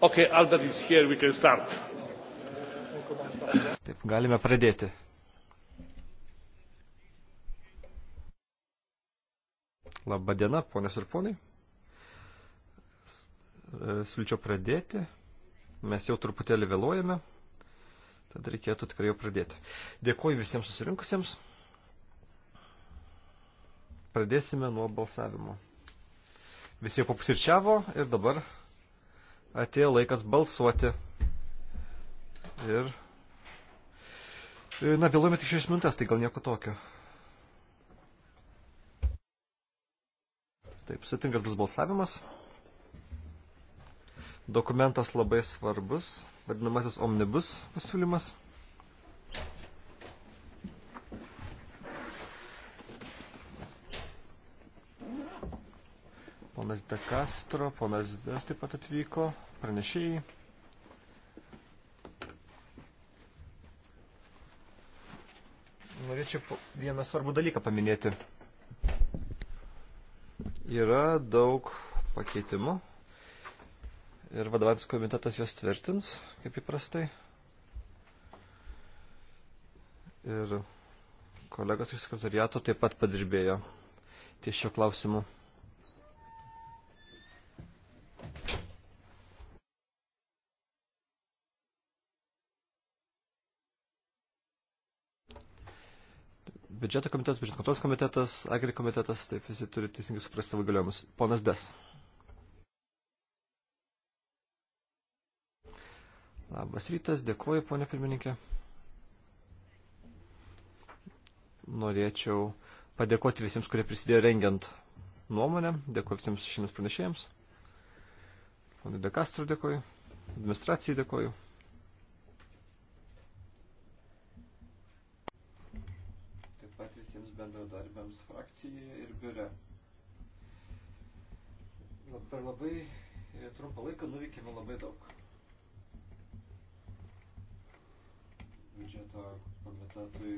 Okay, Albert is here, we can start. Taip, galime pradėti. Labadiena, ponios ir ponai. E, siūlyčiau pradėti. Mes jau truputėlį vėluojame. Tad reikėtų tikrai jau pradėti. Dėkuoju visiems susirinkusiems. Pradėsime nuo balsavimo. Visi jau papusirčiavo ir dabar atėjo laikas balsuoti. Ir. E, na, vėluojame tik 6 minutės, tai gal nieko tokio. Taip, sutinkas bus balsavimas. Dokumentas labai svarbus, vadinamasis omnibus pasiūlymas. Ponas De Castro, ponas Des taip pat atvyko pranešėjai. Norėčiau vieną svarbų dalyką paminėti. Yra daug pakeitimų ir vadovantis komitetas juos tvirtins, kaip įprastai. Ir kolegos iš sekretariato taip pat padirbėjo ties šio klausimu. biudžeto komitetas, biudžeto kontrolės komitetas, agri komitetas, taip visi turi teisingai suprasti savo galiojimus. Ponas Des. Labas rytas, dėkuoju, ponė pirmininkė. Norėčiau padėkoti visiems, kurie prisidėjo rengiant nuomonę. Dėkuoju visiems šiems pranešėjams. Ponui Dekastro dėkuoju, administracijai dėkuoju. nariams frakcijoje ir biure. Per labai e, trumpą laiką nuveikėme labai daug. Biudžeto komitetui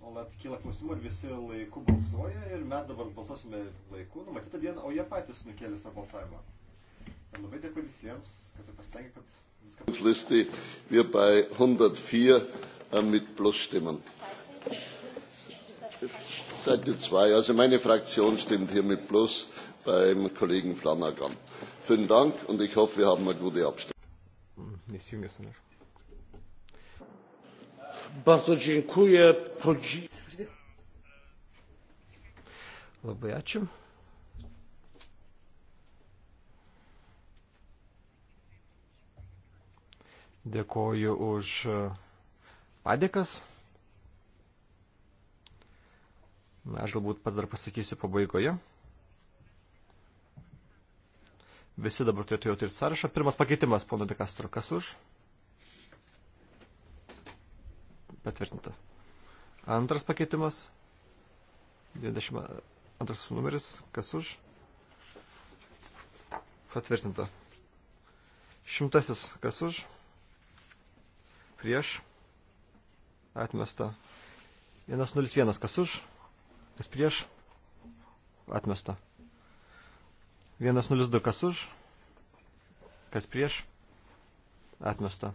nuolat kyla klausimų, ar visi laiku balsuoja ir mes dabar balsuosime laiku, numatytą dieną, o jie patys nukėlė savo balsavimą. Ir labai dėkui visiems, kad pasitengė, kad viską. Liste, wir bei 104 äh, mit Plus stimmen. Seite 2. Also meine Fraktion stimmt hiermit plus beim Kollegen Flanagan. Vielen Dank und ich hoffe, wir haben eine gute Abstimmung. Hm, Bardzo dziękuję. Labai ačiū. Dėkoju už e, padėkas. Aš galbūt pats dar pasakysiu pabaigoje. Visi dabar turėtų jau turėti sąrašą. Pirmas pakeitimas, pono De Castro, kas už? Patvirtinta. Antras pakeitimas. 22 numeris, kas už? Patvirtinta. Šimtasis, kas už? Prieš. Atmesta. 101, kas už? Kas prieš? Atmesta. 102 kas už? Kas prieš? Atmesta.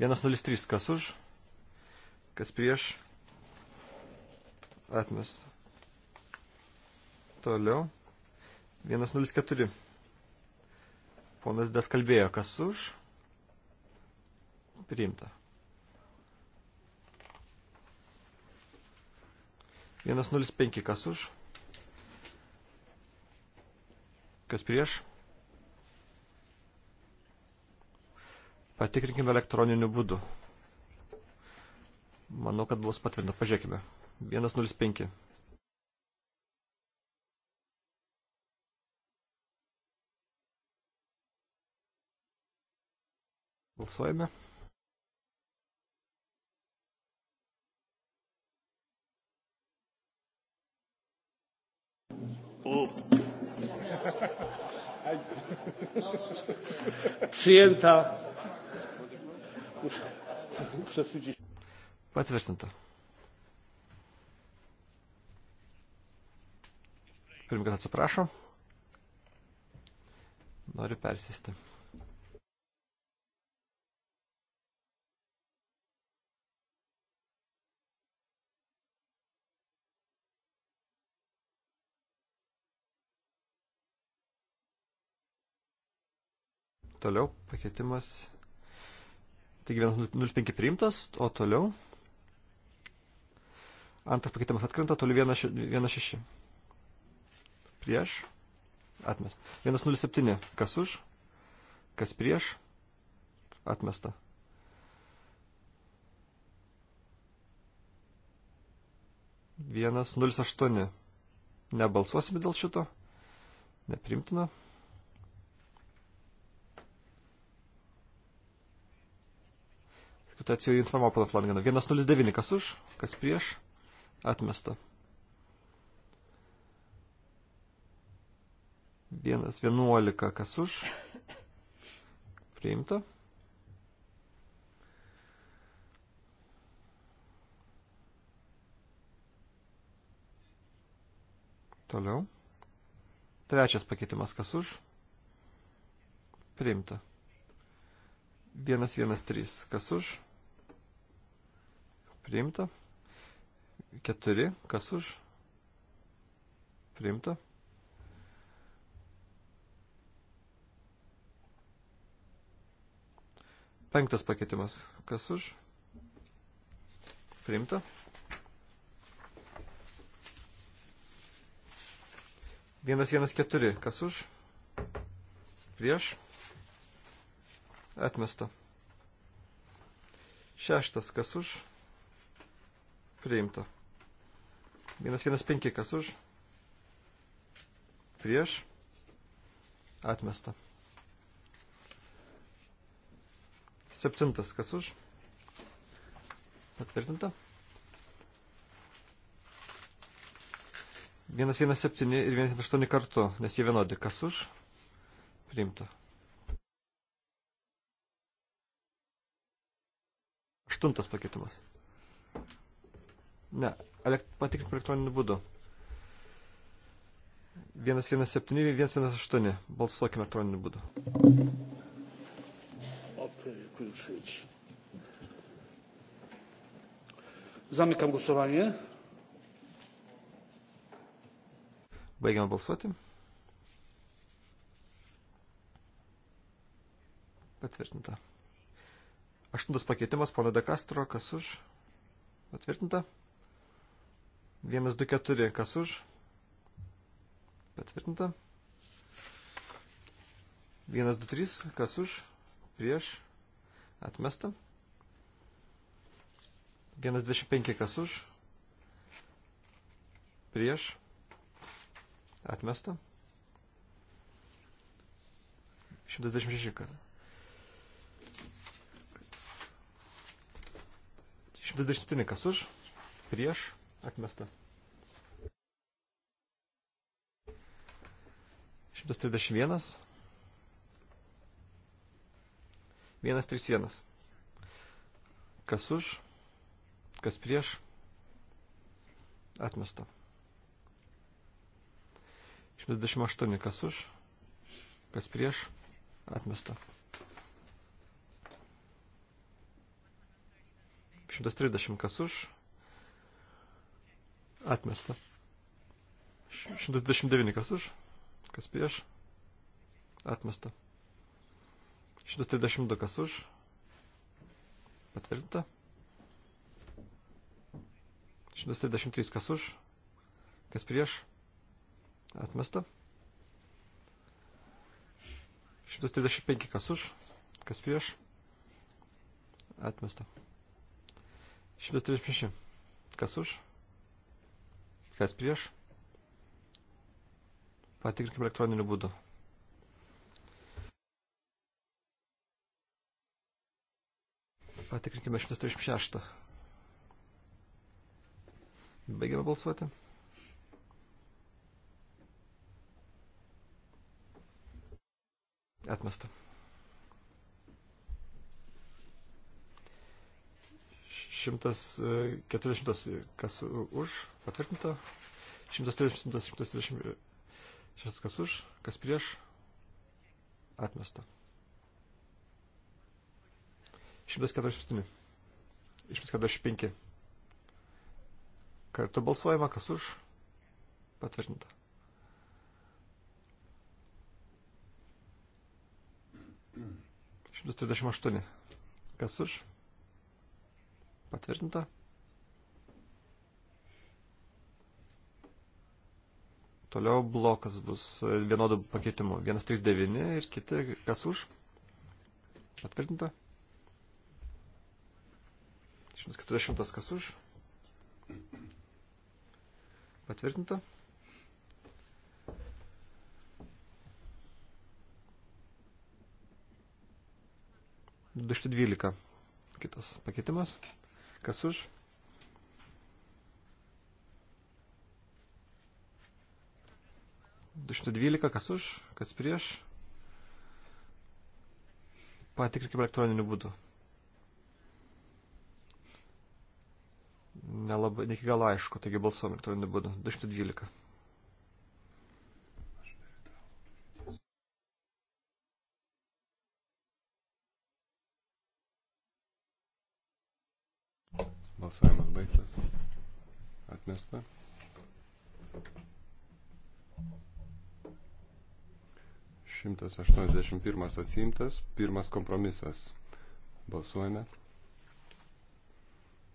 103 kas už? Kas prieš? Atmesta. Toliau. 104. Ponas Deskalbėjo, kas už? Priimta. 105 kas už. Kas prieš. Patikrinkime elektroniniu būdu. Manau, kad bus patvirtinta. Pažiūrėkime. 105. Balsuojame. Przyjęta. Przesudzić. Patvirtinta. Pirmininkas atsiprašo. Noriu persėsti. Toliau pakeitimas. Taigi 1.05 priimtas, o toliau. Antras pakeitimas atkrinta, toliau 1.6. Prieš. Atmest. 1.07. Kas už? Kas prieš? Atmesta. Vienas nulis aštuoni. Nebalsuosime dėl šito. Neprimtina. reputacijų Infomopolio flangino. 109, kas už, kas prieš, atmesta. 111, kas už, priimta. Toliau. Trečias pakeitimas, kas už, priimta. 113, kas už, priimta. 4, kas už, priimta. Penktas pakeitimas, kas už, priimta. Vienas, vienas, keturi, kas už, prieš, atmesta. Šeštas, kas už, priimta priimta. 115 kas už, prieš, atmesta. 7 kas už, patvirtinta. 117 ir 118 kartu, nes jie vienodi kas už, priimta. 8 pakeitimas. Ne, elekt, patikrinkim elektroniniu būdu. 117, 118. Balsuokime elektroniniu būdu. Kluczyć. Zamykam głosowanie. Baigiam balsuoti. Patvirtinta. Aštuntas pakeitimas, pono De Castro, kas už? Patvirtinta. 124, kas už? Patvirtinta. 123, kas už? Prieš. Atmesta. 125, kas už? Prieš. Atmesta. 126, kas? 127, kas už? Prieš Atmesta. 131. 131. Kas už, kas prieš, atmesta. 128. Kas už, kas prieš, atmesta. 130. Kas už, Atmesta. 129 kas už, kas prieš. Atmesta. 132 kas už. Patvirtinta. 133 kas už, kas prieš. Atmesta. 135 kas už, kas prieš. Atmesta. 136 kas už, Kas prieš? Patikrinkime elektroniniu būdu. Patikrinkime 136. Baigiame balsuoti. Atmesta. 140, e, e, kas už, patvirtinta. 130, 136, kas už, kas prieš, atmesta. 148, 145. Kartu balsuojama, kas už, patvirtinta. Šimtas trisdešimt aštuoni. Kas už? Patvirtinta. Toliau blokas bus vienodų pakeitimų. 139 ir kiti, kas už. Patvirtinta. 140 kas už. Patvirtinta. Du štai dvylika. Kitas pakeitimas. Kas už? Du šimtai dvylika, kas už, kas prieš. Patikrinkime elektroniniu būdu. Nelabai, ne iki galo aišku, taigi balsuom elektroniniu būdu. 212. Balsavimas baigtas. Atmesta. Šimtas aštuoniasdešimt pirmas atsiimtas. Pirmas kompromisas. Balsuojame.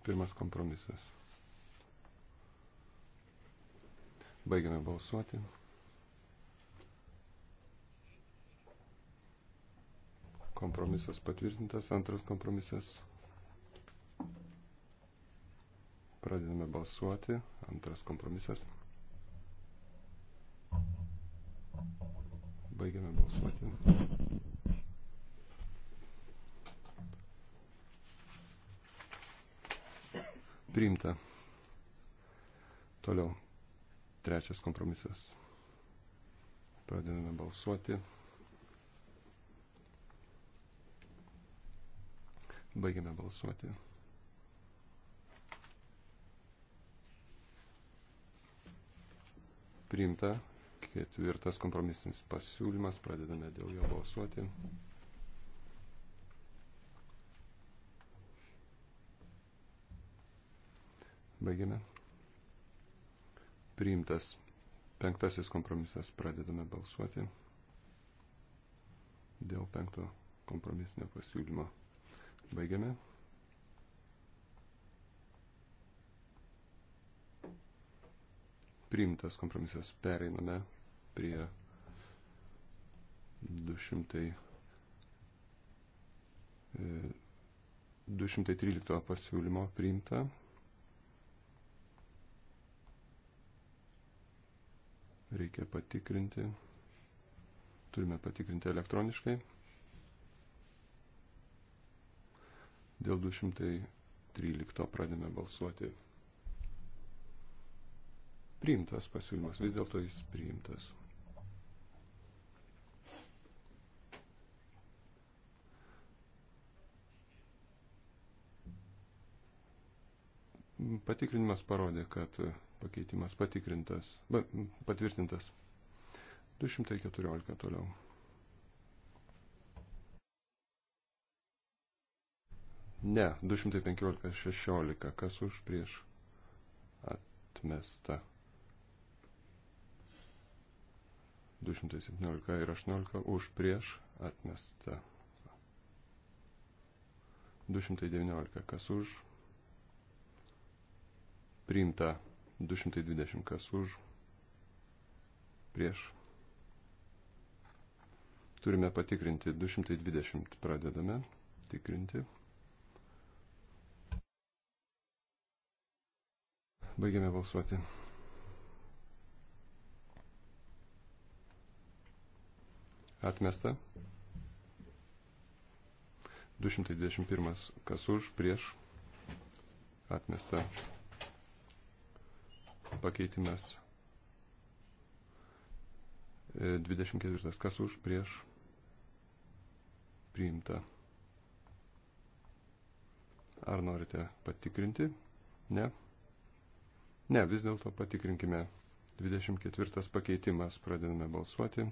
Pirmas kompromisas. Baigiame balsuoti. Kompromisas patvirtintas, antras kompromisas Pradedame balsuoti. Antras kompromisas. Baigiame balsuoti. Priimta. Toliau. Trečias kompromisas. Pradedame balsuoti. Baigiame balsuoti. priimta. Ketvirtas kompromisinis pasiūlymas, pradedame dėl jo balsuoti. Baigiame. Priimtas penktasis kompromisas, pradedame balsuoti dėl penkto kompromisinio pasiūlymo. Baigiame. priimtas kompromisas. Pereiname prie 200. 213 e, pasiūlymo priimta. Reikia patikrinti. Turime patikrinti elektroniškai. Dėl 213 pradėme balsuoti priimtas pasiūlymas, vis dėlto jis priimtas. Patikrinimas parodė, kad pakeitimas patikrintas, patvirtintas. 214 toliau. Ne, 215-16, kas už prieš atmesta. 217 ir 18 už prieš atmesta. 219 kas už. Priimta 220 kas už. Prieš. Turime patikrinti 220. Pradedame tikrinti. Baigiame balsuoti. atmesta. 221 kas už, prieš, atmesta. Pakeitimas 24 e, kas už, prieš, priimta. Ar norite patikrinti? Ne. Ne, vis dėlto patikrinkime. 24 pakeitimas pradedame balsuoti.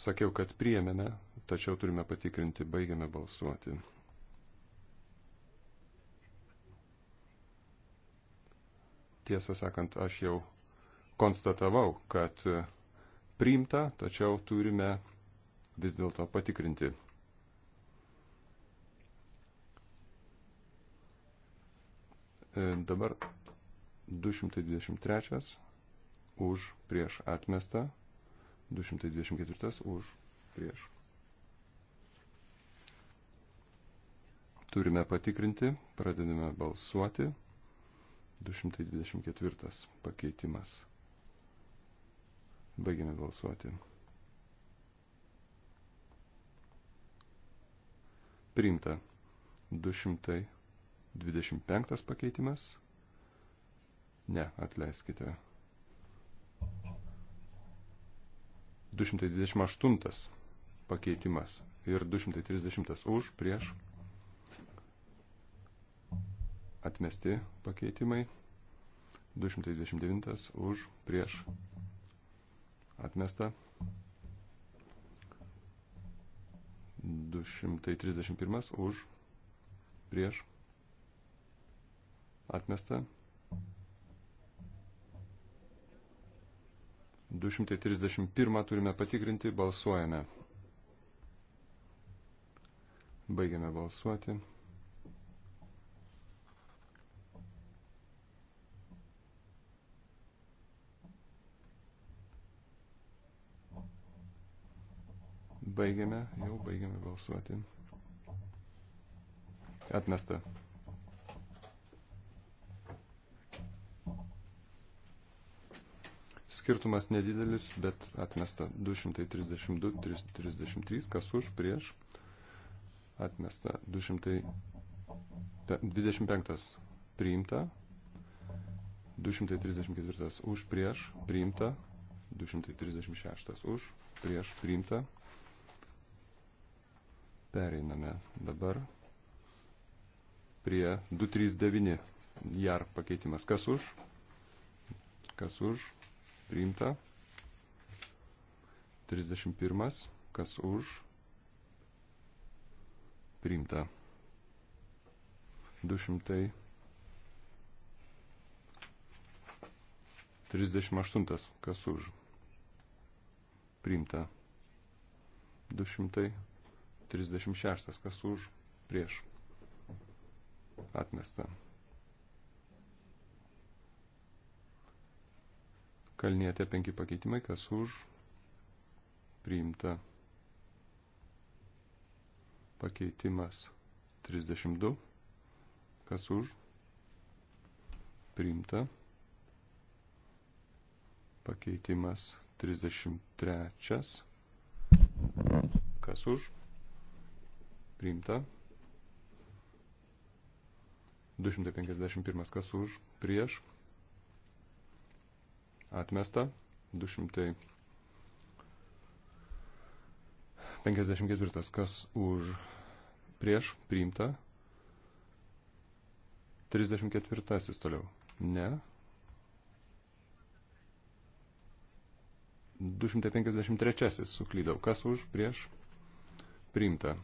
Sakiau, kad priėmėme, tačiau turime patikrinti, baigiame balsuoti. Tiesą sakant, aš jau konstatavau, kad priimta, tačiau turime vis dėlto patikrinti. E, dabar 223 už prieš atmestą 224 už prieš. Turime patikrinti, pradedame balsuoti. 224 pakeitimas. Baigime balsuoti. Priimta 225 pakeitimas. Ne, atleiskite. 228 pakeitimas ir 230 už prieš atmesti pakeitimai. 229 už prieš atmesta. 231 už prieš atmesta. 231 turime patikrinti, balsuojame. Baigiame balsuoti. Baigiame, jau baigiame balsuoti. Atmesta. skirtumas nedidelis, bet atmesta 232, 33, kas už, prieš, atmesta 225, priimta, 234 už, prieš, priimta, 236 už, prieš, priimta. Pereiname dabar prie 239 jar pakeitimas. Kas už? Kas už? priimta. 31. Kas už? Priimta. 238. Kas už? Priimta. 236. Kas už? Prieš. Atmesta. Kalnietė 5 pakeitimai, kas už priimta pakeitimas 32, kas už priimta pakeitimas 33, kas už priimta 251, kas už prieš atmesta. 254. Kas už prieš priimta. 34. toliau. Ne. 253. Suklydau. Kas už prieš priimta.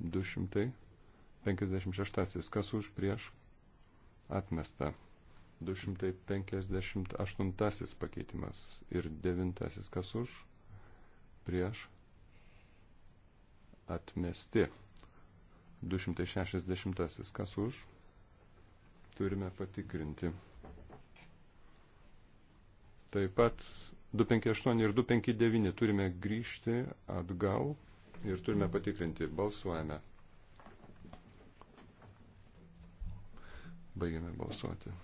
256. Kas už prieš atmesta. 258 pakeitimas ir 9 kas už, prieš, atmesti. 260 kas už, turime patikrinti. Taip pat 258 ir 259 turime grįžti atgal ir turime patikrinti. Balsuojame. Baigiame balsuoti.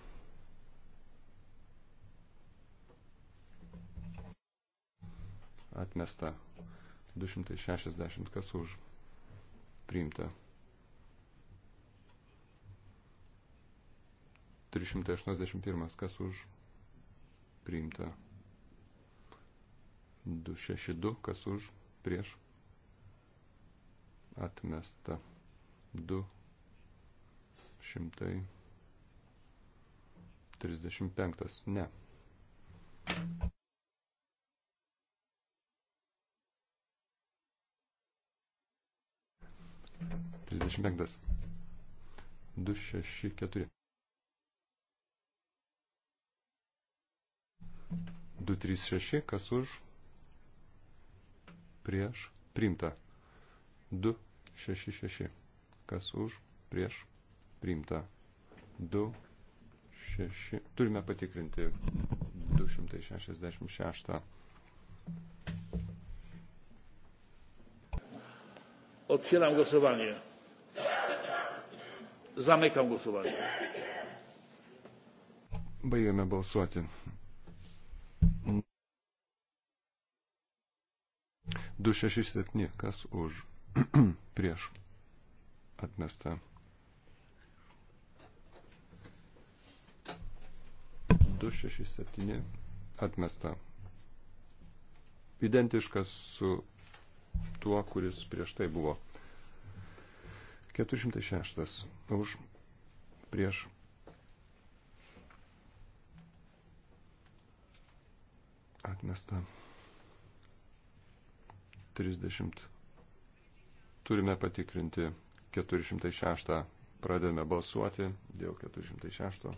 atmesta 260 kas už priimta 381 kas už priimta 262 kas už prieš atmesta 235 ne 35. 264. 236, kas už, prieš, priimta. 266, kas už, prieš, priimta. 26, turime patikrinti 266. Otwieram głosowanie. Zamykam głosowanie. Baigiame balsuoti. 267, kas už, prieš, atmesta. 267, atmesta. Identiškas su tuo, kuris prieš tai buvo. 406 už prieš. Atmesta. 30. Turime patikrinti 406. Pradedame balsuoti dėl 406.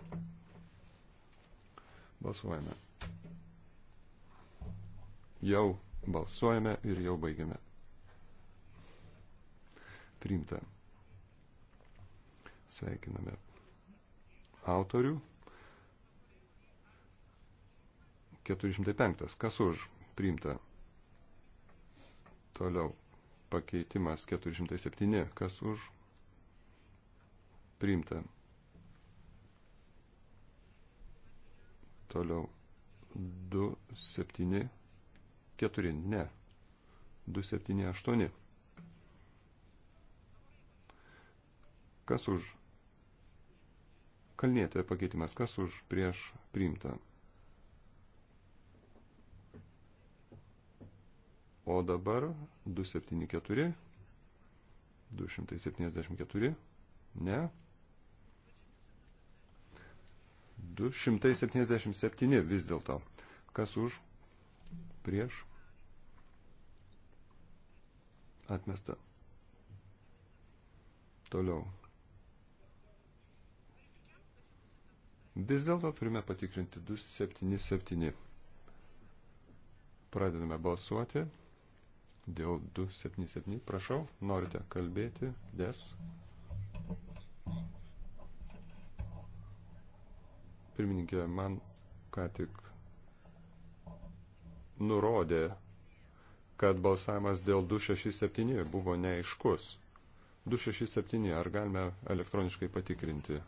Balsuojame. Jau balsuojame ir jau baigiame. Priimta. Sveikiname autorių. 405. Kas už? Priimta. Toliau. Pakeitimas 407. Kas už? Priimta. Toliau. 2, 7, 4. Ne. 2, 7, 8. Kas už? Kalnietė pakeitimas, kas už prieš priimta. O dabar 274, 274, ne. 277 vis dėlto. Kas už prieš atmesta. Toliau. Vis dėlto turime patikrinti 277. Pradedame balsuoti dėl 277. Prašau, norite kalbėti? Des. Pirmininkė, man ką tik nurodė, kad balsavimas dėl 267 buvo neaiškus. 267, ar galime elektroniškai patikrinti?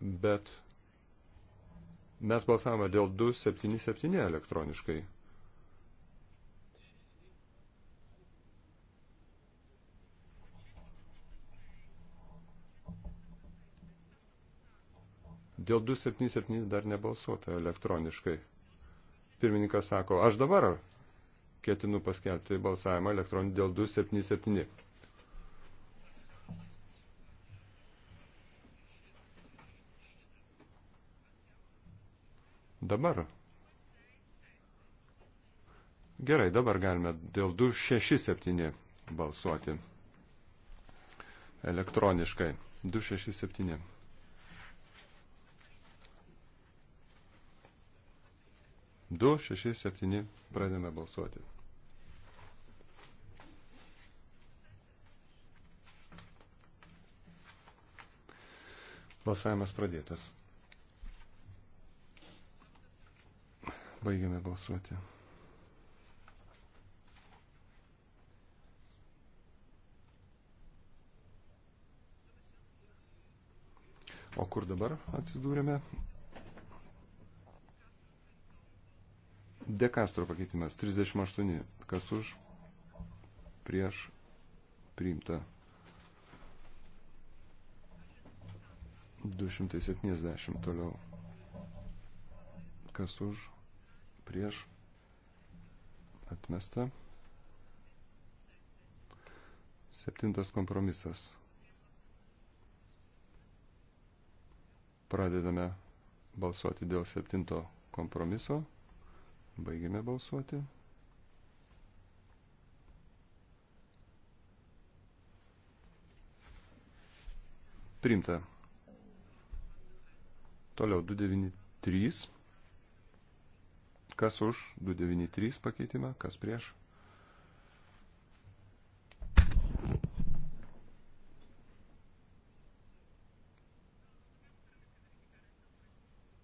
bet mes balsavome dėl 277 elektroniškai. Dėl 277 dar nebalsuota elektroniškai. Pirmininkas sako, aš dabar ketinu paskelbti balsavimą elektroninį dėl 277. dabar. Gerai, dabar galime dėl 267 balsuoti elektroniškai. 267. Du, šeši, septyni, pradėme balsuoti. Balsavimas pradėtas. Baigiame balsuoti. O kur dabar atsidūrėme? Dekastro pakeitimas 38. Kas už? Prieš priimta 270 toliau. Kas už? prieš atmesta. Septintas kompromisas. Pradedame balsuoti dėl septinto kompromiso. Baigime balsuoti. Priimta. Toliau 293. Kas už 293 pakeitimą, kas prieš?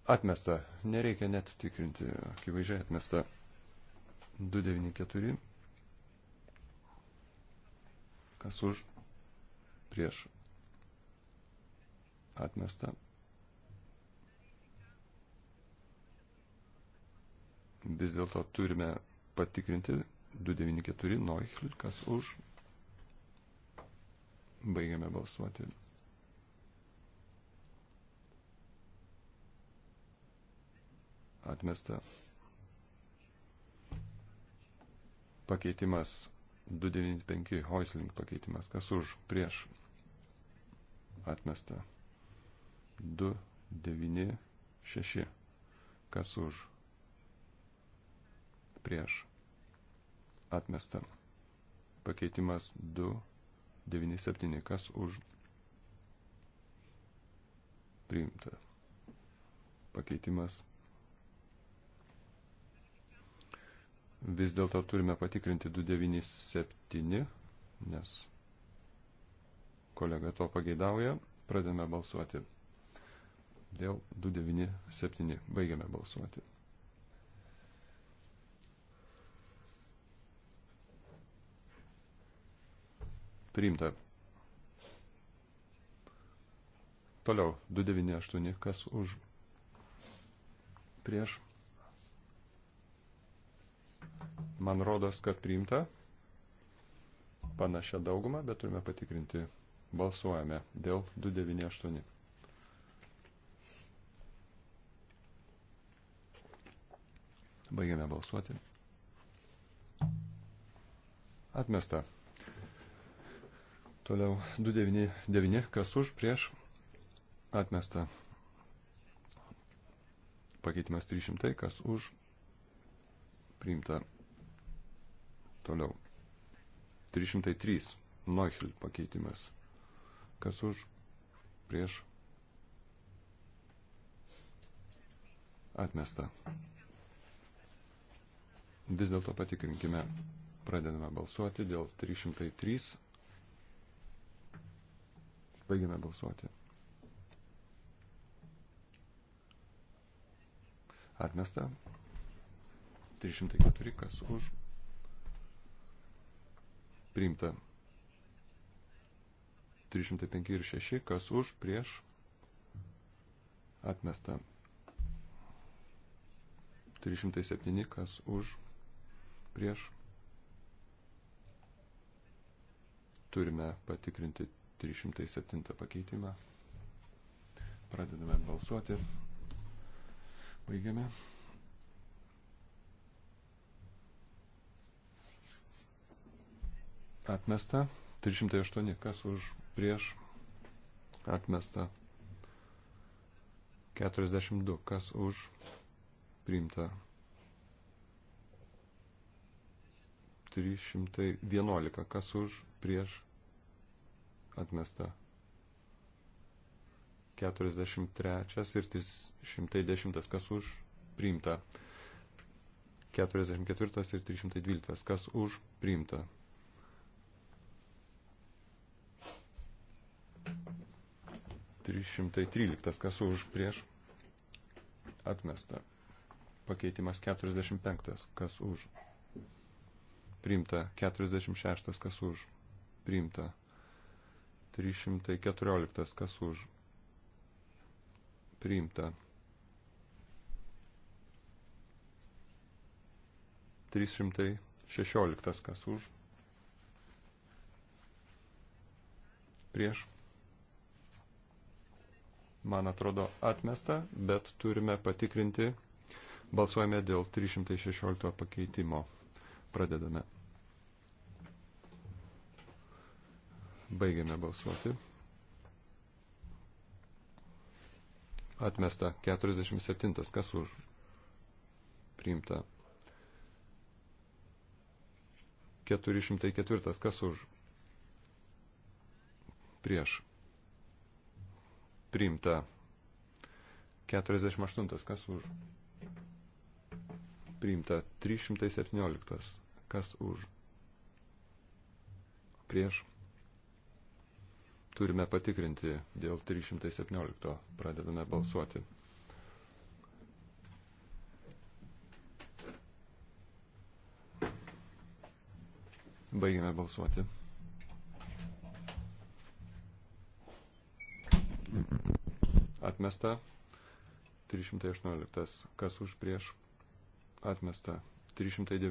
Atmesta. Nereikia net tikrinti. Akivaizdžiai atmesta. 294. Kas už? Prieš. Atmesta. vis dėlto turime patikrinti 294 Noichil, kas už. Baigiame balsuoti. Atmesta. Pakeitimas 295 Hoisling pakeitimas. Kas už? Prieš. Atmesta. 296. Kas už? prieš atmestą. Pakeitimas 297, kas už priimta. Pakeitimas. Vis dėlto turime patikrinti 297, nes kolega to pageidauja. Pradėme balsuoti. Dėl 297 baigiame balsuoti. Priimta. Toliau, 298, kas už prieš. Man rodos, kad priimta panašią daugumą, bet turime patikrinti. Balsuojame dėl 298. Baigiame balsuoti. Atmesta. Toliau 299, kas už, prieš, atmesta. Pakeitimas 300, kas už, priimta. Toliau 303, Noichel pakeitimas, kas už, prieš, atmesta. Vis dėlto patikrinkime, pradedame balsuoti dėl 303 Baigiame balsuoti. Atmesta. 304 kas už. Priimta. 305 ir 6 kas už prieš. Atmesta. 307 kas už prieš turime patikrinti 307 pakeitimą. Pradedame balsuoti. Baigiame. Atmesta. 308. Kas už prieš? Atmesta. 42. Kas už priimta? 311. Kas už prieš? atmesta. 43 ir 310 kas už priimta. 44 ir 312 kas už priimta. Trišimtai tryliktas, kas už prieš atmesta. Pakeitimas 45, kas už. Priimta 46, kas už. Priimta 314. Kas už? Priimta. 316. Kas už? Prieš. Man atrodo atmesta, bet turime patikrinti. Balsuojame dėl 316 pakeitimo. Pradedame. Baigiame balsuoti. Atmesta 47. Kas už? Priimta. 404. Kas už? Prieš. Priimta. 48. Kas už? Priimta. 317. Kas už? Prieš turime patikrinti dėl 317. Pradedame balsuoti. Baigiame balsuoti. Atmesta 318. Kas už prieš? Atmesta 319.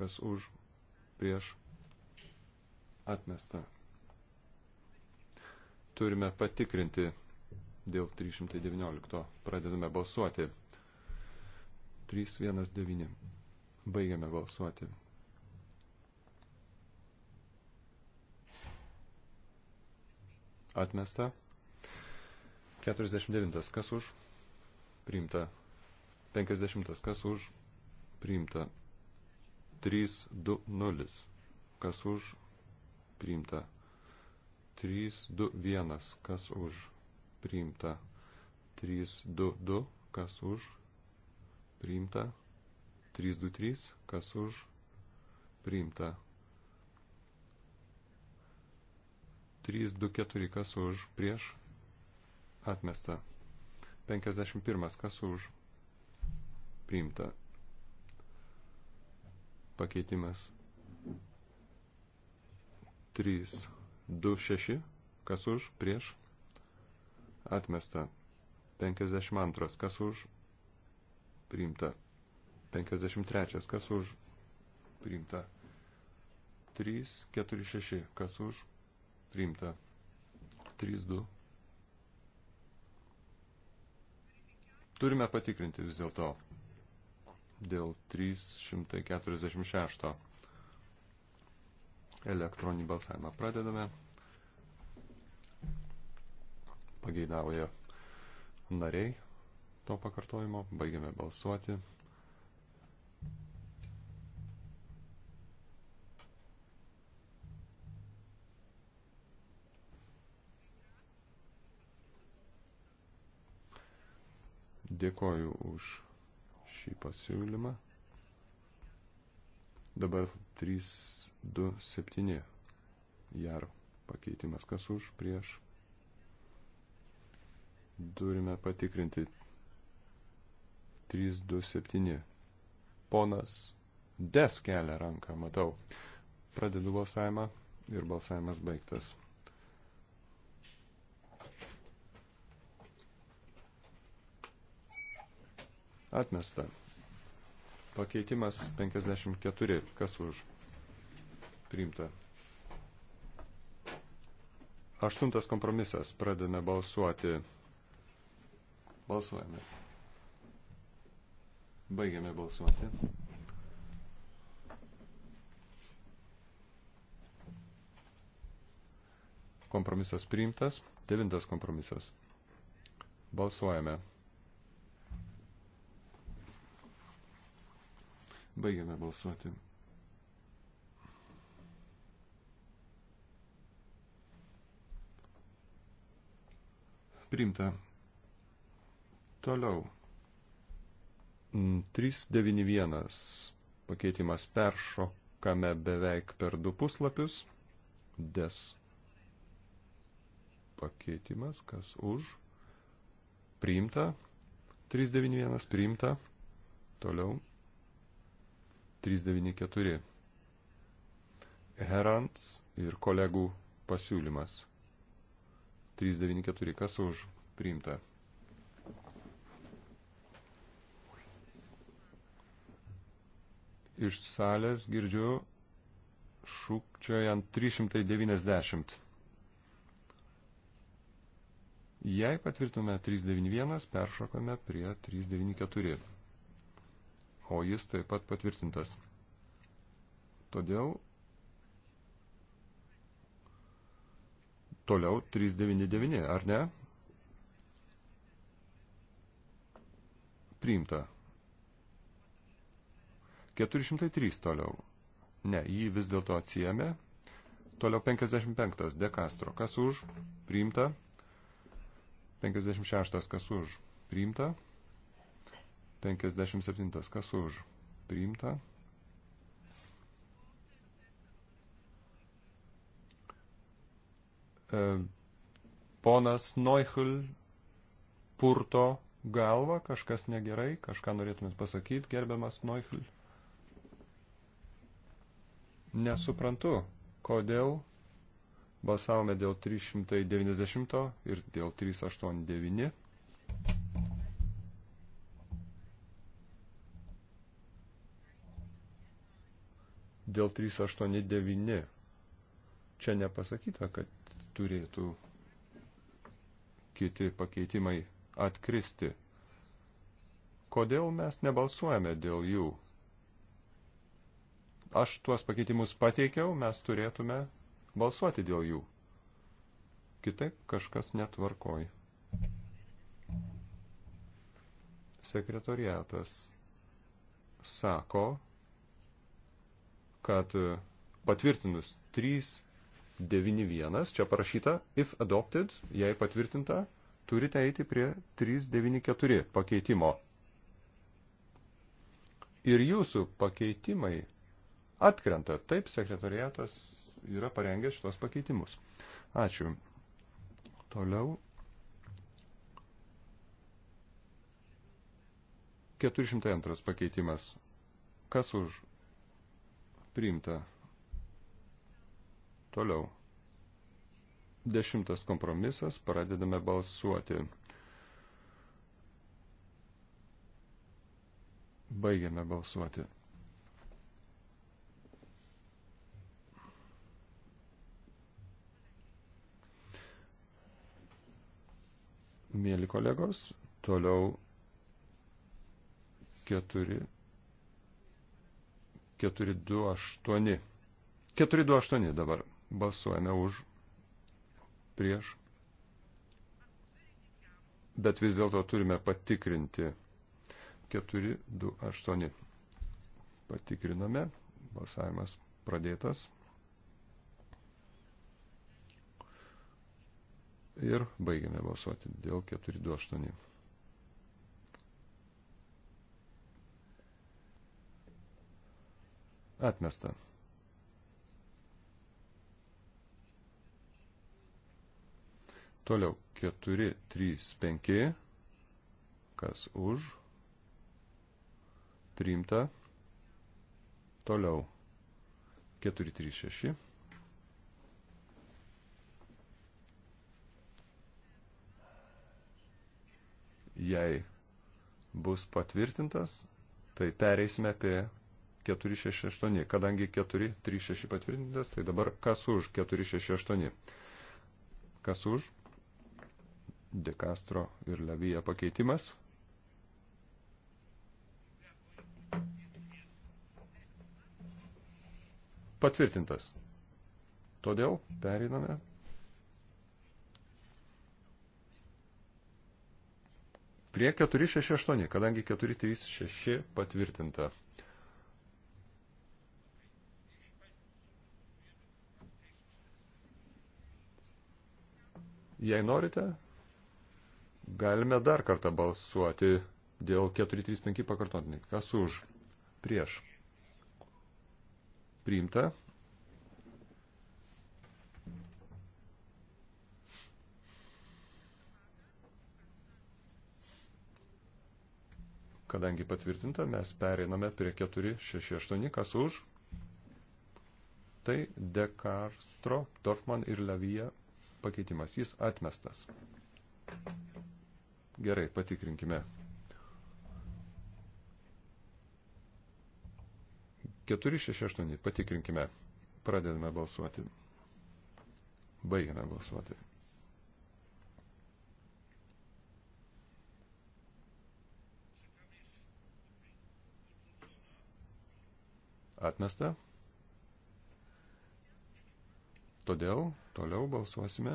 Kas už prieš? Atmesta turime patikrinti dėl 319. Pradedame balsuoti. 319. Baigiame balsuoti. Atmesta. 49. Kas už? Priimta. 50. Kas už? Priimta. 3, 2, 0. Kas už? Priimta. 321, kas už priimta. 322, kas už priimta. 323, kas už priimta. 324, kas už prieš atmesta. 51, kas už priimta. Pakeitimas 3 2.6, kas už, prieš, atmesta. 52, kas už, priimta. 53, kas už, priimta. 3, 4, 6, kas už, priimta. 3, 2. Turime patikrinti vis dėlto dėl 346. Elektroninį balsavimą pradedame. Pageidavoja nariai to pakartojimo. Baigiame balsuoti. Dėkoju už šį pasiūlymą. Dabar 3, 2, 7. Jaro pakeitimas. Kas už, prieš. Turime patikrinti. 3, 2, 7. Ponas Des kelia ranką, matau. Pradedu balsavimą ir balsavimas baigtas. Atmesta. Pakeitimas 54. Kas už? Priimta. Aštuntas kompromisas. Pradame balsuoti. Balsuojame. Baigiame balsuoti. Kompromisas priimtas. Devintas kompromisas. Balsuojame. Baigiame balsuoti. Primta. Toliau. 391 mm, pakeitimas peršokame beveik per du puslapius. Des pakeitimas, kas už. Priimta. 391 priimta. Toliau. 394. Herants ir kolegų pasiūlymas. 394. Kas už priimta? Iš salės girdžiu šūkčiojant 390. Jei patvirtume 391, peršokame prie 394 o jis taip pat patvirtintas. Todėl toliau 399, ar ne? Priimta. 403 toliau. Ne, jį vis dėlto atsijėmė. Toliau 55, De Castro. Kas už? Priimta. 56, kas už? Priimta. 57. Kas už? Priimta. E, ponas Neuchel purto galvą, kažkas negerai, kažką norėtumėt pasakyti, gerbiamas Neuchel. Nesuprantu, kodėl balsavome dėl 390 ir dėl 389. dėl 389. Čia nepasakyta, kad turėtų kiti pakeitimai atkristi. Kodėl mes nebalsuojame dėl jų? Aš tuos pakeitimus pateikiau, mes turėtume balsuoti dėl jų. Kitaip kažkas netvarkoji. Sekretoriatas sako, kad e, patvirtinus 391, čia parašyta, if adopted, jei patvirtinta, turite eiti prie 394 pakeitimo. Ir jūsų pakeitimai atkrenta. Taip, sekretariatas yra parengęs šitos pakeitimus. Ačiū. Toliau. 402 pakeitimas. Kas už? Priimta. Toliau. Dešimtas kompromisas. Pradedame balsuoti. Baigiame balsuoti. Mėly kolegos, toliau keturi 428. 428 dabar balsuojame už, prieš. Bet vis dėlto turime patikrinti 428. Patikriname. Balsavimas pradėtas. Ir baigiame balsuoti dėl 428. Atmesta. Toliau 4, 3, 5. Kas už? Priimta. Toliau 4, 3, 6. Jei bus patvirtintas, tai pereisime prie 468. Kadangi 436 patvirtintas, tai dabar kas už 468? Kas už? De Castro ir Levija pakeitimas. Patvirtintas. Todėl periname prie 468, kadangi 436 patvirtinta. Jei norite, galime dar kartą balsuoti dėl 435 pakartotinį. Kas už? Prieš. Priimta. Kadangi patvirtinta, mes pereiname prie 468, kas už. Tai De Karstro, Dorfman ir Lavija pakeitimas. Jis atmestas. Gerai, patikrinkime. 468. Patikrinkime. Pradedame balsuoti. Baigiame balsuoti. Atmesta. Todėl Toliau balsuosime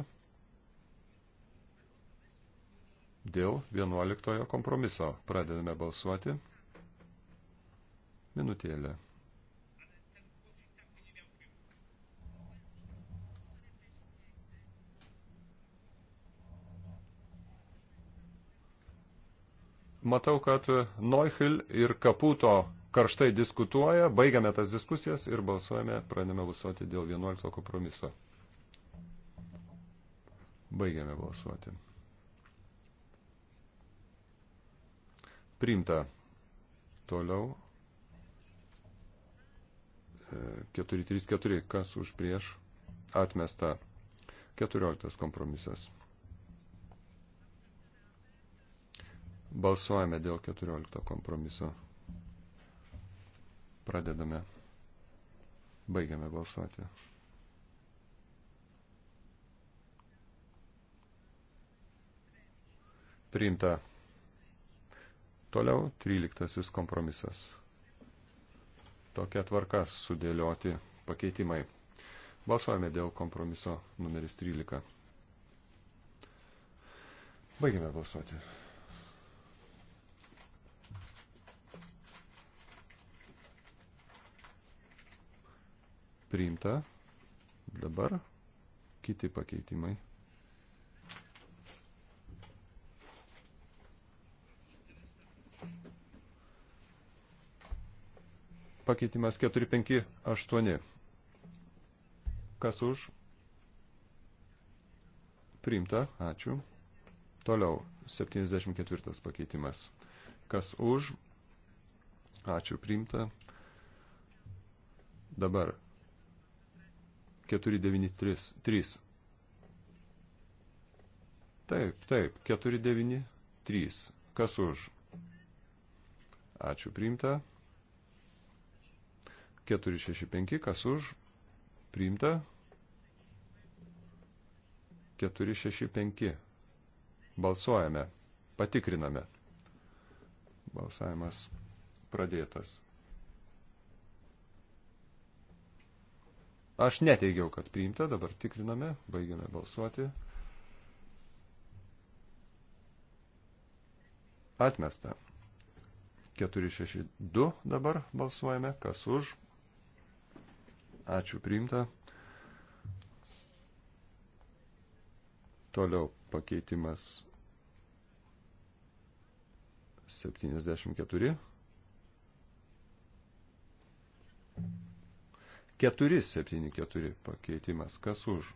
dėl 11 kompromiso. Pradedame balsuoti. Minutėlė. Matau, kad Neuchil ir Kaputo karštai diskutuoja, baigiame tas diskusijas ir balsuojame, pradėme balsuoti dėl 11 kompromiso. Baigiame balsuoti. Priimta toliau 434, e, kas už prieš, atmesta 14 kompromisas. Balsuojame dėl 14 kompromiso. Pradedame. Baigiame balsuoti. Priimta. Toliau 13 kompromisas. Tokia tvarka sudėlioti pakeitimai. Balsuojame dėl kompromiso numeris 13. Baigime balsuoti. Priimta. Dabar kiti pakeitimai. Pakeitimas 458. Kas už? Priimta, ačiū. Toliau, 74 pakeitimas. Kas už? Ačiū, priimta. Dabar 493. Taip, taip, 493. Kas už? Ačiū, priimta. 465, kas už, priimta. 465. Balsuojame, patikriname. Balsavimas pradėtas. Aš neteigiau, kad priimta, dabar tikriname, baigiame balsuoti. Atmesta. 462 dabar balsuojame, kas už, Ačiū priimta. Toliau pakeitimas 74. 474 pakeitimas. Kas už?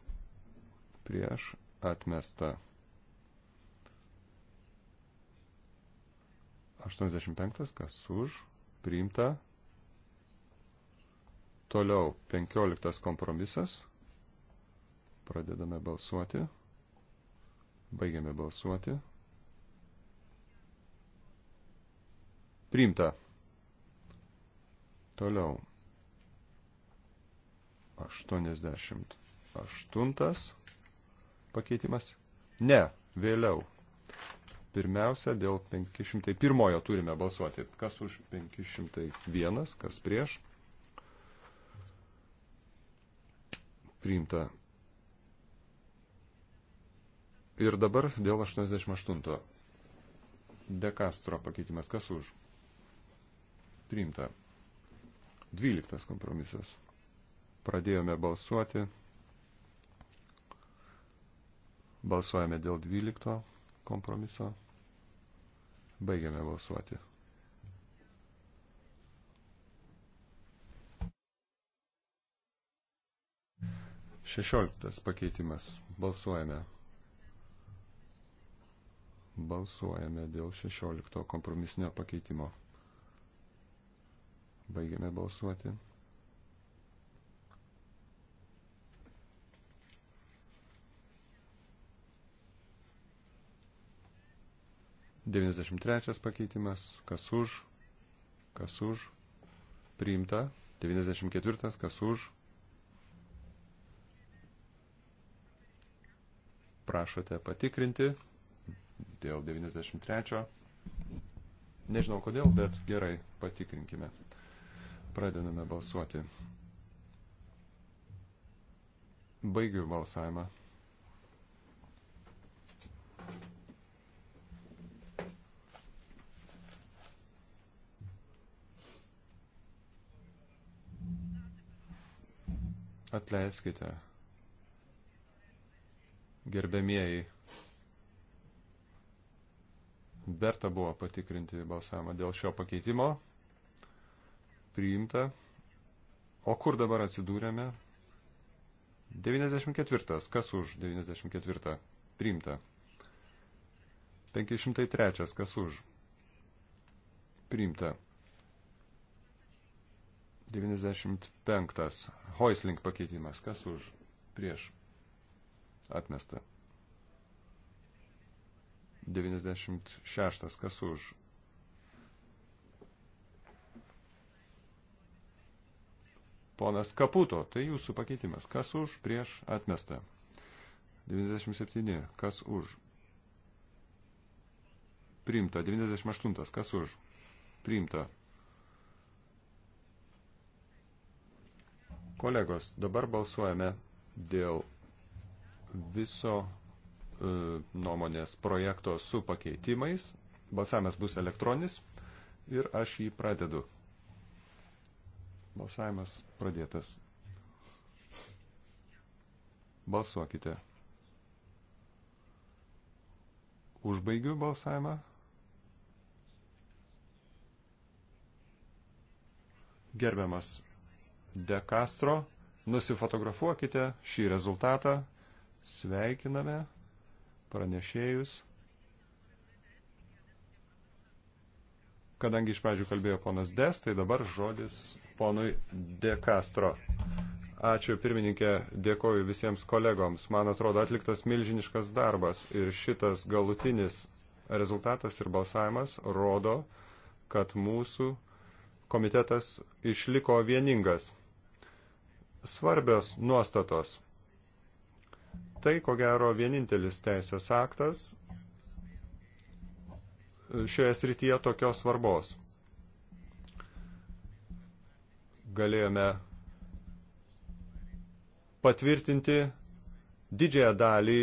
Prieš atmesta. 85. Kas už? Priimta. Toliau 15 kompromisas. Pradedame balsuoti. Baigiame balsuoti. Priimta. Toliau. 88 pakeitimas. Ne, vėliau. Pirmiausia, dėl 501 turime balsuoti. Kas už 501, kas prieš. priimta. Ir dabar dėl 88. De Castro pakeitimas. Kas už? Priimta. 12 kompromisas. Pradėjome balsuoti. Balsuojame dėl 12 kompromiso. Baigiame balsuoti. 16 pakeitimas. Balsuojame. Balsuojame dėl 16 kompromisinio pakeitimo. Baigiame balsuoti. Devyniasdešimt trečias pakeitimas. Kas už? Kas už? Priimta. Devyniasdešimt ketvirtas. Kas už? prašote patikrinti dėl 93. Nežinau kodėl, bet gerai, patikrinkime. Pradedame balsuoti. Baigiu balsavimą. Atleiskite. Gerbėmieji, verta buvo patikrinti balsavimą dėl šio pakeitimo. Priimta. O kur dabar atsidūrėme? 94. Kas už 94? Priimta. 503. Kas už? Priimta. 95. Hoisling pakeitimas. Kas už? Prieš. Atmesta. 96. Kas už? Ponas Kaputo, tai jūsų pakeitimas. Kas už prieš atmestą? 97. Kas už? Priimta. 98. Kas už? Priimta. Kolegos, dabar balsuojame dėl viso e, nuomonės projekto su pakeitimais. Balsavimas bus elektronis ir aš jį pradedu. Balsavimas pradėtas. Balsuokite. Užbaigiu balsavimą. Gerbiamas De Castro, nusifotografuokite šį rezultatą Sveikiname pranešėjus. Kadangi iš pradžių kalbėjo ponas Des, tai dabar žodis ponui De Castro. Ačiū pirmininkė, dėkoju visiems kolegoms. Man atrodo, atliktas milžiniškas darbas ir šitas galutinis rezultatas ir balsavimas rodo, kad mūsų komitetas išliko vieningas. Svarbios nuostatos Tai, ko gero, vienintelis teisės aktas šioje srityje tokios svarbos. Galėjome patvirtinti didžiąją dalį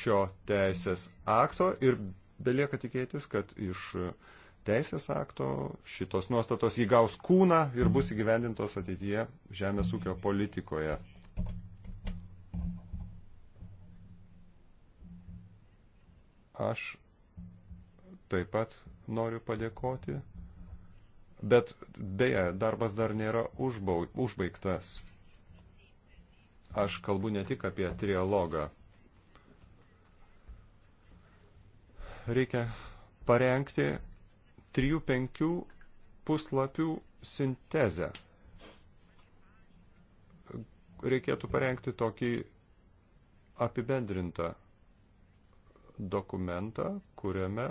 šio teisės akto ir belieka tikėtis, kad iš teisės akto šitos nuostatos įgaus kūną ir bus įgyvendintos ateityje žemės ūkio politikoje. Aš taip pat noriu padėkoti. Bet beje, darbas dar nėra užbaigtas. Aš kalbu ne tik apie trialogą. Reikia parengti 3-5 puslapių sintezę. Reikėtų parengti tokį apibendrintą dokumentą, kuriame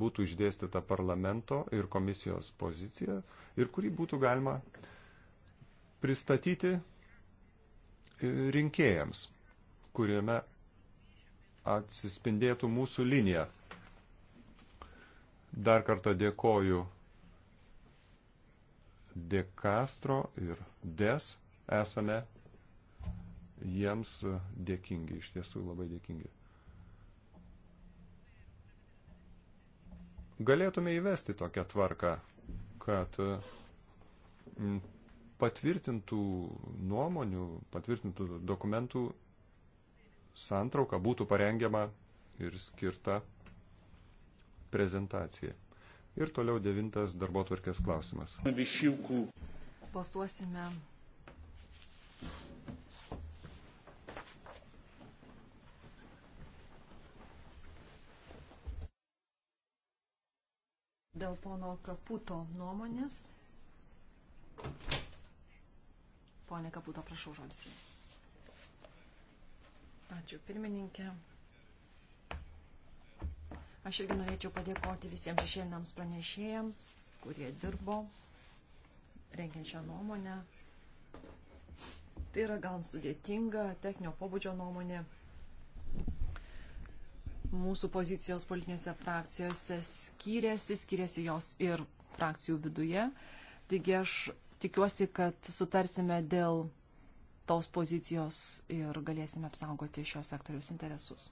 būtų išdėstyta parlamento ir komisijos pozicija ir kurį būtų galima pristatyti e, rinkėjams, kuriame atsispindėtų mūsų linija. Dar kartą dėkoju De Castro ir Des. Esame jiems dėkingi, iš tiesų labai dėkingi. Galėtume įvesti tokią tvarką, kad mm, patvirtintų nuomonių, patvirtintų dokumentų santrauka būtų parengiama ir skirta prezentacijai. Ir toliau devintas darbo tvarkės klausimas. Balsuosime dėl pono Kaputo nuomonės. Pone Kaputo, prašau žodis jums. Ačiū pirmininkė. Aš irgi norėčiau padėkoti visiems šešėliniams pranešėjams, kurie dirbo renkiant šią nuomonę. Tai yra gal sudėtinga techninio pobūdžio nuomonė, mūsų pozicijos politinėse frakcijose skyrėsi, skyrėsi jos ir frakcijų viduje. Taigi aš tikiuosi, kad sutarsime dėl tos pozicijos ir galėsime apsaugoti šios sektoriaus interesus.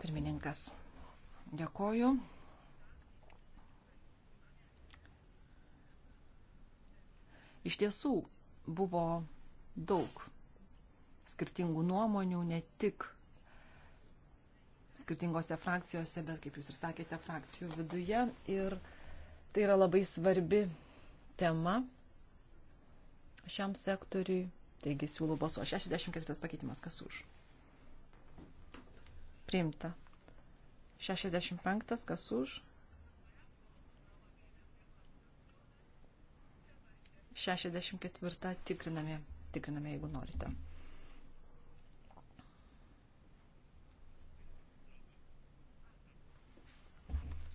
Pirmininkas, dėkoju. Iš tiesų buvo daug skirtingų nuomonių, ne tik skirtingose frakcijose, bet kaip jūs ir sakėte, frakcijų viduje. Ir tai yra labai svarbi tema šiam sektoriui. Taigi siūlau balsuo 64 pakeitimas, kas už. Priimta. 65, kas už. 64 tikriname, tikriname, jeigu norite.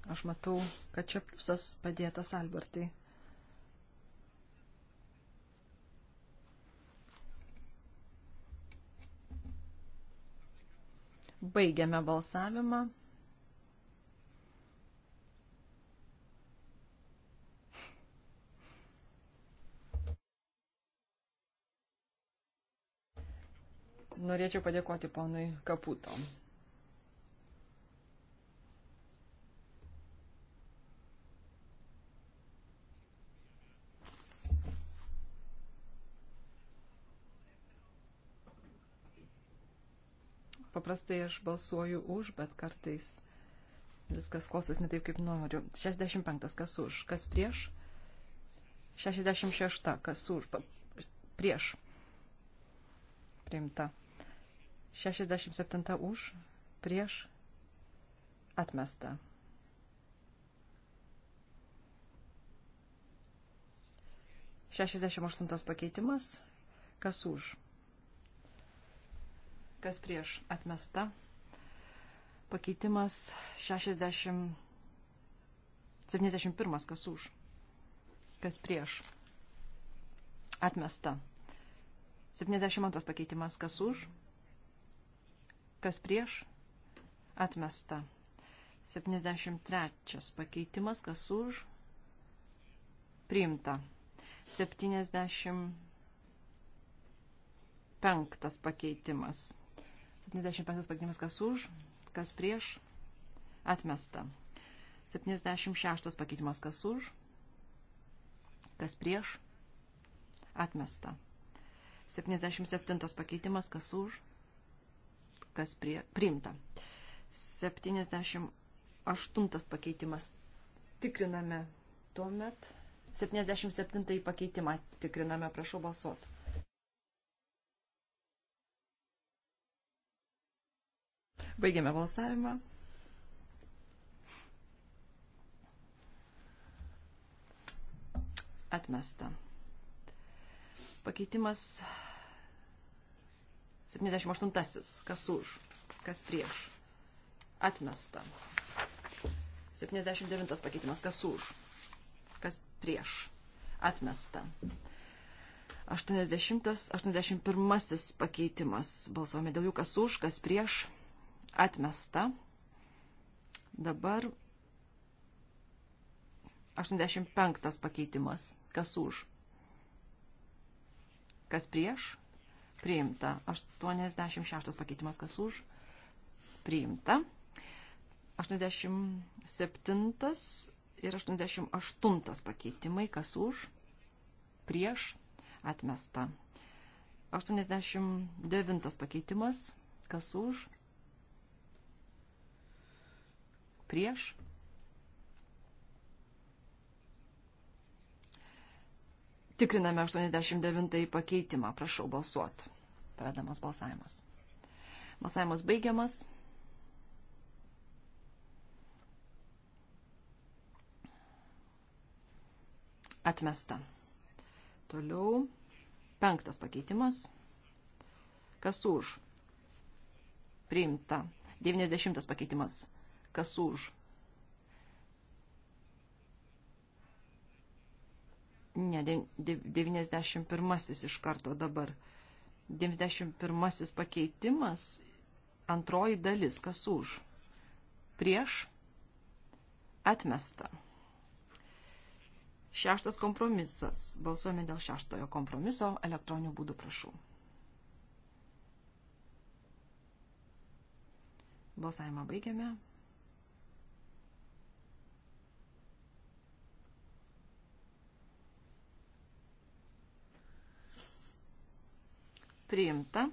Aš matau, kad čia pliusas padėtas Albertai. Baigiame balsavimą. Norėčiau padėkoti ponui Kaputo. Paprastai aš balsuoju už, bet kartais viskas klostas ne taip, kaip noriu. 65. Kas už? Kas prieš? 66. Kas už? Pa, prieš. Priimta. 67. Už. Prieš. Atmesta. 68 pakeitimas. Kas už? kas prieš atmesta. Pakeitimas 60, 71, kas už, kas prieš atmesta. 72 pakeitimas, kas už, kas prieš atmesta. 73 pakeitimas, kas už, priimta. 75 pakeitimas. 75 pakeitimas kas už, kas prieš, atmesta. 76 pakeitimas kas už, kas prieš, atmesta. 77 pakeitimas kas už, kas prie, priimta. 78 pakeitimas tikriname tuomet. 77 pakeitimą tikriname, prašau balsuoti. Baigiame balsavimą. Atmesta. Pakeitimas 78. Kas už, kas prieš. Atmesta. 79. Pakeitimas kas už, kas prieš. Atmesta. 80. 81. Pakeitimas. Balsuojame dėl jų kas už, kas prieš atmesta. Dabar 85 pakeitimas. Kas už? Kas prieš? Priimta. 86 pakeitimas. Kas už? Priimta. 87 ir 88 pakeitimai. Kas už? Prieš? Atmesta. 89 pakeitimas. Kas už? prieš. Tikriname 89 pakeitimą. Prašau balsuoti. Pradamas balsavimas. Balsavimas baigiamas. Atmesta. Toliau. Penktas pakeitimas. Kas už? Priimta. 90 pakeitimas kas už. Ne, 91 iš karto dabar. 91 pakeitimas, antroji dalis, kas už. Prieš atmesta. Šeštas kompromisas. Balsuojame dėl šeštojo kompromiso. Elektroniniu būdu prašau. Balsavimą baigiame. priimta.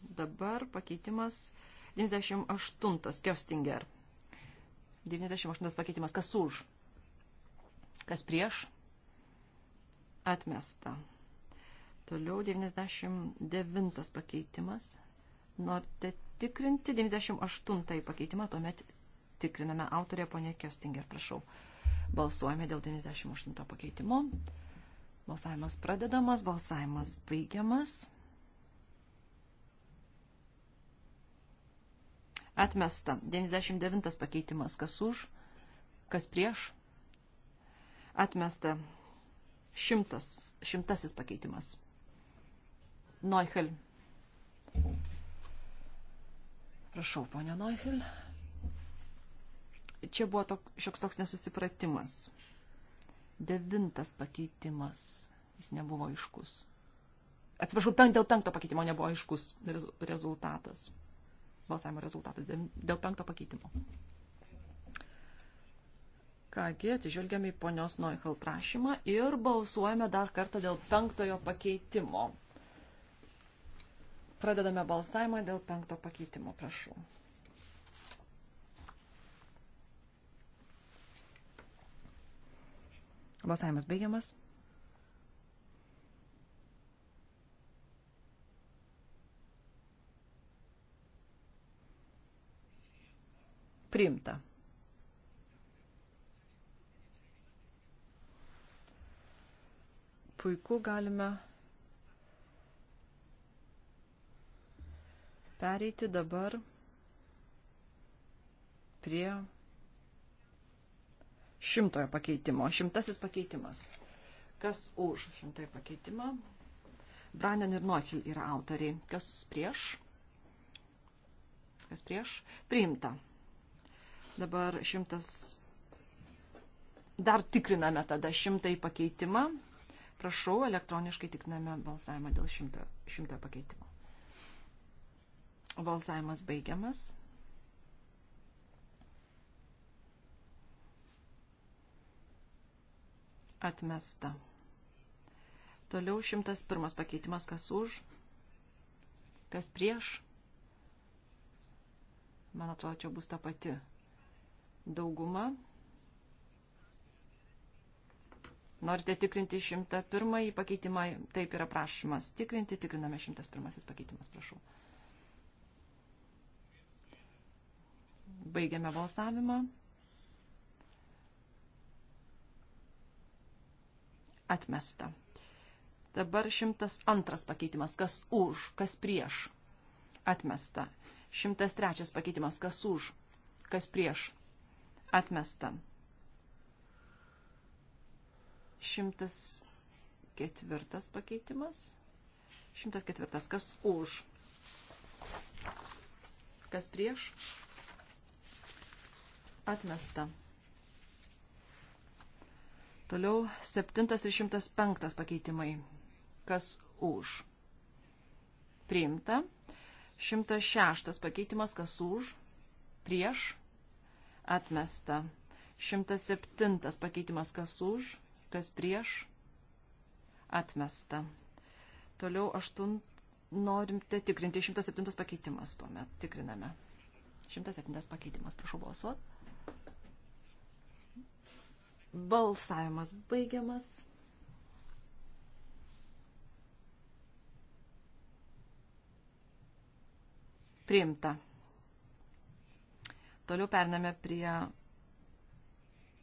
Dabar pakeitimas 98 Kjostinger. 98 pakeitimas. Kas už? Kas prieš? Atmesta. Toliau 99 pakeitimas. Norite tikrinti 98 pakeitimą, tuomet tikriname autorė ponė Kjostinger, prašau. Balsuojame dėl 98 pakeitimo. Balsavimas pradedamas, balsavimas baigiamas. Atmesta. 99 pakeitimas. Kas už? Kas prieš? Atmesta. Šimtas. Šimtasis pakeitimas. Neuchel. Prašau, ponia Neuchel. Čia buvo tok, šioks toks nesusipratimas. Devintas pakeitimas. Jis nebuvo aiškus. Atsiprašau, pen, dėl penkto pakeitimo nebuvo aiškus rezultatas balsavimo rezultatas dėl penkto pakeitimo. Kągi, atsižvelgiame į ponios Noichal prašymą ir balsuojame dar kartą dėl penktojo pakeitimo. Pradedame balsavimą dėl penkto pakeitimo, prašau. Balsavimas baigiamas. Primta. Puiku galime pereiti dabar prie šimtojo pakeitimo. Šimtasis pakeitimas. Kas už šimtąjį pakeitimą? Branen ir Nohil yra autoriai. Kas prieš? Kas prieš? Priimta. Dabar šimtas. Dar tikriname tada šimtai pakeitimą. Prašau, elektroniškai tikriname balsavimą dėl šimto, šimto pakeitimo. Balsavimas baigiamas. Atmesta. Toliau 101 pakeitimas, kas už, kas prieš. Man atrodo, čia bus ta pati dauguma. Norite tikrinti 101 pakeitimą, taip yra prašymas tikrinti, tikriname 101 pakeitimas, prašau. Baigiame balsavimą. Atmesta. Dabar 102 pakeitimas, kas už, kas prieš. Atmesta. 103 pakeitimas, kas už, kas prieš Atmesta. Šimtas ketvirtas pakeitimas. Šimtas ketvirtas. Kas už? Kas prieš? Atmesta. Toliau 7 ir 105 pakeitimai. Kas už? Priimta. 106 pakeitimas. Kas už? Prieš? atmesta. 107 pakeitimas kas už, kas prieš, atmesta. Toliau 8 norimte tikrinti 107 pakeitimas tuomet tikriname. 107 pakeitimas, prašau balsuot. Balsavimas baigiamas. Priimta. Toliau pername prie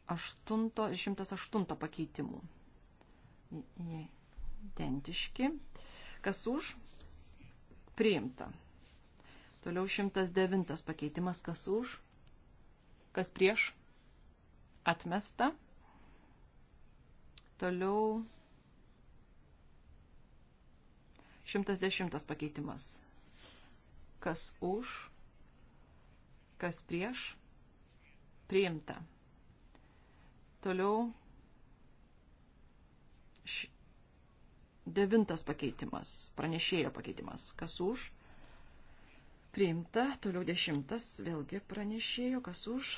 8 ir 108 pakeitimų. Jie identiški. Kas už? Priimta. Toliau 109 pakeitimas. Kas už? Kas prieš? Atmesta. Toliau 110 pakeitimas. Kas už? Kas prieš? Priimta. Toliau š... devintas pakeitimas, pranešėjo pakeitimas. Kas už? Priimta. Toliau dešimtas vėlgi pranešėjo. Kas už?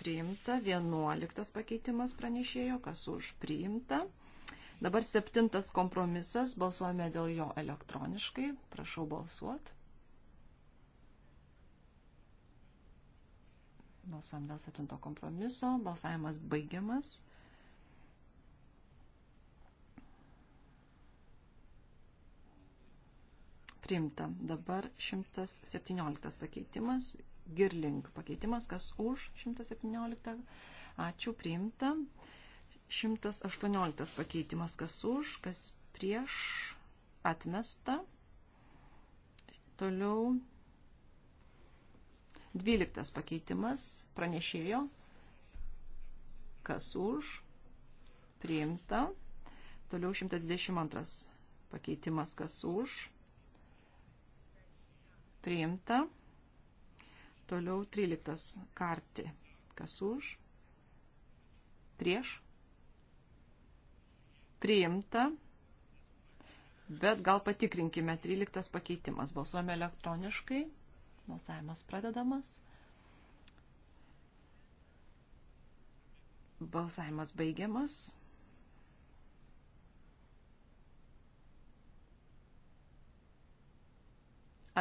Priimta. Vienuoliktas pakeitimas pranešėjo. Kas už? Priimta. Dabar septintas kompromisas. Balsuojame dėl jo elektroniškai. Prašau balsuoti. Balsuojam dėl septinto kompromiso. Balsavimas baigiamas. Priimta. Dabar 117 pakeitimas. Girling pakeitimas. Kas už 117? Ačiū. Priimta. 118 pakeitimas. Kas už, kas prieš. Atmesta. Toliau Dvyliktas pakeitimas pranešėjo, kas už, priimta. Toliau 122 pakeitimas, kas už, priimta. Toliau 13 karti, kas už, prieš, priimta. Bet gal patikrinkime 13 pakeitimas. Balsuojame elektroniškai. Balsavimas pradedamas. Balsavimas baigiamas.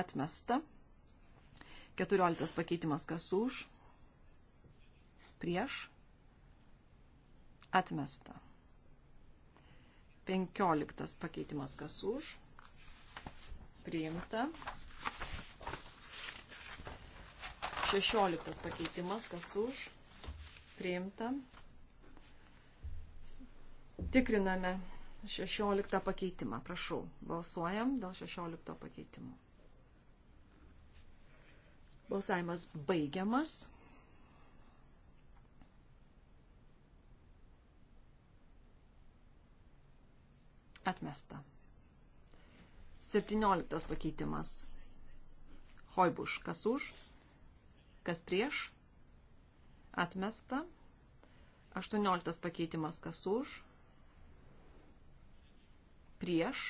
Atmesta. 14 pakeitimas kas už. Prieš. Atmesta. 15 pakeitimas kas už. Priimta. 16 pakeitimas, kas už, priimta. Tikriname 16 pakeitimą, prašau, balsuojam dėl 16 pakeitimo. Balsavimas baigiamas. Atmesta. 17 pakeitimas. Hoibuš, kas už? kas prieš, atmesta. 18 pakeitimas, kas už, prieš,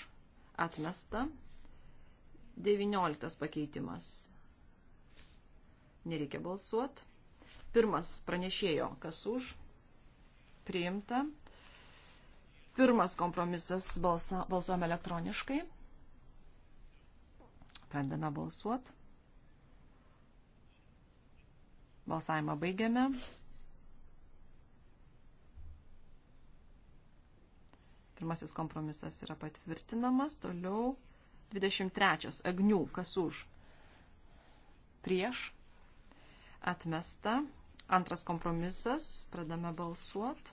atmesta. 19 pakeitimas, nereikia balsuot. Pirmas pranešėjo, kas už, priimta. Pirmas kompromisas balsa, balsuojame elektroniškai. Pradedame balsuoti. Balsavimą baigiame. Pirmasis kompromisas yra patvirtinamas. Toliau 23. Agnių. Kas už? Prieš. Atmesta. Antras kompromisas. Pradame balsuot.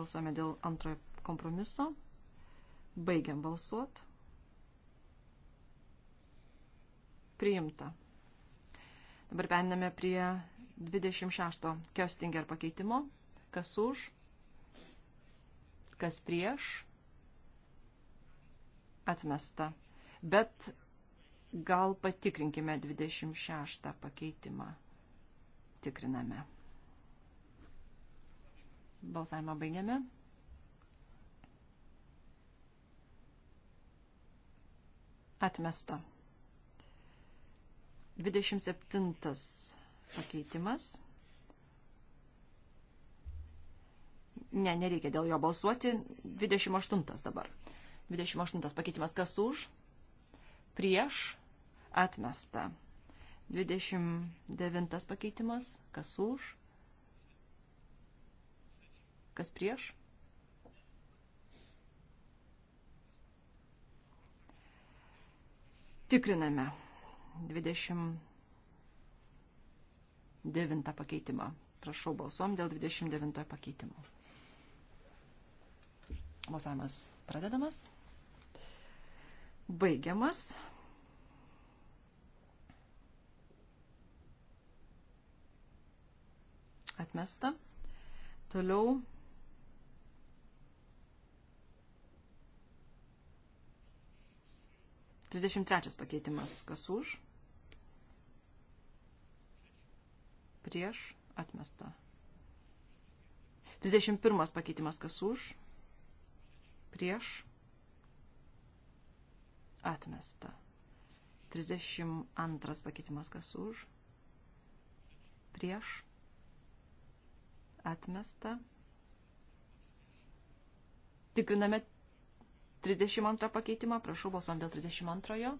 Balsuojame dėl antrojo kompromiso. Baigiam balsuot. Priimta. Dabar periname prie 26 Kjostinger pakeitimo. Kas už, kas prieš, atmesta. Bet gal patikrinkime 26 pakeitimą. Tikriname. Balsavimą baigiame. Atmesta. 27 pakeitimas. Ne, nereikia dėl jo balsuoti. 28 dabar. 28 pakeitimas kas už, prieš, atmesta. 29 pakeitimas kas už, kas prieš. Tikriname. 29 pakeitimą. Prašau, balsuom dėl 29 pakeitimo. Balsavimas pradedamas. Baigiamas. Atmesta. Toliau Trisdešimt trečias pakeitimas. Kas už? prieš, atmesta. 31 pakeitimas kas už, prieš, atmesta. 32 pakeitimas kas už, prieš, atmesta. Tikriname 32 pakeitimą, prašau balsuom dėl 32. -ojo.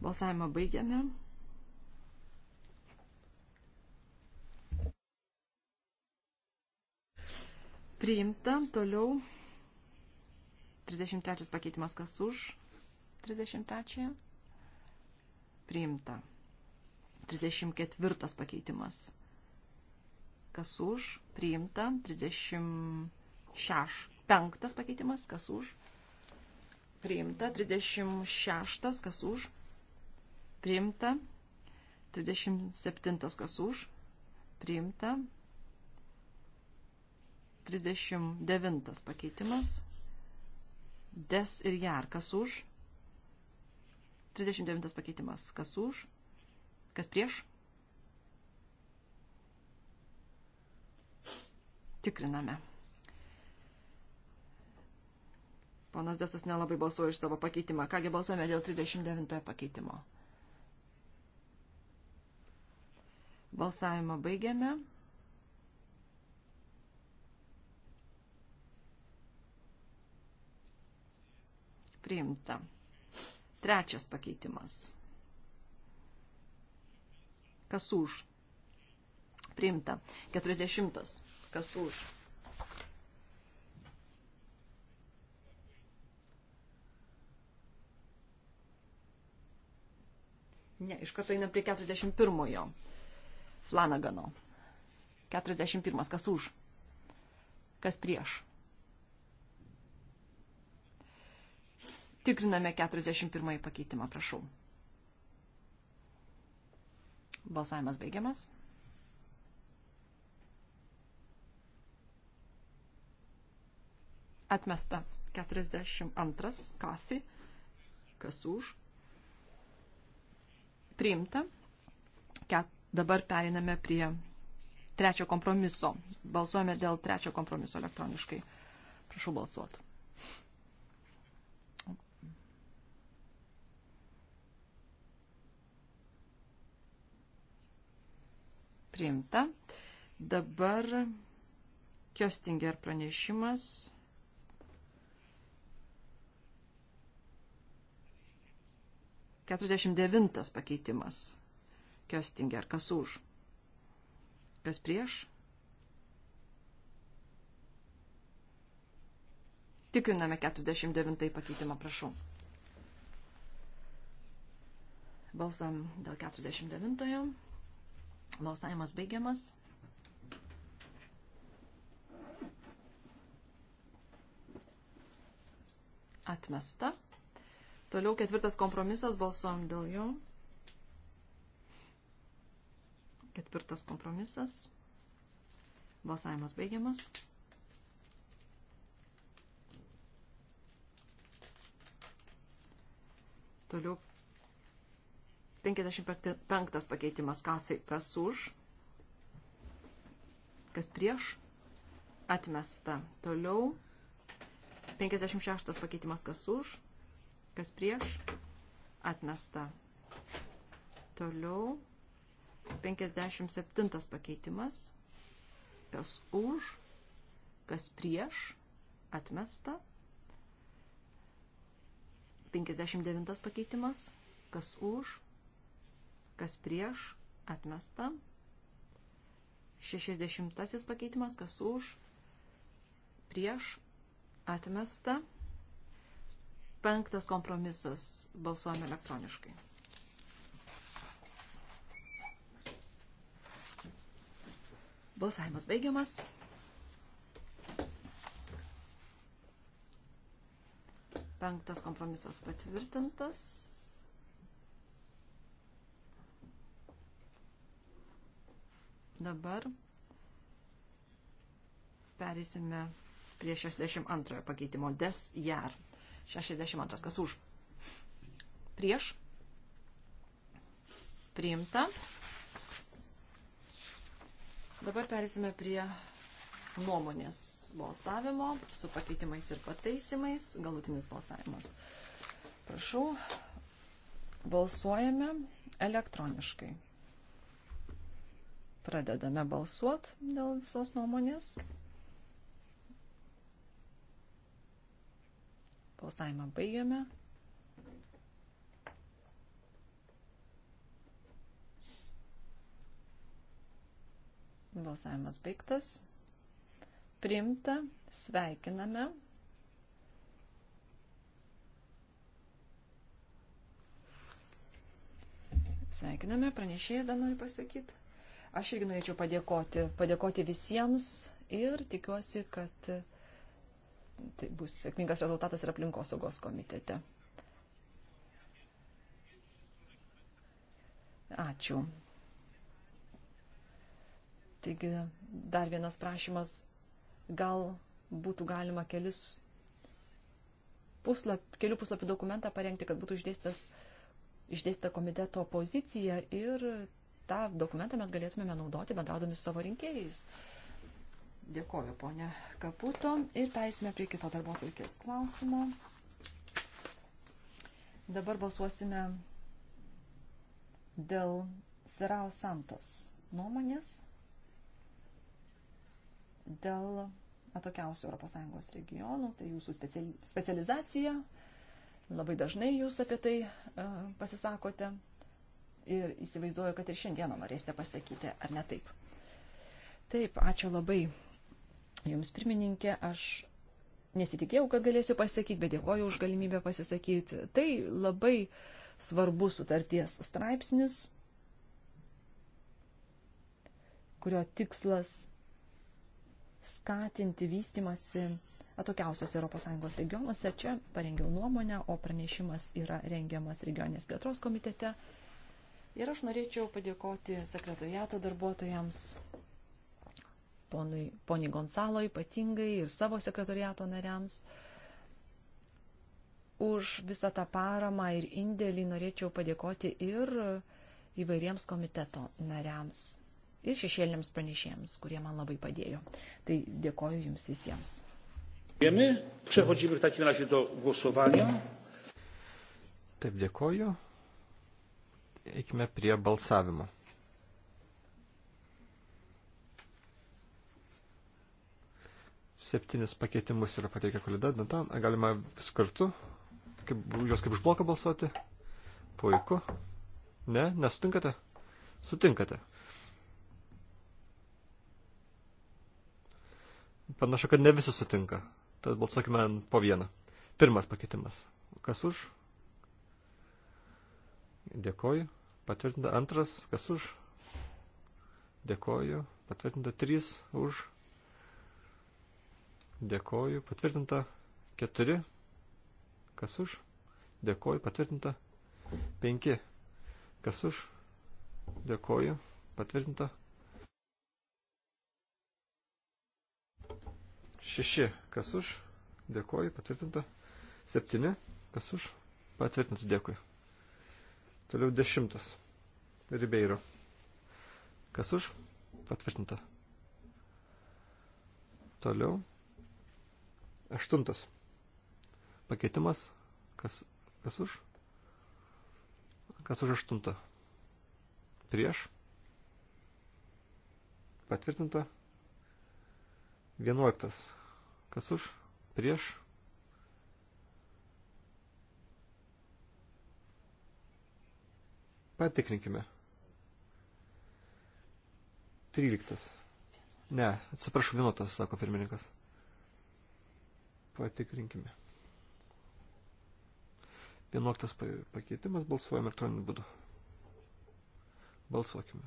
Balsavimą baigiame. Priimta. Toliau. 33 pakeitimas kas už. 33. Priimta. 34 pakeitimas. Kas už. Priimta. 36. Penktas pakeitimas. Kas už. Priimta. 36. Kas už priimta. 37 kas už, priimta. 39 pakeitimas. Des ir jar, kas už. 39 pakeitimas, kas už, kas prieš. Tikriname. Ponas Desas nelabai balsuoja iš savo pakeitimą. Kągi balsuojame dėl 39 pakeitimo. Balsavimą baigiame. Priimta. Trečias pakeitimas. Kas už? Priimta. Keturisdešimtas. Kas už? Ne, iš karto eina prie 41. Flanagano. 41. Kas už? Kas prieš? Tikriname 41 pakeitimą, prašau. Balsavimas baigiamas. Atmesta 42 kasi, kas už. Priimta 4. Dabar periname prie trečio kompromiso. Balsuojame dėl trečio kompromiso elektroniškai. Prašau balsuoti. Priimta. Dabar Kjostinger pranešimas. Keturiasdešimt devintas pakeitimas. Köstinger, kas už, kas prieš. Tikriname 49 pakeitimą, prašau. Balsam dėl 49. Balsavimas baigiamas. Atmesta. Toliau ketvirtas kompromisas, balsuom dėl jo. Ketvirtas kompromisas. Balsavimas baigiamas. Toliau 55 pakeitimas, kas už, kas prieš, atmesta. Toliau 56 pakeitimas, kas už, kas prieš, atmesta. Toliau 57 pakeitimas. Kas už, kas prieš, atmesta. 59 pakeitimas. Kas už, kas prieš, atmesta. 60 pakeitimas. Kas už, prieš, atmesta. Penktas kompromisas balsuojame elektroniškai. Balsavimas baigiamas. Penktas kompromisas patvirtintas. Dabar perėsime prie 62 pakeitimo. Des jar. 62. Kas už? Prieš. Priimta. Dabar perėsime prie nuomonės balsavimo su pakeitimais ir pataisimais. Galutinis balsavimas. Prašau, balsuojame elektroniškai. Pradedame balsuot dėl visos nuomonės. Balsavimą baigiame. Balsavimas baigtas. Primta. Sveikiname. Sveikiname, pranešėjas dar noriu pasakyti. Aš irgi norėčiau padėkoti, padėkoti visiems ir tikiuosi, kad tai bus sėkmingas rezultatas ir aplinkosaugos komitete. Ačiū. Taigi dar vienas prašymas, gal būtų galima kelis puslap, kelių puslapių dokumentą parengti, kad būtų išdėstas, išdėsta komiteto pozicija ir tą dokumentą mes galėtumėme naudoti bendraudami su savo rinkėjais. Dėkoju, ponė Kaputo. Ir peisime prie kito darbo atvirkės klausimo. Dabar balsuosime dėl Sirao Santos nuomonės dėl atokiausių ES regionų, tai jūsų specializacija, labai dažnai jūs apie tai e, pasisakote ir įsivaizduoju, kad ir šiandieną norėsite pasakyti, ar ne taip. Taip, ačiū labai Jums, pirmininkė, aš nesitikėjau, kad galėsiu pasakyti, bet dėkoju už galimybę pasisakyti. Tai labai svarbus sutarties straipsnis, kurio tikslas skatinti vystimasi atokiausios ES regionuose. Čia parengiau nuomonę, o pranešimas yra rengiamas regioninės plėtros komitete. Ir aš norėčiau padėkoti sekretoriato darbuotojams, ponui, poniai Gonzalo ypatingai ir savo sekretoriato nariams. Už visą tą paramą ir indėlį norėčiau padėkoti ir įvairiems komiteto nariams ir šešėliniams pranešėjams, kurie man labai padėjo. Tai dėkoju Jums visiems. Taip, dėkoju. Eikime prie balsavimo. Septynis pakeitimus yra pateikę kolega Dantan. Galima vis kartu, kaip, juos kaip užbloką balsuoti. Puiku. Ne, nesutinkate? Sutinkate. Panašu, kad ne visi sutinka. Tad balsuokime po vieną. Pirmas pakeitimas. Kas už? Dėkoju. Patvirtinta antras. Kas už? Dėkoju. Patvirtinta trys už. Dėkoju. Patvirtinta keturi. Kas už? Dėkoju. Patvirtinta penki. Kas už? Dėkoju. Patvirtinta 6, kas už, dėkoju, patvirtinta. 7, kas už, patvirtinta, dėkui. Toliau 10, Ribeiro. Kas už, patvirtinta. Toliau 8, pakeitimas, kas, kas už, kas už 8, prieš, patvirtinta. 11. Kas už? Prieš? Patikrinkime. 13. Ne, atsiprašau, minutas, sako pirmininkas. Patikrinkime. 11 pakeitimas balsuojame elektroniniu būdu. Balsuokime.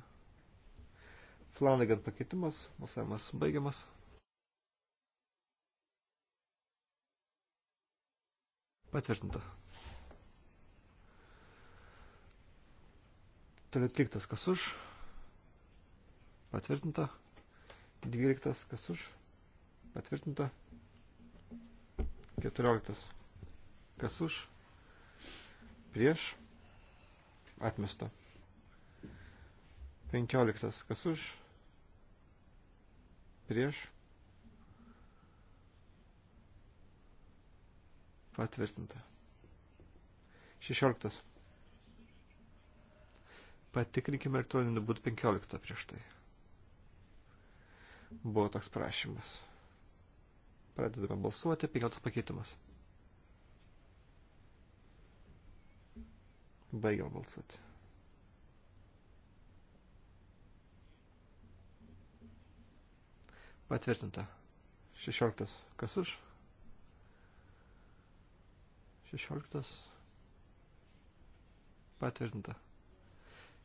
Flanagan pakeitimas, balsavimas baigiamas. Patvirtinta. Toliau 13 kas už. Patvirtinta. 12 kas už. Patvirtinta. 14 kas už. Prieš. Atmesta. 15 kas už. Prieš Patvirtinta. 16. Patikrinkime elektroniniu būdu 15 prieš tai. Buvo toks prašymas. Pradedame balsuoti, 15 pakeitimas. Baigiam balsuoti. Patvirtinta. 16. Kas už? 16 patvirtinta.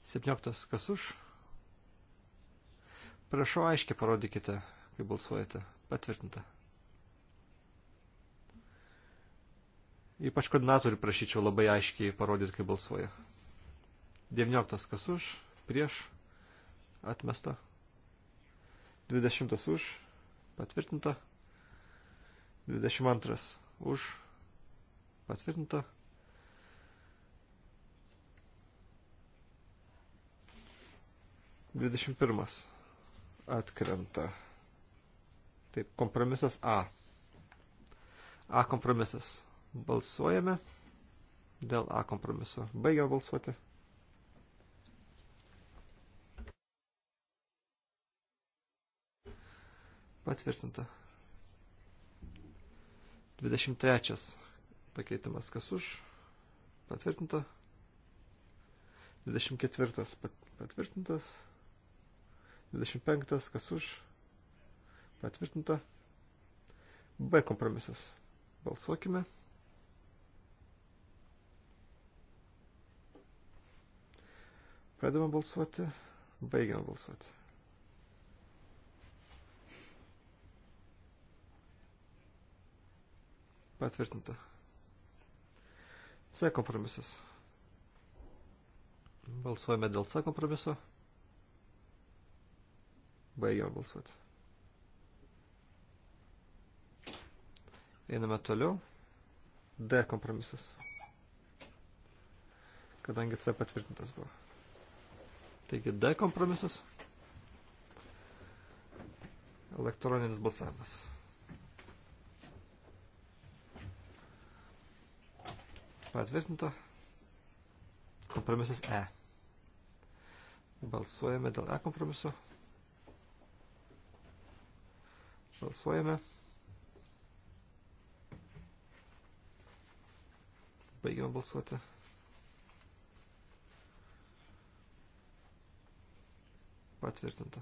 17 kas už. Prašau aiškiai parodykite, kai balsuojate. Patvirtinta. Ypač koordinatorių prašyčiau labai aiškiai parodyti, kai balsuoja. 19 kas už, prieš, atmesta. 20 už, patvirtinta. 22 už, Patvirtinta. Dvidešimt pirmas atkrenta. Taip, kompromisas A. A kompromisas. Balsuojame dėl A kompromiso. Baigiau balsuoti. Patvirtinta. 23 pakeitimas kas už, patvirtinta. 24 patvirtintas. 25 kas už, patvirtinta. B kompromisas. Balsuokime. Pradame balsuoti, baigiame balsuoti. Patvirtinta. C kompromisas. Balsuojame dėl C kompromiso. Baigiame balsuoti. Einame toliau. D kompromisas. Kadangi C patvirtintas buvo. Taigi D kompromisas. Elektroninis balsavimas. Patvirtinta. Kompromisas E. Balsuojame dėl E kompromiso. Balsuojame. Baigiame balsuoti. Patvirtinta.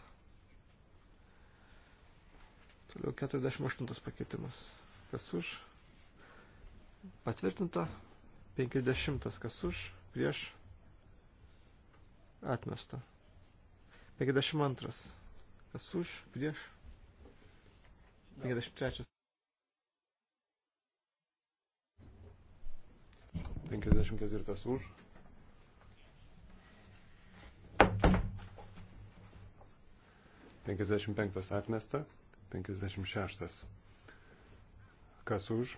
Toliau 48 pakeitimas. Kas už? Patvirtinta. 50 kas už, prieš atmesta. 52 kas už, prieš 53. 54 už. Penkiasdešimt penktas atmesta, penkiasdešimt šeštas. Kas už?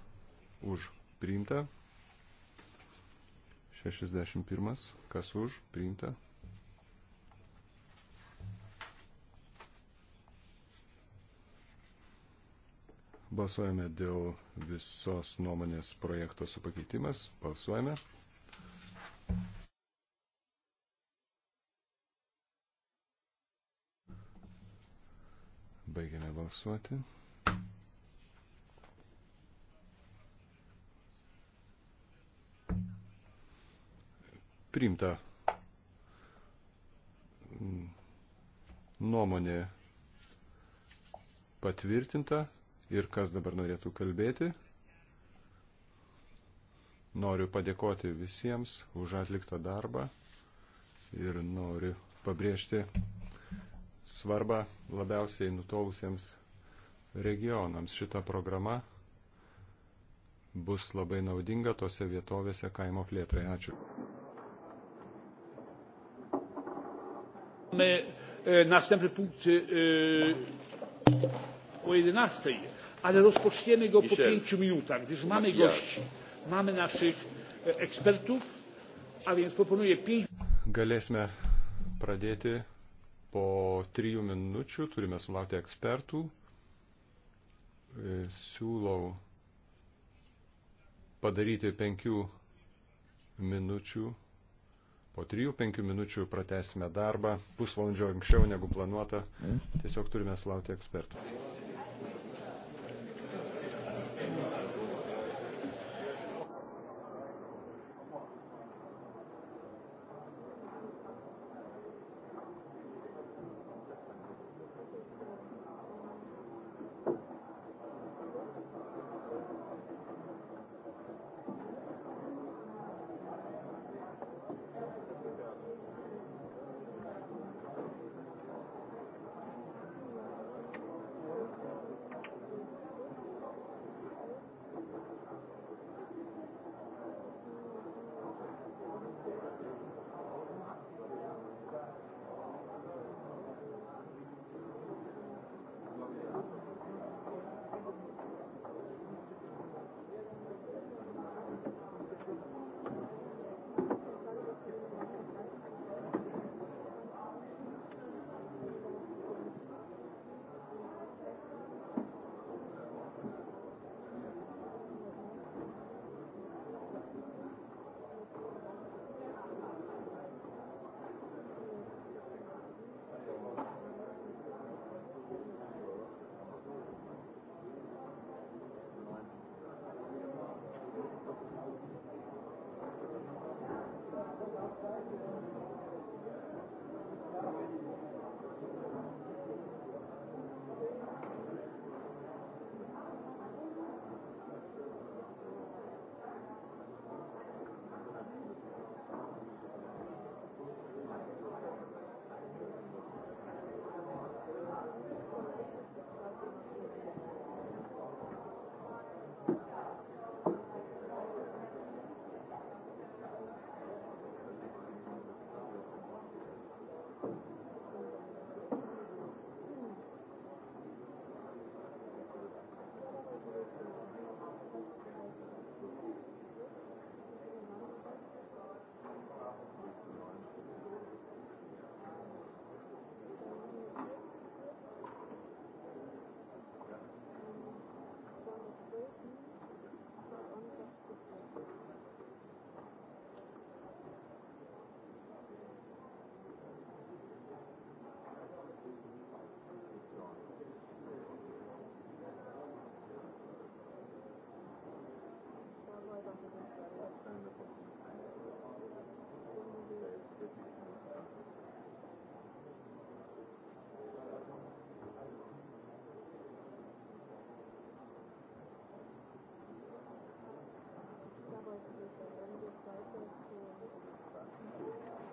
už priimta. 61. Kas už priimta. Balsuojame dėl visos nuomonės projekto su pakeitimas. Balsuojame. Baigiame balsuoti. Priimta nuomonė patvirtinta ir kas dabar norėtų kalbėti. Noriu padėkoti visiems už atliktą darbą ir noriu pabrėžti svarbą labiausiai nutolusiems regionams. Šita programa bus labai naudinga tose vietovėse kaimo plėtrai. Ačiū. Mamy e, następny punkt e, e, o 11, ale rozpoczniemy go po pięciu minutach, gdyż mamy gości, mamy naszych ekspertów, a więc proponuję pięć. Galėsime pradėti po trijų minučių, turime sulaukti ekspertų. Siūlau padaryti penkių minučių Po 3-5 minučių pratesime darbą pusvalandžio anksčiau negu planuota. Mm. Tiesiog turime laukti ekspertų.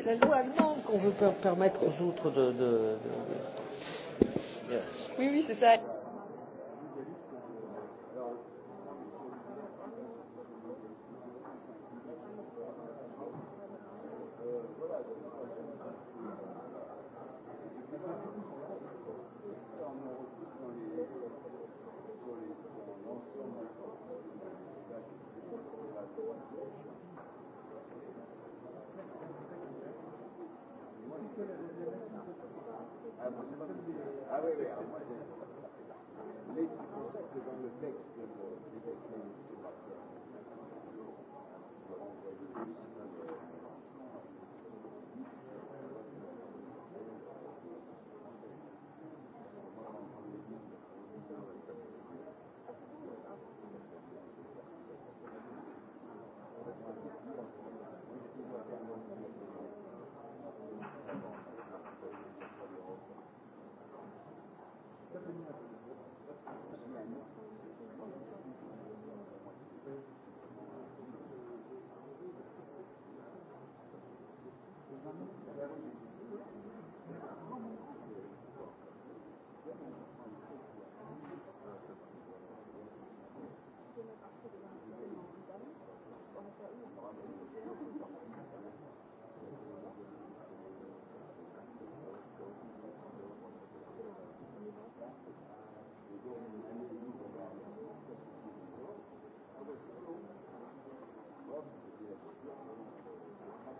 c'est la loi allemande qu'on veut permettre aux autres de. de, de... Oui, oui, c'est ça.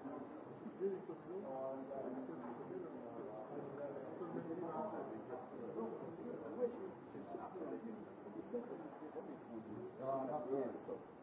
Yeah, not really.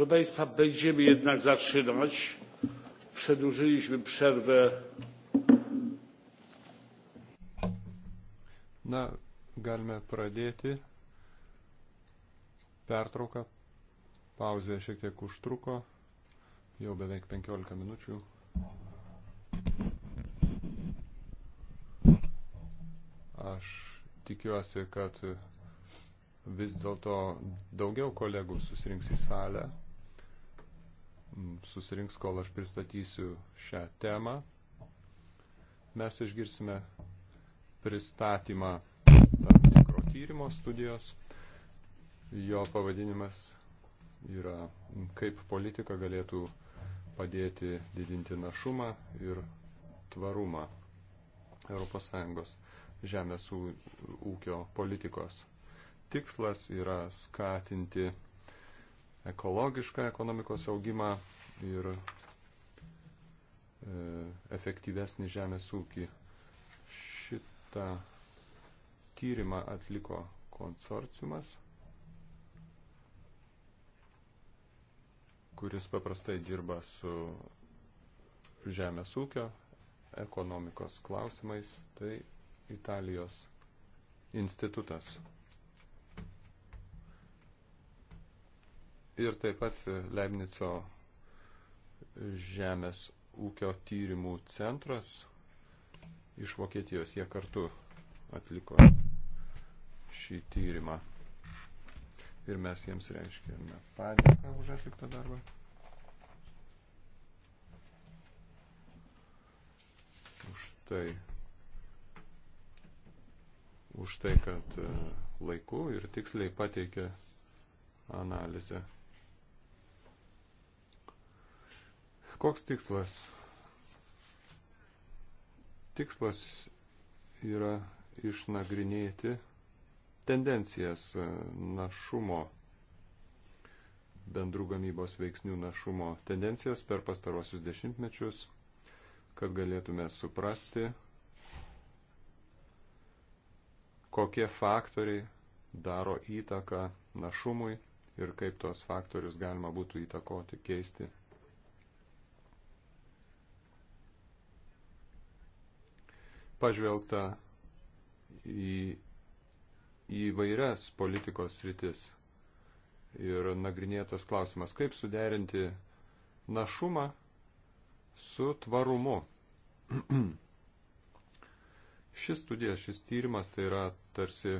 proszę państwa będziemy jednak zaczynać przedłużyliśmy przerwę na galime pradėti pertrauką pauzė šiek tiek užtruko jau beveik 15 minučių aš tikiuosi kad vis dėlto daugiau kolegų susirinks į salę susirinks, kol aš pristatysiu šią temą. Mes išgirsime pristatymą tam tikro tyrimo studijos. Jo pavadinimas yra kaip politika galėtų padėti didinti našumą ir tvarumą ES žemės ūkio politikos. Tikslas yra skatinti ekologišką ekonomikos augimą ir e, efektyvesnį žemės ūkį. Šitą tyrimą atliko konsorciumas, kuris paprastai dirba su žemės ūkio, ekonomikos klausimais, tai Italijos institutas. ir taip pat e, Leibnico žemės ūkio tyrimų centras iš Vokietijos. Jie kartu atliko šį tyrimą. Ir mes jiems reiškėme padėką už atliktą darbą. Už tai, už tai kad e, laiku ir tiksliai pateikė analizę Koks tikslas? Tikslas yra išnagrinėti tendencijas e, našumo, bendrų gamybos veiksnių našumo tendencijas per pastarosius dešimtmečius, kad galėtume suprasti, kokie faktoriai daro įtaką našumui ir kaip tuos faktorius galima būtų įtakoti, keisti. pažvelgta į įvairias politikos sritis ir nagrinėtas klausimas, kaip suderinti našumą su tvarumu. šis studija, šis tyrimas tai yra tarsi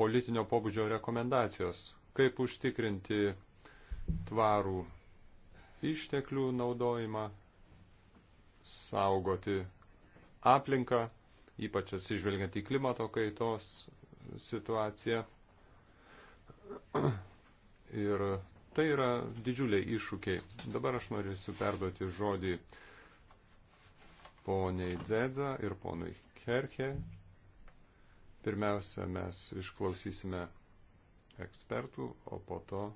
politinio pobūdžio rekomendacijos, kaip užtikrinti tvarų išteklių naudojimą, saugoti aplinką, ypač atsižvelgiant į klimato kaitos situaciją. Ir tai yra didžiuliai iššūkiai. Dabar aš norėsiu perduoti žodį poniai Dzedza ir ponui Kerke. Pirmiausia, mes išklausysime ekspertų, o po to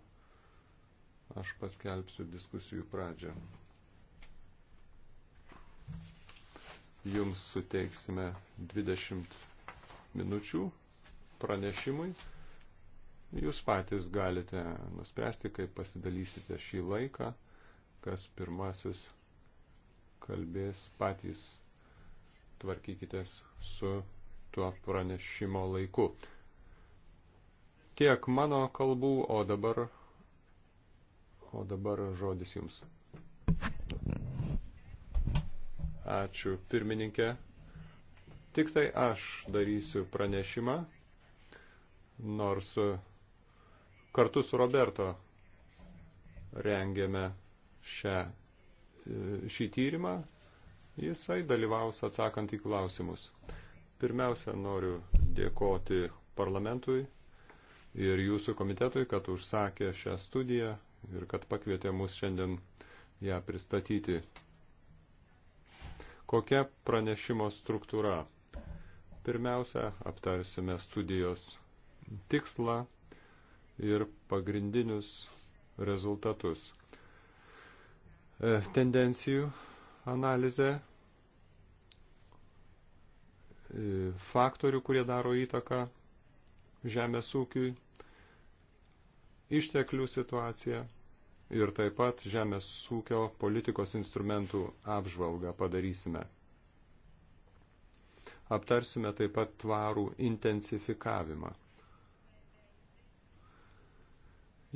aš paskelbsiu diskusijų pradžią. jums suteiksime 20 minučių pranešimui. Jūs patys galite nuspręsti, kaip pasidalysite šį laiką, kas pirmasis kalbės patys tvarkykitės su tuo pranešimo laiku. Tiek mano kalbų, o dabar, o dabar žodis jums. Ačiū pirmininkė. Tik tai aš darysiu pranešimą, nors kartu su Roberto rengėme šią, šį tyrimą. Jisai dalyvaus atsakant į klausimus. Pirmiausia, noriu dėkoti parlamentui ir jūsų komitetui, kad užsakė šią studiją ir kad pakvietė mus šiandien ją pristatyti. Kokia pranešimo struktūra? Pirmiausia, aptarsime studijos tikslą ir pagrindinius rezultatus. E, tendencijų analizė, e, faktorių, kurie daro įtaką žemės ūkiui, išteklių situacija, ir taip pat žemės ūkio politikos instrumentų apžvalgą padarysime. Aptarsime taip pat tvarų intensifikavimą.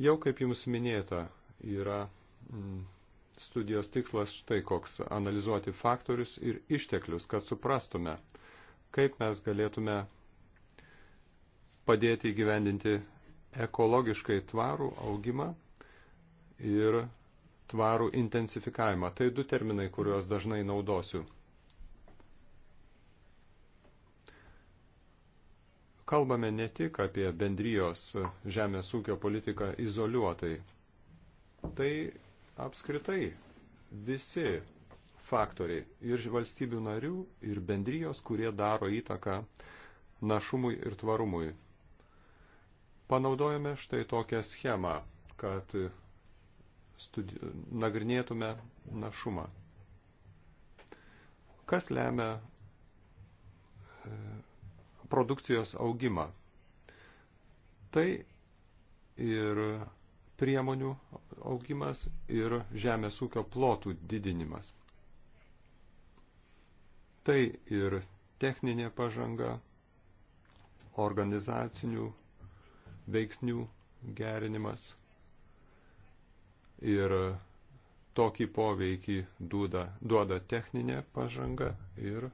Jau kaip jums minėta, yra mm, studijos tikslas štai koks - analizuoti faktorius ir išteklius, kad suprastume, kaip mes galėtume padėti įgyvendinti ekologiškai tvarų augimą ir tvarų intensifikavimą. Tai du terminai, kuriuos dažnai naudosiu. Kalbame ne tik apie bendrijos žemės ūkio politiką izoliuotai. Tai apskritai visi faktoriai ir valstybių narių, ir bendrijos, kurie daro įtaką našumui ir tvarumui. Panaudojame štai tokią schemą, kad studi... nagrinėtume našumą. Kas lemia e, produkcijos augimą? Tai ir priemonių augimas ir žemės ūkio plotų didinimas. Tai ir techninė pažanga, organizacinių veiksnių gerinimas – Ir tokį poveikį duoda, duoda techninė pažanga ir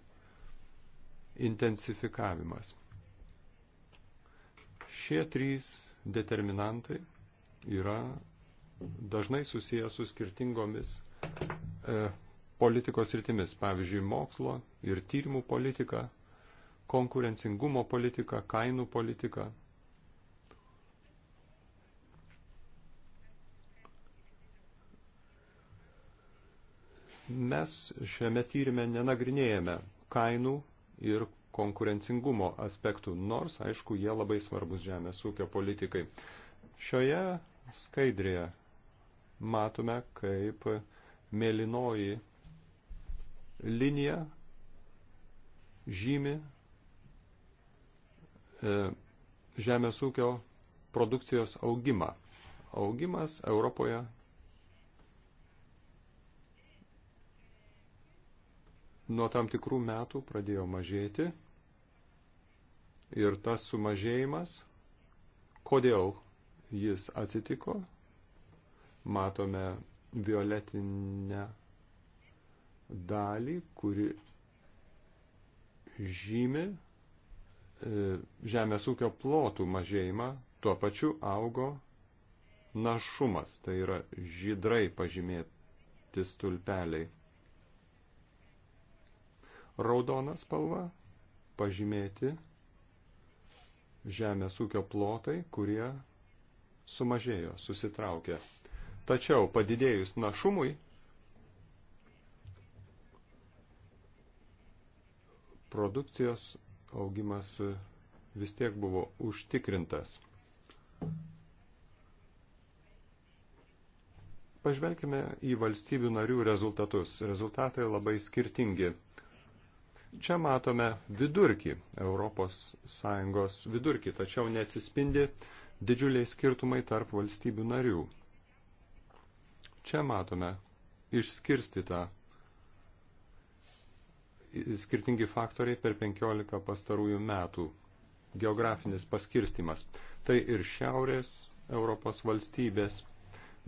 intensifikavimas. Šie trys determinantai yra dažnai susijęs su skirtingomis e, politikos rytimis, pavyzdžiui, mokslo ir tyrimų politika, konkurencingumo politika, kainų politika – Mes šiame tyrimė nenagrinėjame kainų ir konkurencingumo aspektų, nors, aišku, jie labai svarbus žemės ūkio politikai. Šioje skaidrėje matome, kaip mėlynoji linija žymi e, žemės ūkio produkcijos augimą. Augimas Europoje nuo tam tikrų metų pradėjo mažėti. Ir tas sumažėjimas, kodėl jis atsitiko, matome violetinę dalį, kuri žymi e, žemės ūkio plotų mažėjimą, tuo pačiu augo našumas, tai yra žydrai pažymėti stulpeliai raudoną spalvą pažymėti žemės ūkio plotai, kurie sumažėjo, susitraukė. Tačiau padidėjus našumui, produkcijos augimas vis tiek buvo užtikrintas. Pažvelkime į valstybių narių rezultatus. Rezultatai labai skirtingi. Čia matome vidurkį, ES vidurkį, tačiau neatsispindi didžiuliai skirtumai tarp valstybių narių. Čia matome išskirstytą skirtingi faktoriai per 15 pastarųjų metų geografinis paskirstimas. Tai ir šiaurės Europos valstybės,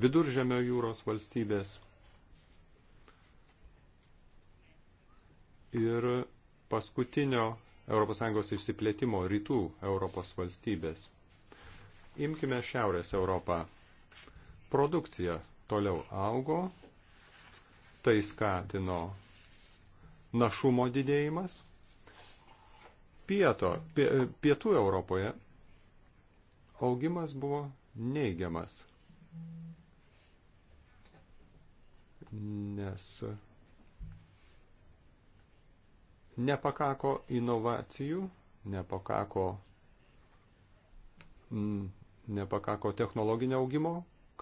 viduržemio jūros valstybės ir paskutinio ES išsiplėtimo rytų Europos valstybės. Imkime Šiaurės Europą. Produkcija toliau augo, tai skatino našumo didėjimas. Pieto, pie, pietų Europoje augimas buvo neigiamas, nes Nepakako inovacijų, nepakako, m, mm, nepakako technologinio augimo,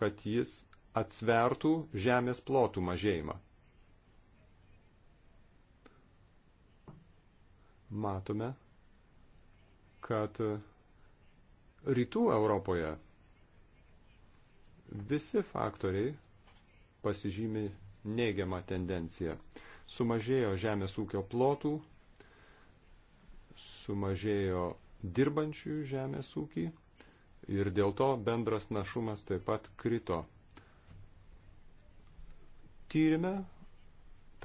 kad jis atsvertų žemės plotų mažėjimą. Matome, kad rytų Europoje visi faktoriai pasižymi neigiamą tendenciją sumažėjo žemės ūkio plotų, sumažėjo dirbančių žemės ūkį ir dėl to bendras našumas taip pat krito. Tyrime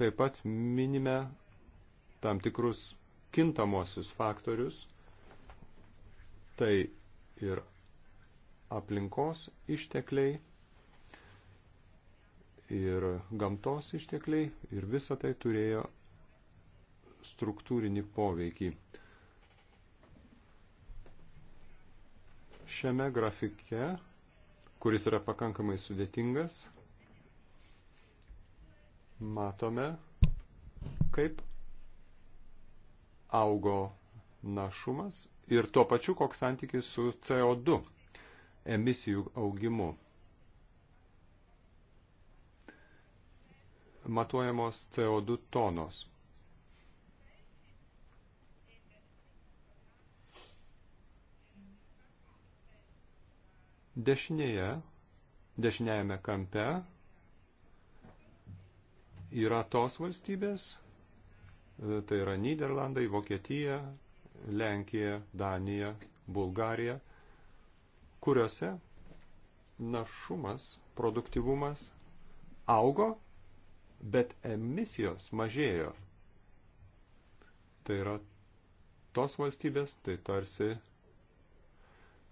taip pat minime tam tikrus kintamosius faktorius, tai ir aplinkos ištekliai, ir gamtos ištekliai ir visa tai turėjo struktūrinį poveikį. Šiame grafike, kuris yra pakankamai sudėtingas, matome, kaip augo našumas ir tuo pačiu koks santykis su CO2 emisijų augimu. matuojamos CO2 tonos. Dešinėje, dešinėjame kampe yra tos valstybės, e, tai yra Niderlandai, Vokietija, Lenkija, Danija, Bulgarija, kuriuose našumas, produktivumas augo bet emisijos mažėjo. Tai yra tos valstybės, tai tarsi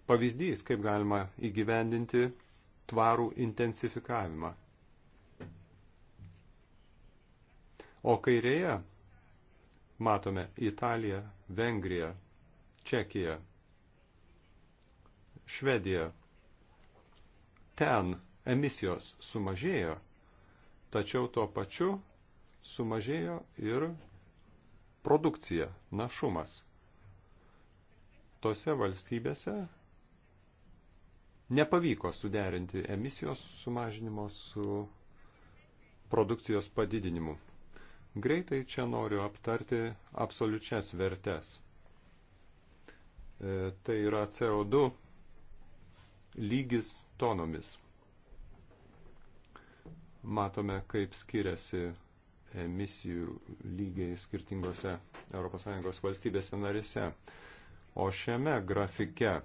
pavyzdys, kaip galima įgyvendinti tvarų intensifikavimą. O kairėje matome Italiją, Vengriją, Čekiją, Švediją. Ten emisijos sumažėjo tačiau tuo pačiu sumažėjo ir produkcija, našumas. Tose valstybėse nepavyko suderinti emisijos sumažinimo su produkcijos padidinimu. Greitai čia noriu aptarti absoliučias vertes. E, tai yra CO2 lygis tonomis matome, kaip skiriasi emisijų lygiai skirtingose ES valstybėse narise. O šiame grafike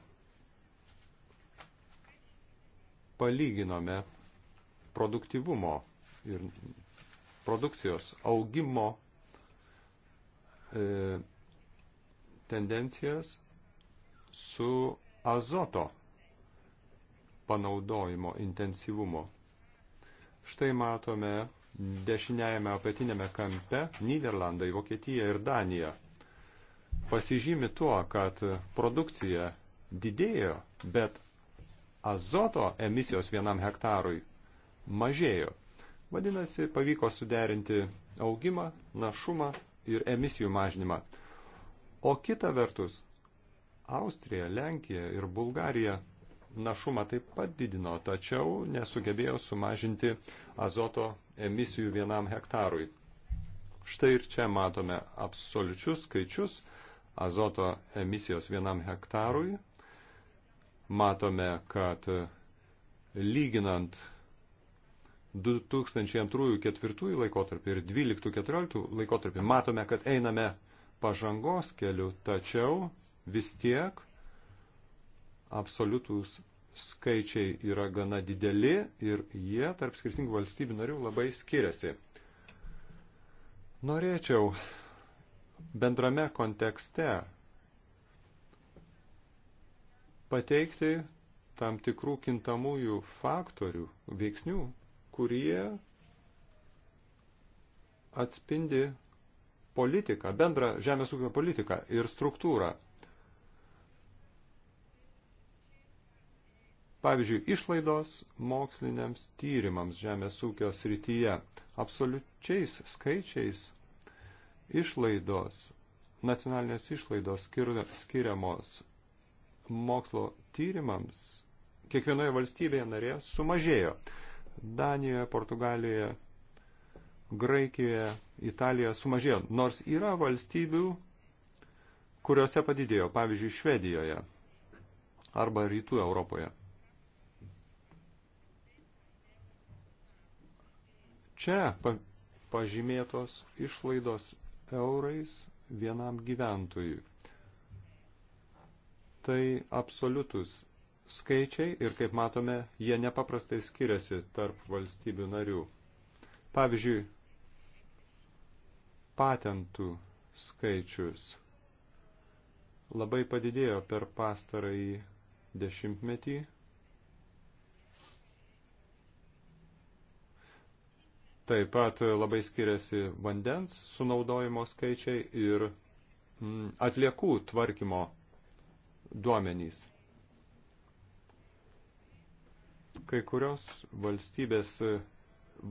palyginome produktivumo ir produkcijos augimo e, tendencijas su azoto panaudojimo intensyvumo Štai matome dešiniajame apatinėme kampe Niderlandai, Vokietija ir Danija. Pasižymi tuo, kad produkcija didėjo, bet azoto emisijos vienam hektarui mažėjo. Vadinasi, pavyko suderinti augimą, našumą ir emisijų mažinimą. O kita vertus, Austrija, Lenkija ir Bulgarija našumą taip pat didino, tačiau nesugebėjo sumažinti azoto emisijų vienam hektarui. Štai ir čia matome absoliučius skaičius azoto emisijos vienam hektarui. Matome, kad lyginant 2002-2004 laikotarpį ir 2012-2014 laikotarpį matome, kad einame pažangos keliu, tačiau vis tiek absoliutūs skaičiai yra gana dideli ir jie tarp skirtingų valstybių narių labai skiriasi. Norėčiau bendrame kontekste pateikti tam tikrų kintamųjų faktorių, veiksnių, kurie atspindi politiką, bendrą žemės ūkio politiką ir struktūrą. Pavyzdžiui, išlaidos moksliniams tyrimams žemės ūkio srityje absoliučiais skaičiais išlaidos, nacionalinės išlaidos skiriamos mokslo tyrimams kiekvienoje valstybėje narėje sumažėjo. Danijoje, Portugalijoje, Graikijoje, Italijoje sumažėjo. Nors yra valstybių, kuriuose padidėjo, pavyzdžiui, Švedijoje arba Rytų Europoje. Čia pažymėtos išlaidos eurais vienam gyventojui. Tai absoliutus skaičiai ir, kaip matome, jie nepaprastai skiriasi tarp valstybių narių. Pavyzdžiui, patentų skaičius labai padidėjo per pastarąjį dešimtmetį Taip pat labai skiriasi vandens sunaudojimo skaičiai ir mm, atliekų tvarkymo duomenys. Kai kurios valstybės,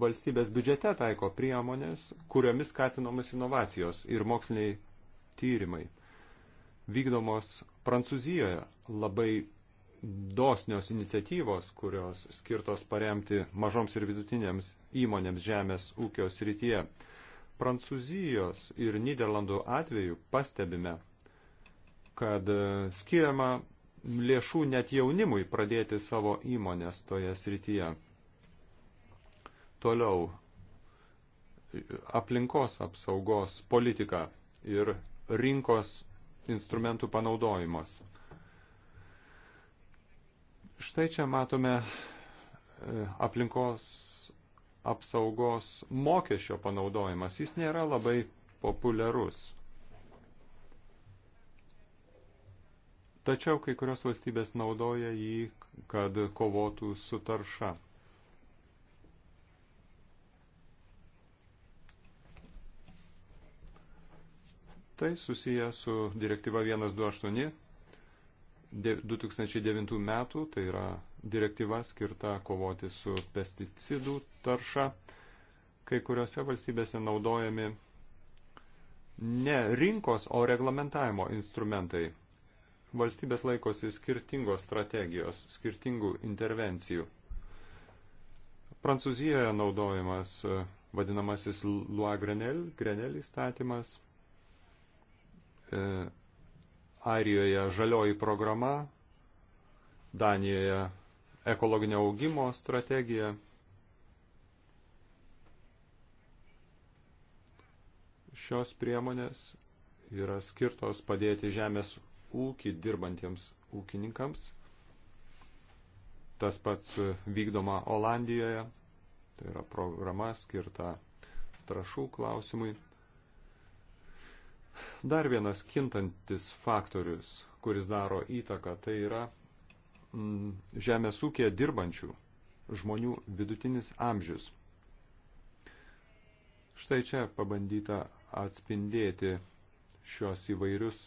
valstybės biudžete taiko priemonės, kuriomis skatinomas inovacijos ir moksliniai tyrimai. Vykdomos Prancūzijoje labai dosnios iniciatyvos, kurios skirtos paremti mažoms ir vidutinėms įmonėms žemės ūkio srityje. Prancūzijos ir Niderlandų atveju pastebime, kad skiriama lėšų net jaunimui pradėti savo įmonės toje srityje. Toliau aplinkos apsaugos politika ir rinkos instrumentų panaudojimas. Štai čia matome e, aplinkos apsaugos mokesčio panaudojimas. Jis nėra labai populiarus. Tačiau kai kurios valstybės naudoja jį, kad kovotų su tarša. Tai susiję su direktyva 128 2009 metų, tai yra direktyva skirta kovoti su pesticidų tarša. Kai kuriuose valstybėse naudojami ne rinkos, o reglamentavimo instrumentai. Valstybės laikosi skirtingos strategijos, skirtingų intervencijų. Prancūzijoje naudojamas e, vadinamasis Lua Grenel, Grenel įstatymas, e, Airijoje žalioji programa, Danijoje ekologinio augimo strategija. Šios priemonės yra skirtos padėti žemės ūkį dirbantiems ūkininkams. Tas pats vykdoma Olandijoje. Tai yra programa skirta trašų klausimui. Dar vienas kintantis faktorius, kuris daro įtaką, tai yra mm, žemės ūkėje dirbančių žmonių vidutinis amžius. Štai čia pabandyta atspindėti šios įvairius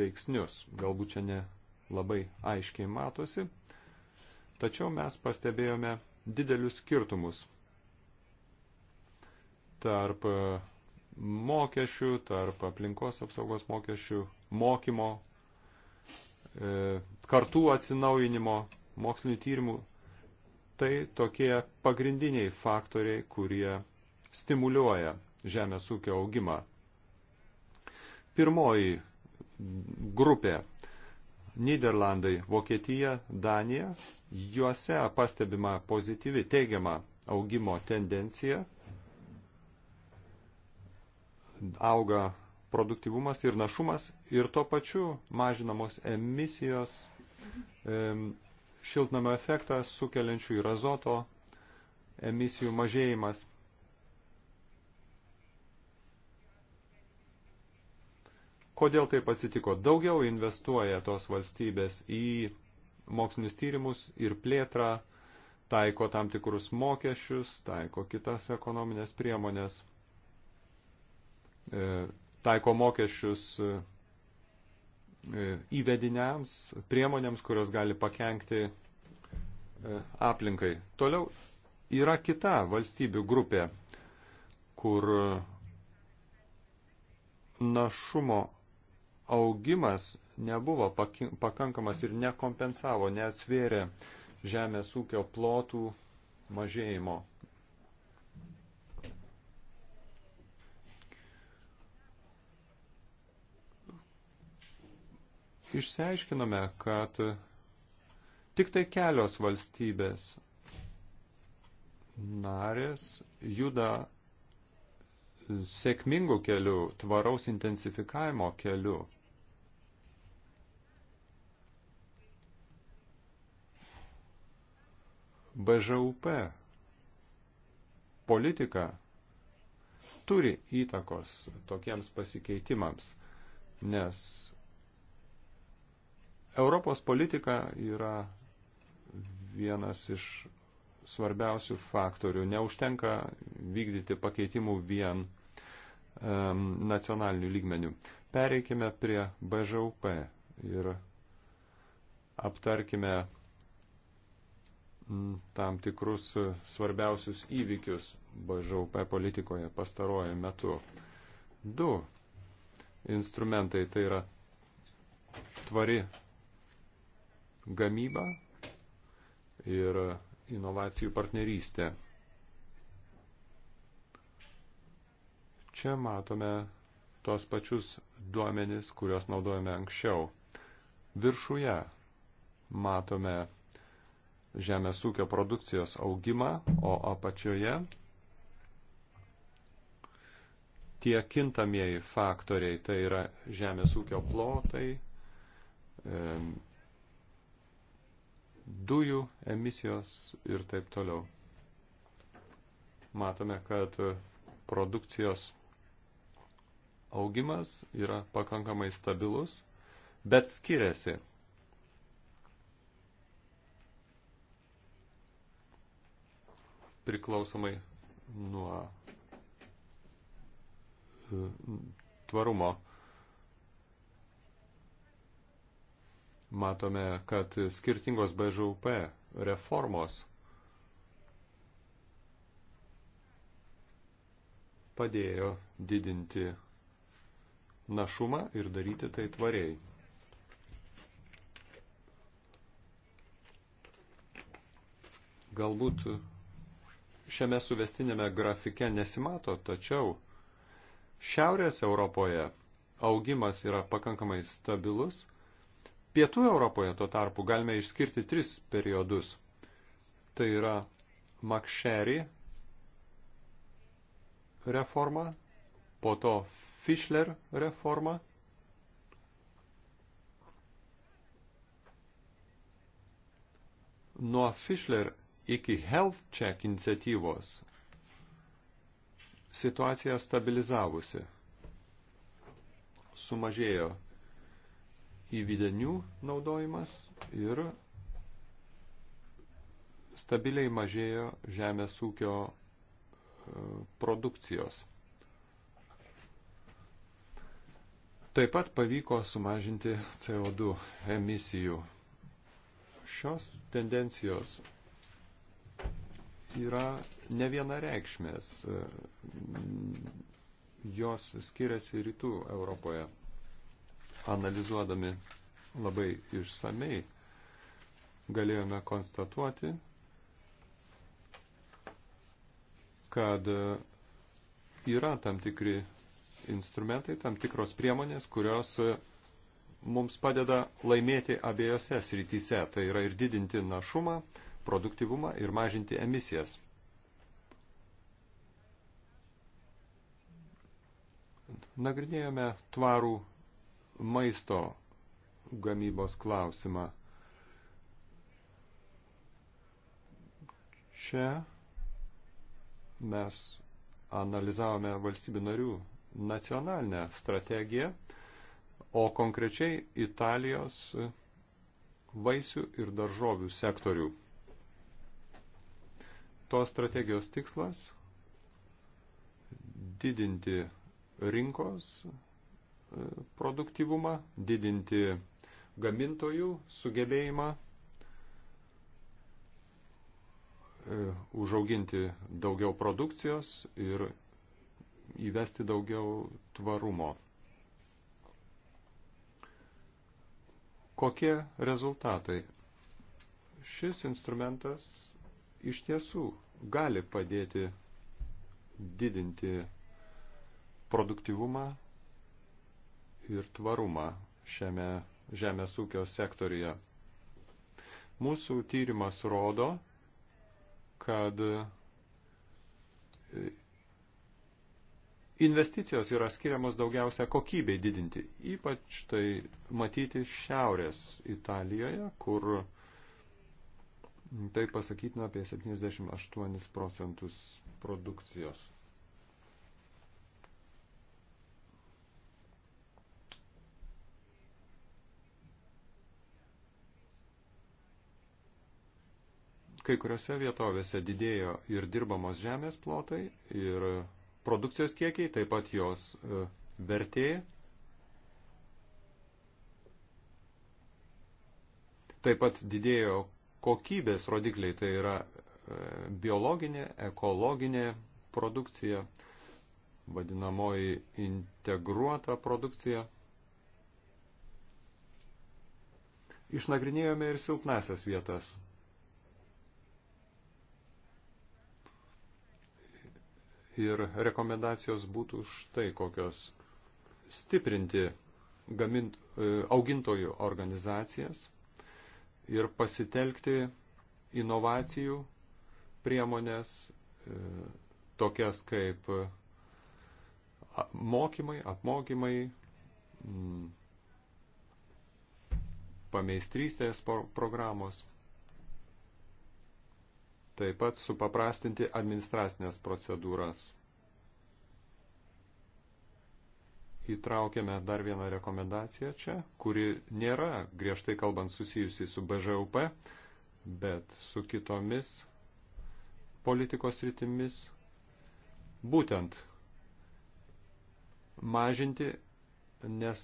veiksnius. Galbūt čia ne labai aiškiai matosi, tačiau mes pastebėjome didelius skirtumus tarp mokesčių, tarp aplinkos apsaugos mokesčių, mokymo, e, kartų atsinaujinimo, mokslinių tyrimų. Tai tokie pagrindiniai faktoriai, kurie stimuliuoja žemės ūkio augimą. Pirmoji grupė Niderlandai, Vokietija, Danija, juose pastebima pozityvi teigiama augimo tendencija auga produktivumas ir našumas ir tuo pačiu mažinamos emisijos šiltnamio efektą sukeliančių ir azoto emisijų mažėjimas. Kodėl taip atsitiko? Daugiau investuoja tos valstybės į mokslinius tyrimus ir plėtrą, taiko tam tikrus mokesčius, taiko kitas ekonominės priemonės. E, taiko mokesčius e, e, įvediniams, priemonėms, kurios gali pakengti aplinkai. Toliau yra kita valstybių grupė, kur našumo augimas nebuvo pakankamas ir nekompensavo, neatsvėrė žemės ūkio plotų mažėjimo. išsiaiškinome, kad tik tai kelios valstybės narės juda sėkmingų kelių, tvaraus intensifikavimo kelių. BŽUP politika turi įtakos tokiems pasikeitimams, nes Europos politika yra vienas iš svarbiausių faktorių. Neužtenka vykdyti pakeitimų vien um, nacionalinių lygmenių. Pereikime prie BŽUP ir aptarkime tam tikrus svarbiausius įvykius BŽUP politikoje pastaruoju metu. Du instrumentai tai yra tvari gamybą ir inovacijų partnerystę. Čia matome tos pačius duomenis, kuriuos naudojame anksčiau. Viršuje matome žemės ūkio produkcijos augimą, o apačioje tie kintamieji faktoriai, tai yra žemės ūkio plotai, dujų emisijos ir taip toliau. Matome, kad produkcijos augimas yra pakankamai stabilus, bet skiriasi. Priklausomai nuo e, tvarumo matome, kad skirtingos BŽUP reformos padėjo didinti našumą ir daryti tai tvariai. Galbūt šiame suvestinėme grafike nesimato, tačiau Šiaurės Europoje augimas yra pakankamai stabilus Pietų Europoje tuo tarpu galime išskirti tris periodus. Tai yra Makšeri reforma, po to Fischler reforma nuo Fischler iki Health Check iniciatyvos situacija stabilizavusi. Sumažėjo įvidenių naudojimas ir stabiliai mažėjo žemės ūkio e, produkcijos. Taip pat pavyko sumažinti CO2 emisijų. Šios tendencijos yra ne vienareikšmės. E, jos skiriasi rytų Europoje analizuodami labai išsamei, galėjome konstatuoti, kad yra tam tikri instrumentai, tam tikros priemonės, kurios mums padeda laimėti abiejose srityse. Tai yra ir didinti našumą, produktivumą ir mažinti emisijas. Nagrinėjome tvarų maisto gamybos klausimą. Čia mes analizavome valstybių narių nacionalinę strategiją, o konkrečiai Italijos vaisių ir daržovių sektorių. Tos strategijos tikslas - didinti rinkos produktivumą, didinti gamintojų sugebėjimą e, užauginti daugiau produkcijos ir įvesti daugiau tvarumo. Kokie rezultatai? Šis instrumentas iš tiesų gali padėti didinti produktivumą ir tvarumą šiame žemės ūkio sektorija. Mūsų tyrimas rodo, kad e, investicijos yra skiriamos daugiausia kokybei didinti. Ypač tai matyti šiaurės Italijoje, kur tai pasakytina apie 78 procentus produkcijos. kai kuriuose vietovėse didėjo ir dirbamos žemės plotai, ir produkcijos kiekiai, taip pat jos e, vertė. Taip pat didėjo kokybės rodikliai, tai yra e, biologinė, ekologinė produkcija, vadinamoji integruota produkcija. Išnagrinėjome ir silpnasias vietas Ir rekomendacijos būtų štai kokios. Stiprinti gamint, e, augintojų organizacijas ir pasitelkti inovacijų priemonės, e, tokias kaip e, mokymai, apmokymai, pameistrystės programos taip pat supaprastinti administracinės procedūras. Įtraukėme dar vieną rekomendaciją čia, kuri nėra griežtai kalbant susijusi su BŽUP, bet su kitomis politikos rytimis. Būtent mažinti nes,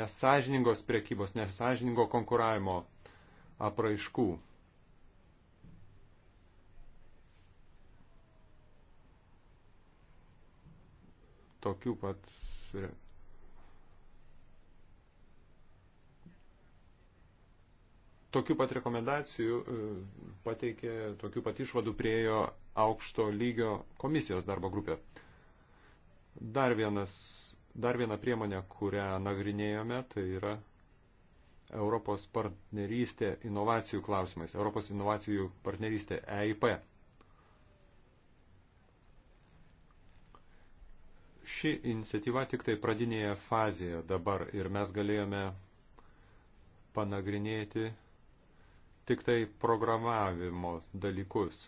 nesažiningos priekybos, nesažiningo konkuravimo apraiškų. tokių pat tokių pat rekomendacijų e, pateikė, tokių pat išvadų priejo aukšto lygio komisijos darbo grupė. Dar, vienas, dar viena priemonė, kurią nagrinėjome, tai yra Europos partnerystė inovacijų klausimais, Europos inovacijų partnerystė EIP. ši iniciatyva tik tai pradinėje fazėje dabar ir mes galėjome panagrinėti tik tai programavimo dalykus.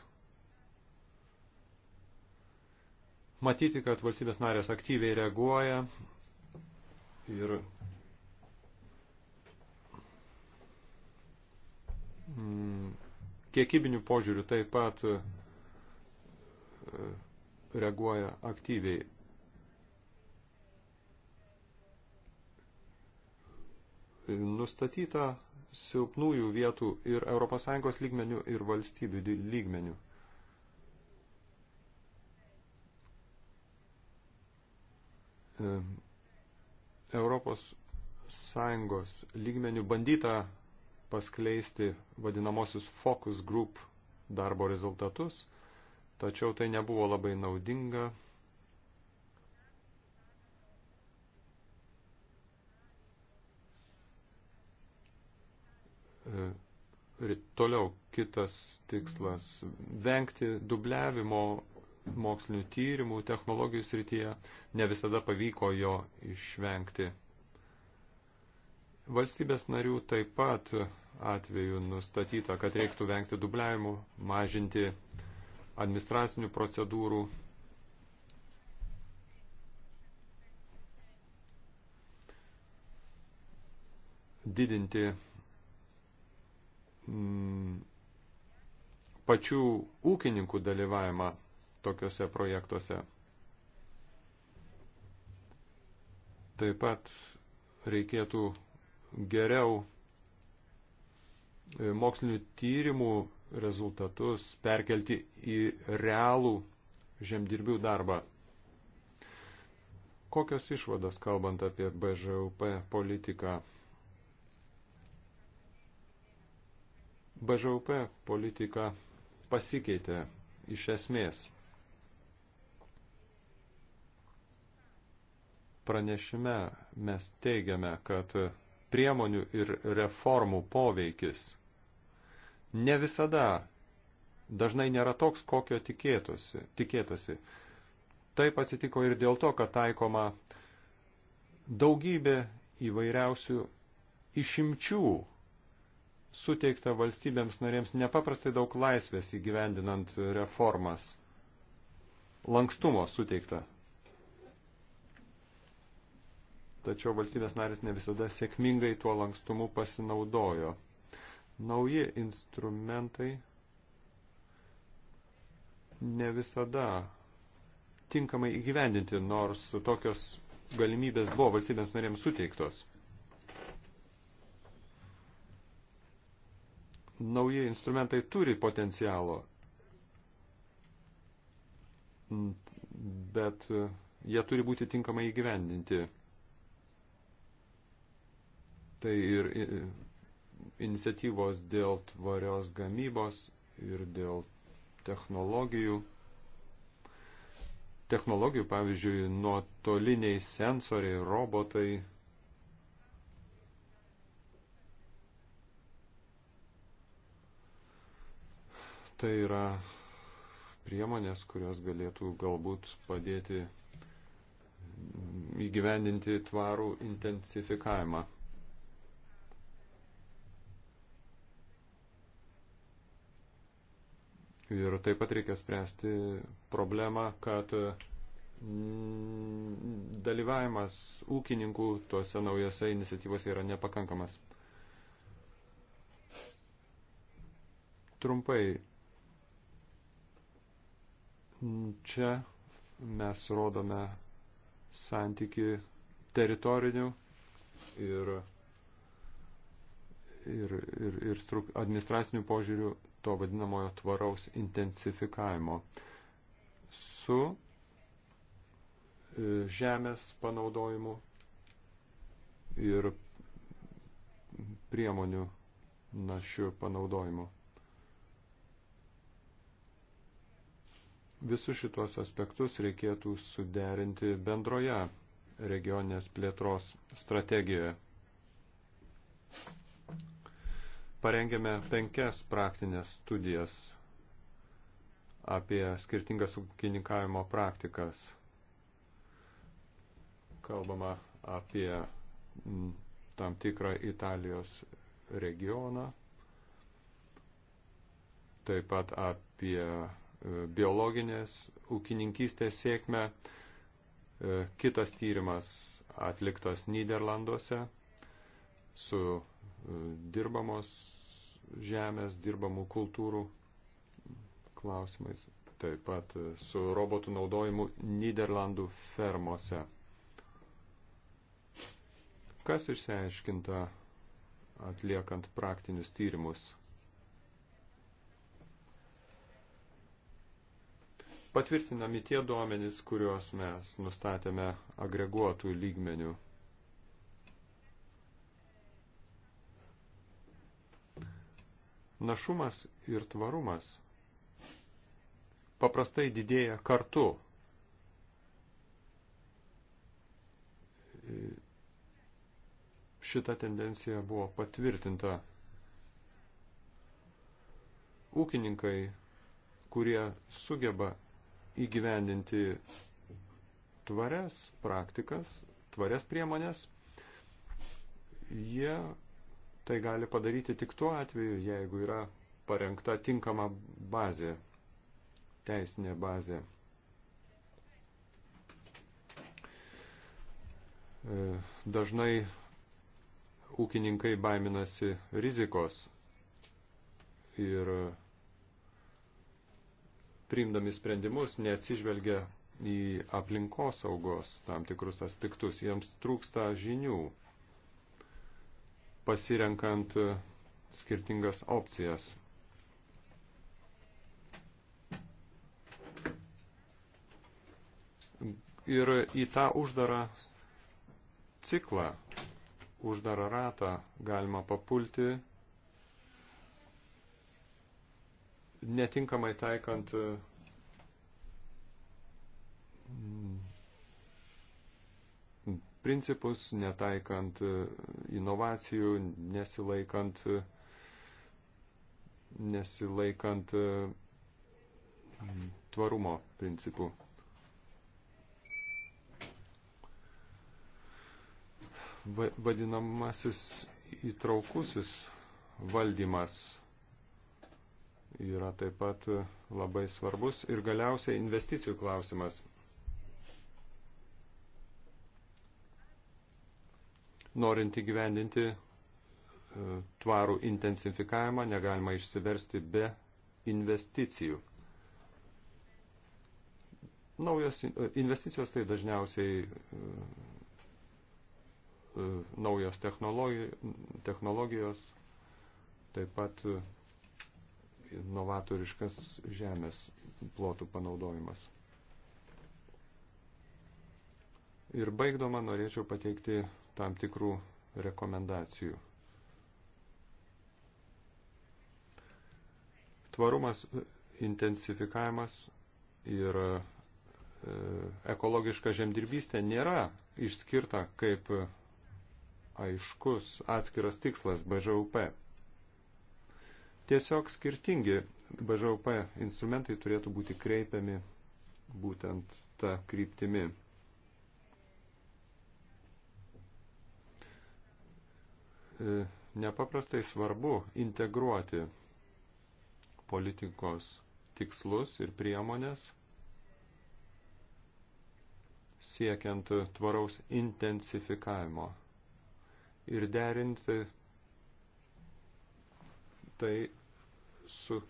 Matyti, kad valstybės narės aktyviai reaguoja ir mm, kiekybinių požiūrių taip pat e, reaguoja aktyviai nustatyta silpnųjų vietų ir ES lygmenių, ir valstybių lygmenių. ES lygmenių bandyta paskleisti vadinamosius focus group darbo rezultatus, tačiau tai nebuvo labai naudinga, Toliau kitas tikslas - vengti dubliavimo mokslinių tyrimų technologijų srityje. Ne visada pavyko jo išvengti. Valstybės narių taip pat atveju nustatyta, kad reiktų vengti dubliavimų, mažinti administracinių procedūrų. didinti mm, pačių ūkininkų dalyvavimą tokiuose projektuose. Taip pat reikėtų geriau e, mokslinių tyrimų rezultatus perkelti į realų žemdirbių darbą. Kokios išvados kalbant apie BŽUP politiką? BŽUP politika pasikeitė iš esmės. Pranešime mes teigiame, kad priemonių ir reformų poveikis ne visada dažnai nėra toks, kokio tikėtųsi. tikėtųsi. Taip atsitiko ir dėl to, kad taikoma daugybė įvairiausių išimčių suteikta valstybėms narėms nepaprastai daug laisvės įgyvendinant reformas. Lankstumo suteikta. Tačiau valstybės narės ne visada sėkmingai tuo lankstumu pasinaudojo. Nauji instrumentai ne visada tinkamai įgyvendinti, nors tokios galimybės buvo valstybėms narėms suteiktos. nauji instrumentai turi potencialo, bet jie turi būti tinkamai įgyvendinti. Tai ir iniciatyvos dėl tvarios gamybos ir dėl technologijų. Technologijų, pavyzdžiui, nuotoliniai sensoriai, robotai, Tai yra priemonės, kurios galėtų galbūt padėti įgyvendinti tvarų intensifikavimą. Ir taip pat reikia spręsti problemą, kad dalyvavimas ūkininkų tuose naujose iniciatyvose yra nepakankamas. Trumpai Čia mes rodome santyki teritorinių ir, ir, ir, ir struk, administracinių požiūrių to vadinamojo tvaraus intensifikavimo su e, žemės panaudojimu ir priemonių našių panaudojimu. Visus šitos aspektus reikėtų suderinti bendroje regioninės plėtros strategijoje. Parengėme penkias praktinės studijas apie skirtingas ūkininkavimo praktikas. Kalbama apie mm, tam tikrą Italijos regioną, taip pat apie E, biologinės ūkininkystės sėkmę. E, kitas tyrimas atliktas Niderlanduose su e, dirbamos žemės, dirbamų kultūrų klausimais, taip pat su robotų naudojimu Niderlandų fermose. Kas išsiaiškinta atliekant praktinius tyrimus? patvirtinami tie duomenys, kuriuos mes nustatėme agreguotų lygmenių. Našumas ir tvarumas paprastai didėja kartu. Šita tendencija buvo patvirtinta. Ūkininkai, kurie sugeba įgyvendinti tvarias praktikas, tvarias priemonės, jie tai gali padaryti tik tuo atveju, jeigu yra parengta tinkama bazė, teisinė bazė. E, dažnai ūkininkai baiminasi rizikos ir priimdami sprendimus, neatsižvelgia į aplinkosaugos tam tikrus aspektus. Jiems trūksta žinių, pasirenkant skirtingas opcijas. Ir į tą uždarą ciklą, uždarą ratą galima papulti netinkamai taikant e, principus, netaikant e, inovacijų, nesilaikant, e, nesilaikant tvarumo principų. Vadinamasis įtraukusis valdymas yra taip pat labai svarbus. Ir galiausiai investicijų klausimas. Norint įgyvendinti e, tvarų intensifikavimą, negalima išsiversti be investicijų. Naujos e, investicijos tai dažniausiai e, naujos technologijos, taip pat novatoriškas žemės plotų panaudojimas. Ir baigdama norėčiau pateikti tam tikrų rekomendacijų. Tvarumas, intensifikavimas ir e, ekologiška žemdirbystė nėra išskirta kaip aiškus atskiras tikslas BŽUP. Tiesiog skirtingi BŽP instrumentai turėtų būti kreipiami būtent tą kryptimi. E, nepaprastai svarbu integruoti politikos tikslus ir priemonės siekiant tvaraus intensifikavimo ir derinti tai su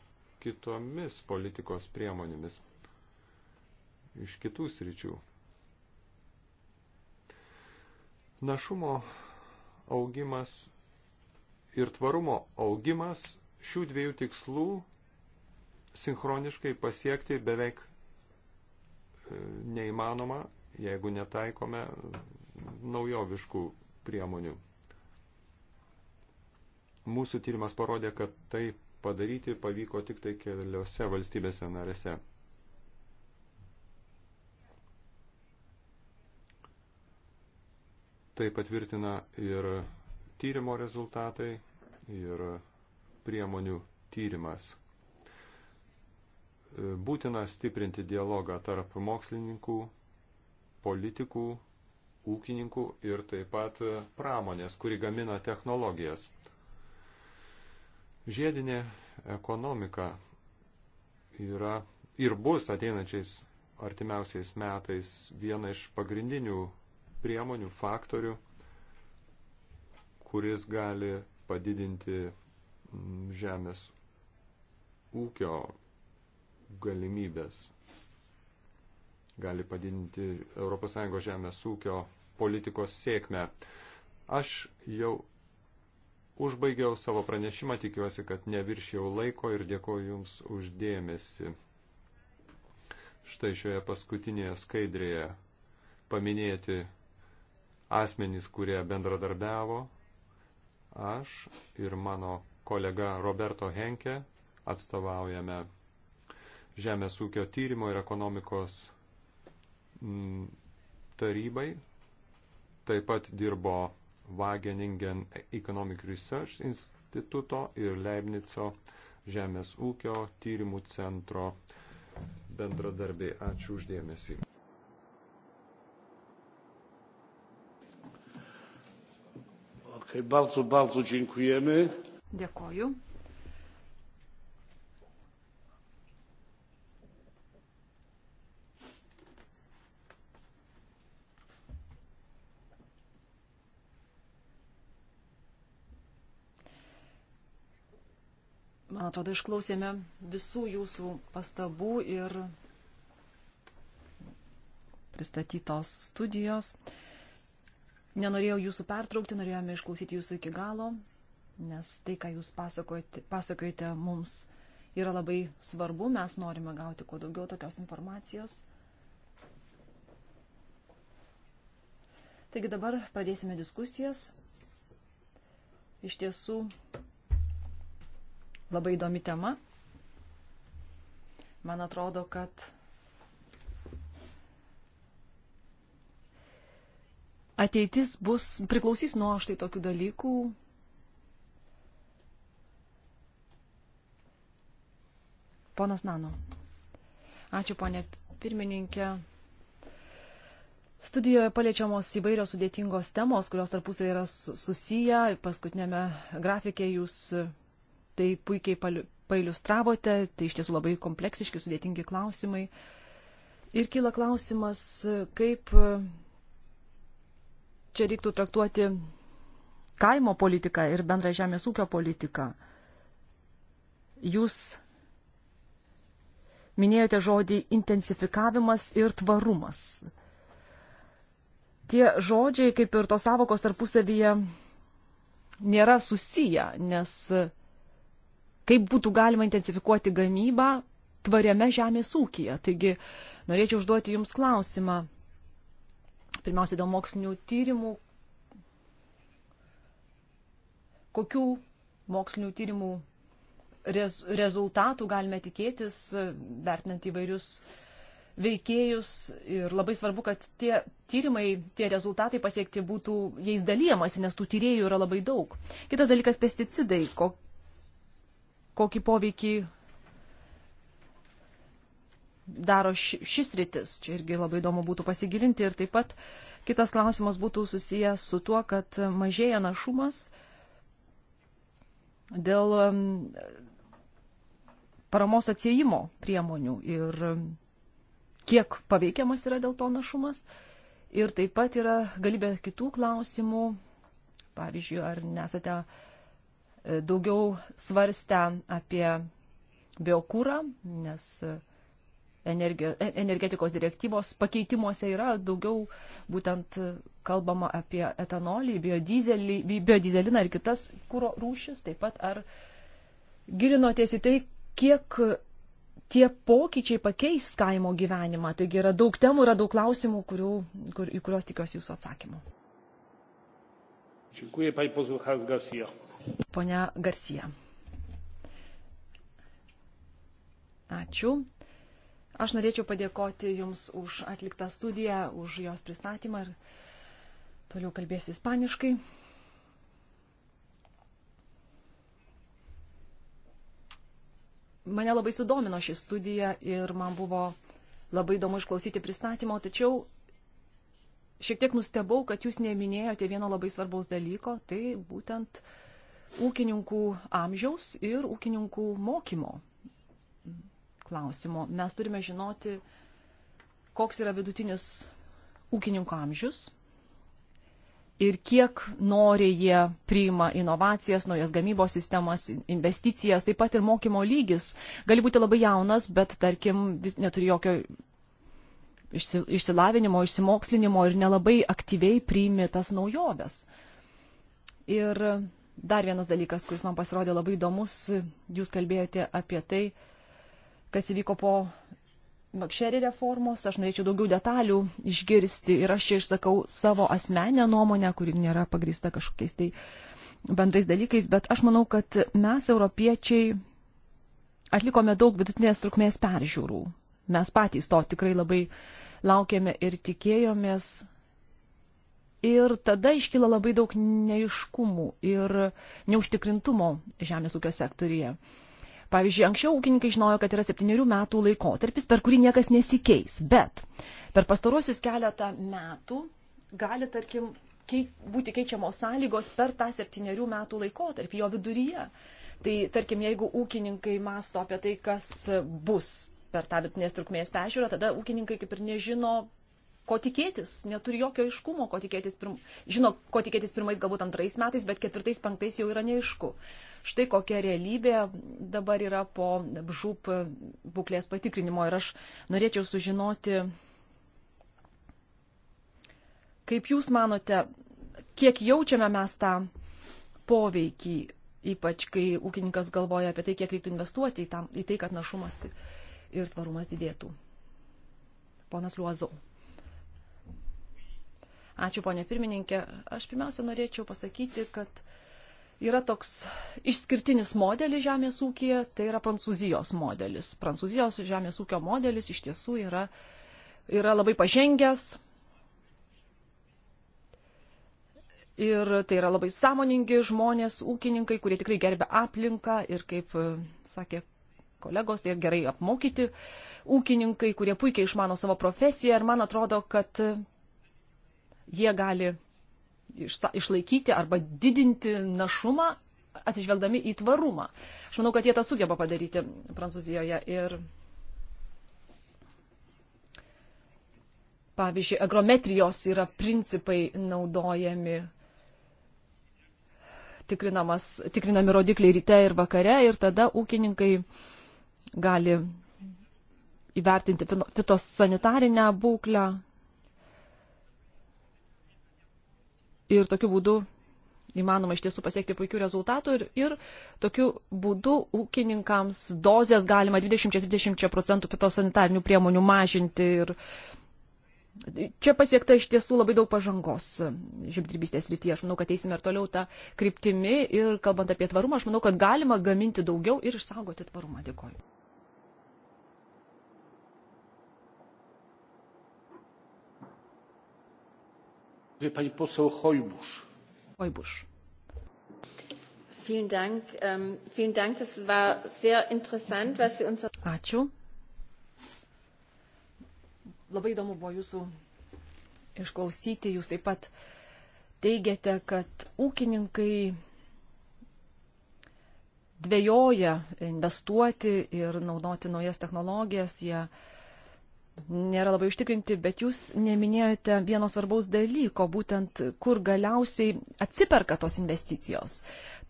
kitomis politikos priemonėmis iš kitų sričių. Našumo augimas ir tvarumo augimas šių dviejų tikslų sinchroniškai pasiekti beveik e, neįmanoma, jeigu netaikome naujoviškų priemonių. Mūsų tyrimas parodė, kad tai padaryti pavyko tik tai keliose valstybėse narėse. Tai patvirtina ir tyrimo rezultatai, ir priemonių tyrimas. Būtina stiprinti dialogą tarp mokslininkų, politikų, ūkininkų ir taip pat pramonės, kuri gamina technologijas. Žiedinė ekonomika yra ir bus ateinančiais artimiausiais metais viena iš pagrindinių priemonių, faktorių, kuris gali padidinti mm, žemės ūkio galimybės, gali padidinti ES žemės ūkio politikos sėkmę. Aš jau Užbaigiau savo pranešimą, tikiuosi, kad neviršiau laiko ir dėkoju Jums uždėmesi. Štai šioje paskutinėje skaidrėje paminėti asmenys, kurie bendradarbiavo. Aš ir mano kolega Roberto Henke atstovaujame Žemės ūkio tyrimo ir ekonomikos mm, tarybai. Taip pat dirbo Wageningen Economic Research instituto ir Leibnico Žemės ūkio tyrimų centro bendradarbiai. Ačiū uždėmesį. Okay, bardzo, bardzo dziękujemy. Dėkoju. atrodo, išklausėme visų jūsų pastabų ir pristatytos studijos. Nenorėjau jūsų pertraukti, norėjome išklausyti jūsų iki galo, nes tai, ką jūs pasakojate, pasakojate mums, yra labai svarbu. Mes norime gauti kuo daugiau tokios informacijos. Taigi dabar pradėsime diskusijas. Iš tiesų, Labai įdomi tema. Man atrodo, kad ateitis bus priklausys nuo štai tokių dalykų. Ponas Nano. Ačiū, ponė pirmininkė. Studijoje paliečiamos įvairios sudėtingos temos, kurios tarpusai yra susiję. Paskutinėme grafikė jūs tai puikiai pailustravote, tai iš tiesų labai kompleksiški, sudėtingi klausimai. Ir kyla klausimas, kaip čia reiktų traktuoti kaimo politiką ir bendrą žemės ūkio politiką. Jūs minėjote žodį intensifikavimas ir tvarumas. Tie žodžiai, kaip ir tos savokos tarpusavyje, nėra susiję, nes kaip būtų galima intensifikuoti gamybą tvariame žemės ūkyje. Taigi norėčiau užduoti Jums klausimą. Pirmiausia, dėl mokslinių tyrimų. Kokių mokslinių tyrimų rez rezultatų galime tikėtis, vertinant įvairius veikėjus ir labai svarbu, kad tie tyrimai, tie rezultatai pasiekti būtų jais dalyjamasi, nes tų tyriejų yra labai daug. Kitas dalykas - pesticidai. Ko, kokį poveikį daro šis rytis. Čia irgi labai įdomu būtų pasigilinti. Ir taip pat kitas klausimas būtų susijęs su tuo, kad mažėja našumas dėl um, paramos atsiejimo priemonių ir um, kiek paveikiamas yra dėl to našumas. Ir taip pat yra galybė kitų klausimų. Pavyzdžiui, ar nesate uh, daugiau svarstę apie biokūrą, nes e, energetikos direktyvos pakeitimuose yra daugiau būtent kalbama apie etanolį, biodizelį, biodizeliną ir kitas kūro rūšis, taip pat ar gilinotės į tai, kiek tie pokyčiai pakeis kaimo gyvenimą. Taigi yra daug temų, yra daug klausimų, kurių, kur, į kuriuos tikiuosi jūsų atsakymų. Dziękuję Pani Poseł Hans Garcia. Pone Garcia. Ačiū. Aš norėčiau padėkoti Jums už atliktą studiją, už jos pristatymą ir toliau kalbėsiu ispaniškai. Mane labai sudomino ši studija ir man buvo labai įdomu išklausyti pristatymo, tačiau šiek tiek nustebau, kad Jūs neminėjote vieno labai svarbaus dalyko, tai būtent uh, ūkininkų amžiaus ir ūkininkų mokymo klausimo. Mes turime žinoti, koks yra vidutinis ūkininko amžius ir kiek nori jie priima inovacijas, naujas gamybos sistemas, investicijas, taip pat ir mokymo lygis. Gali būti labai jaunas, bet tarkim vis neturi jokio išsilavinimo, išsimokslinimo ir nelabai aktyviai priimi tas naujoves. Ir dar vienas dalykas, kuris man pasirodė labai įdomus, jūs kalbėjote apie tai, kas įvyko po Makšerį reformos, aš norėčiau daugiau detalių išgirsti ir aš čia išsakau savo asmenę nuomonę, kuri nėra pagrįsta kažkokiais tai bendrais dalykais, bet aš manau, kad mes, europiečiai, atlikome daug vidutinės trukmės peržiūrų. Mes patys to tikrai labai laukėme ir tikėjomės, Ir tada iškyla labai daug neiškumų ir neužtikrintumo žemės ūkio sektorija. Pavyzdžiui, anksčiau ūkininkai žinojo, kad yra septyniarių metų laikotarpis, per kurį niekas nesikeis, bet per pastarosius keletą metų gali, tarkim, kei, būti keičiamos sąlygos per tą septyniarių metų laikotarpį, jo viduryje. Tai, tarkim, jeigu ūkininkai masto apie tai, kas bus per tą vidutinės trukmės pežiūrą, tada ūkininkai kaip ir nežino, ko tikėtis, neturi jokio aiškumo, ko tikėtis, pirm... žino, ko tikėtis pirmais, galbūt antrais metais, bet ketvirtais, penktais jau yra neaišku. Štai kokia realybė dabar yra po žūp būklės patikrinimo ir aš norėčiau sužinoti, kaip jūs manote, kiek jaučiame mes tą poveikį, ypač kai ūkininkas galvoja apie tai, kiek reiktų investuoti į, tam, į tai, kad našumas ir tvarumas didėtų. Ponas Liuozau. Ačiū, ponė pirmininkė. Aš pirmiausia norėčiau pasakyti, kad yra toks išskirtinis modelis žemės ūkija, tai yra Prancūzijos modelis. Prancūzijos žemės ūkio modelis iš tiesų yra, yra labai pažengęs. Ir tai yra labai sąmoningi žmonės, ūkininkai, kurie tikrai gerbia aplinką ir, kaip e, sakė kolegos, tai gerai apmokyti ūkininkai, kurie puikiai išmano savo profesiją ir man atrodo, kad jie gali išlaikyti arba didinti našumą, atsižvelgdami į tvarumą. Aš manau, kad jie tą sugeba padaryti Prancūzijoje. Ir pavyzdžiui, agrometrijos yra principai naudojami, tikrinami rodikliai ryte ir vakare ir tada ūkininkai gali įvertinti fitosanitarinę būklę, Ir tokiu būdu įmanoma iš tiesų pasiekti puikių rezultatų ir, ir tokiu būdu ūkininkams dozės galima 20-30 procentų fitosanitarinių priemonių mažinti. Ir čia pasiekta iš tiesų labai daug pažangos žemdirbystės rytyje. Aš manau, kad eisime ir toliau tą kryptimį. Ir kalbant apie tvarumą, aš manau, kad galima gaminti daugiau ir išsaugoti tvarumą. Dėkoju. Pani poseł Hojbusz. Hojbusz. Vielen Dank. Ähm, vielen Dank. Das war sehr interessant, was Sie uns. Ačiū. Labai įdomu buvo jūsų išklausyti. Jūs taip pat teigiate, kad ūkininkai dvėjoja investuoti ir naudoti naujas technologijas. Jie nėra labai užtikrinti, bet jūs neminėjote vieno svarbaus dalyko, būtent kur galiausiai atsiperka tos investicijos.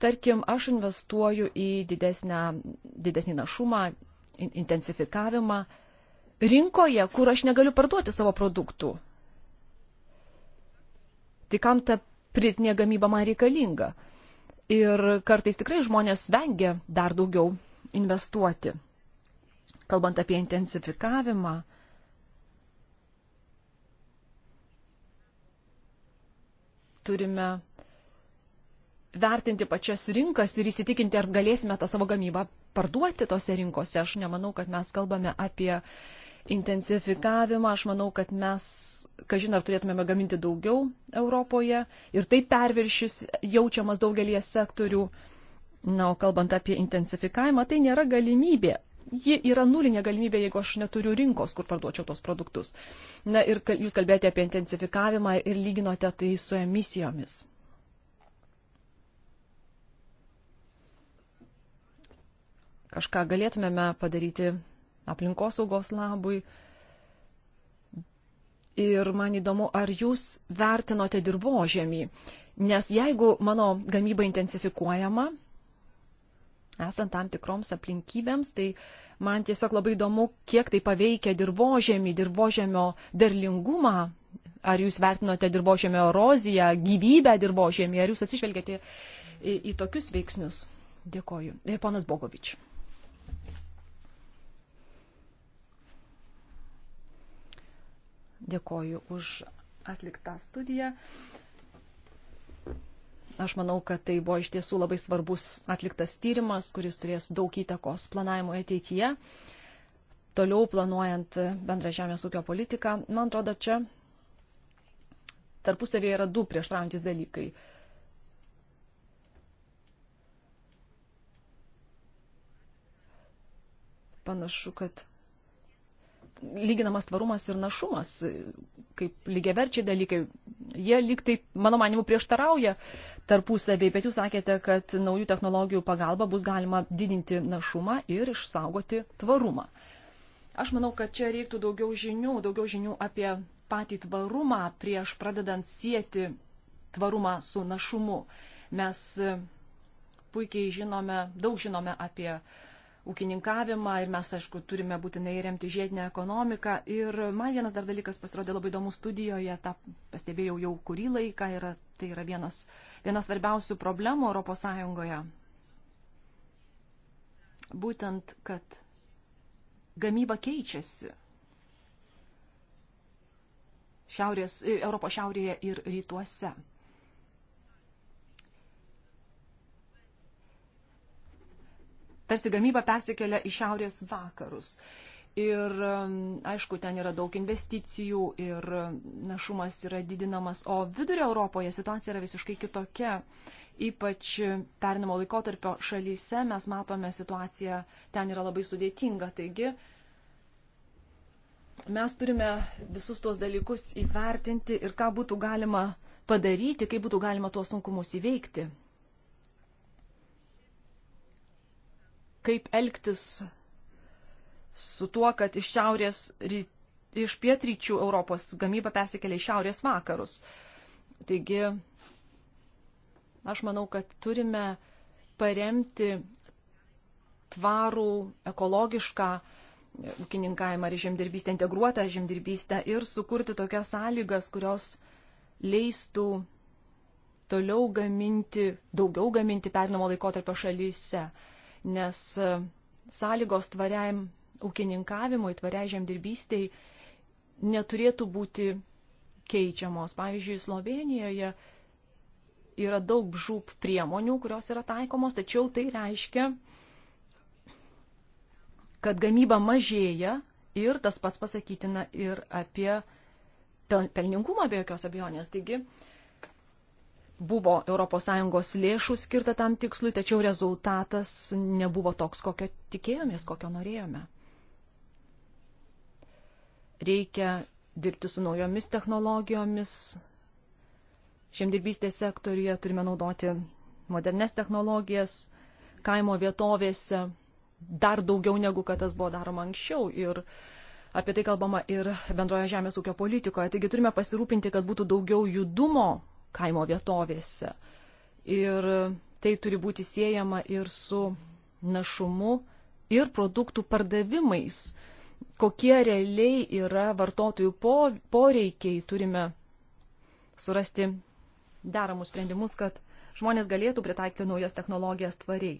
Tarkim, aš investuoju į didesnę, didesnį našumą, intensifikavimą rinkoje, kur aš negaliu parduoti savo produktų. Tai kam ta pritinė gamyba man reikalinga? Ir kartais tikrai žmonės vengia dar daugiau investuoti. Kalbant apie intensifikavimą, uh, turime vertinti pačias rinkas ir įsitikinti, ar galėsime tą savo gamybą parduoti tose rinkose. Aš nemanau, kad mes kalbame apie intensifikavimą, aš manau, kad mes, kažin ar turėtumėme gaminti daugiau Europoje ir taip perviršis jaučiamas daugelie sektorių. Na, o kalbant apie intensifikavimą, tai nėra galimybė ji yra nulinė galimybė, jeigu aš neturiu rinkos, kur parduočiau tos produktus. Na ir jūs kalbėjote apie intensifikavimą ir lyginote tai su emisijomis. Kažką galėtumėme padaryti aplinkosaugos labui. Ir man įdomu, ar jūs vertinote dirbožėmį, nes jeigu mano gamyba intensifikuojama, esant tam tikroms aplinkybėms, tai man tiesiog labai įdomu, kiek tai paveikia dirbožėmį, dirbožėmio derlingumą. Ar jūs vertinote dirbožėmio eroziją, gyvybę dirbožėmį, ar jūs atsižvelgėte į, į, į tokius veiksnius? Dėkoju. Ponas Bogovič. Dėkoju už atliktą studiją. Aš manau, kad tai buvo iš tiesų labai svarbus atliktas tyrimas, kuris turės daug įtakos planavimo ateityje, toliau planuojant bendrą žemės ūkio politiką. Man atrodo, čia tarpusavėje yra du prieštraujantis dalykai. Panašu, kad lyginamas tvarumas ir našumas, kaip lygiaverčiai dalykai. Jie lyg tai, mano manimu, prieštarauja tarpusavį, bet jūs sakėte, kad naujų technologijų pagalba bus galima didinti našumą ir išsaugoti tvarumą. Aš manau, kad čia reiktų daugiau žinių, daugiau žinių apie patį tvarumą prieš pradedant sieti tvarumą su našumu. Mes puikiai žinome, daug žinome apie uh, ūkininkavimą ir mes, aišku, turime būtinai remti žiedinę ekonomiką. Ir man vienas dar dalykas pasirodė labai įdomus studijoje, tą pastebėjau jau kurį laiką ir tai yra vienas, vienas svarbiausių problemų ES. Būtent, kad gamyba keičiasi. Šiaurės, Europos šiaurėje ir rytuose. tarsi gamyba persikelia į šiaurės vakarus. Ir um, aišku, ten yra daug investicijų ir um, našumas yra didinamas, o vidurio Europoje situacija yra visiškai kitokia. Ypač perinamo laikotarpio šalyse mes matome situaciją, ten yra labai sudėtinga. Taigi mes turime visus tuos dalykus įvertinti ir ką būtų galima padaryti, kaip būtų galima tuos sunkumus įveikti. kaip elgtis su tuo, kad iš šiaurės, iš pietryčių Europos gamyba persikelia į šiaurės vakarus. Taigi, aš manau, kad turime paremti tvarų, ekologišką ūkininkavimą ir žemdirbystę, integruotą žemdirbystę ir sukurti tokias sąlygas, kurios leistų toliau gaminti, daugiau gaminti perinamo laikotarpio šalyse. Uh, nes e, sąlygos tvariam ūkininkavimui, tvariai žemdirbystėj neturėtų būti keičiamos. Pavyzdžiui, Slovenijoje yra daug žūp priemonių, kurios yra taikomos, tačiau tai reiškia, kad gamyba mažėja ir tas pats pasakytina ir apie pelningumą be jokios abejonės. Taigi, uh, buvo ES lėšų skirta tam tikslui, tačiau rezultatas nebuvo toks, kokio tikėjomės, kokio norėjome. Reikia dirbti su naujomis technologijomis. Žemdirbystės sektoriuje turime naudoti modernes technologijas kaimo vietovėse dar daugiau negu kad tas buvo daroma anksčiau. Ir apie tai kalbama ir bendroje žemės ūkio politikoje. Taigi turime pasirūpinti, kad būtų daugiau judumo kaimo vietovėse. Ir tai turi būti siejama ir su našumu ir produktų pardavimais, kokie realiai yra vartotojų poreikiai. Turime surasti deramus sprendimus, kad žmonės galėtų pritaikyti naujas technologijas tvariai.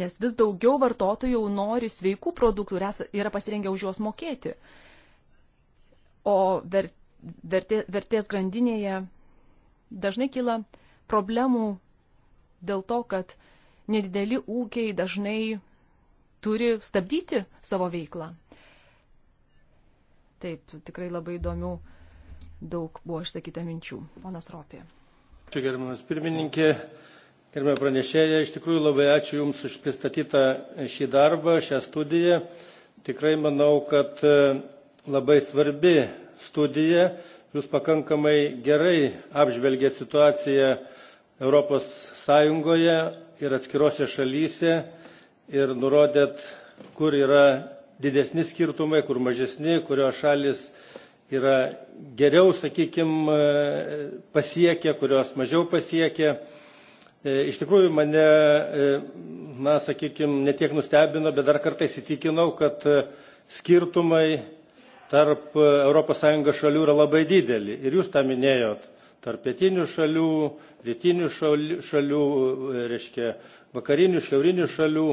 Nes vis daugiau vartotojų nori sveikų produktų ir yra pasirengę už juos mokėti o vertė, vertės grandinėje dažnai kyla problemų dėl to, kad nedideli ūkiai dažnai turi stabdyti savo veiklą. Taip, tikrai labai įdomių daug buvo išsakyta minčių. Ponas Ropė. Ačiū gerbiamas pirmininkė. Gerbė pranešėja, iš tikrųjų labai ačiū Jums už pristatytą šį darbą, šią studiją. Tikrai manau, kad labai svarbi studija. Jūs pakankamai gerai apžvelgė situaciją Europos Sąjungoje ir atskirose šalyse ir nurodėt, kur yra didesni skirtumai, kur mažesni, kurios šalis yra geriau, sakykime, pasiekia, kurios mažiau pasiekia. E, iš tikrųjų mane, e, na, sakykime, netiek nustebino, bet dar kartą įsitikinau, kad e, skirtumai tarp ES šalių yra labai didelį. Ir jūs tą minėjot tarp pietinių šalių, rytinių šalių, e, reiškia vakarinių, šiaurinių šalių.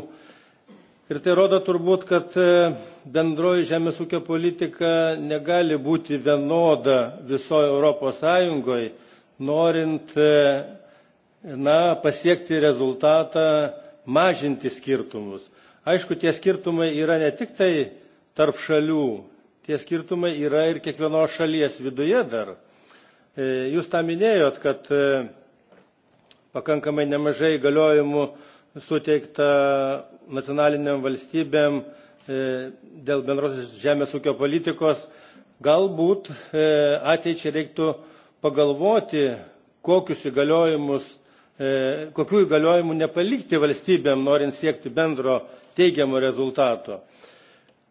Ir tai rodo turbūt, kad e, bendroji žemės ūkio politika negali būti vienoda visoje Europos Sąjungoje, norint e, na, pasiekti rezultatą, mažinti skirtumus. Aišku, tie skirtumai yra ne tik tai tarp šalių, tie skirtumai yra ir kiekvienos šalies viduje dar. E, jūs tą minėjot, kad e, pakankamai nemažai galiojimų suteikta nacionaliniam valstybėm e, dėl bendrosios žemės ūkio politikos. Galbūt ateičiai reiktų pagalvoti, kokius įgaliojimus, kokių įgaliojimų nepalikti valstybėm, norint siekti bendro teigiamo rezultato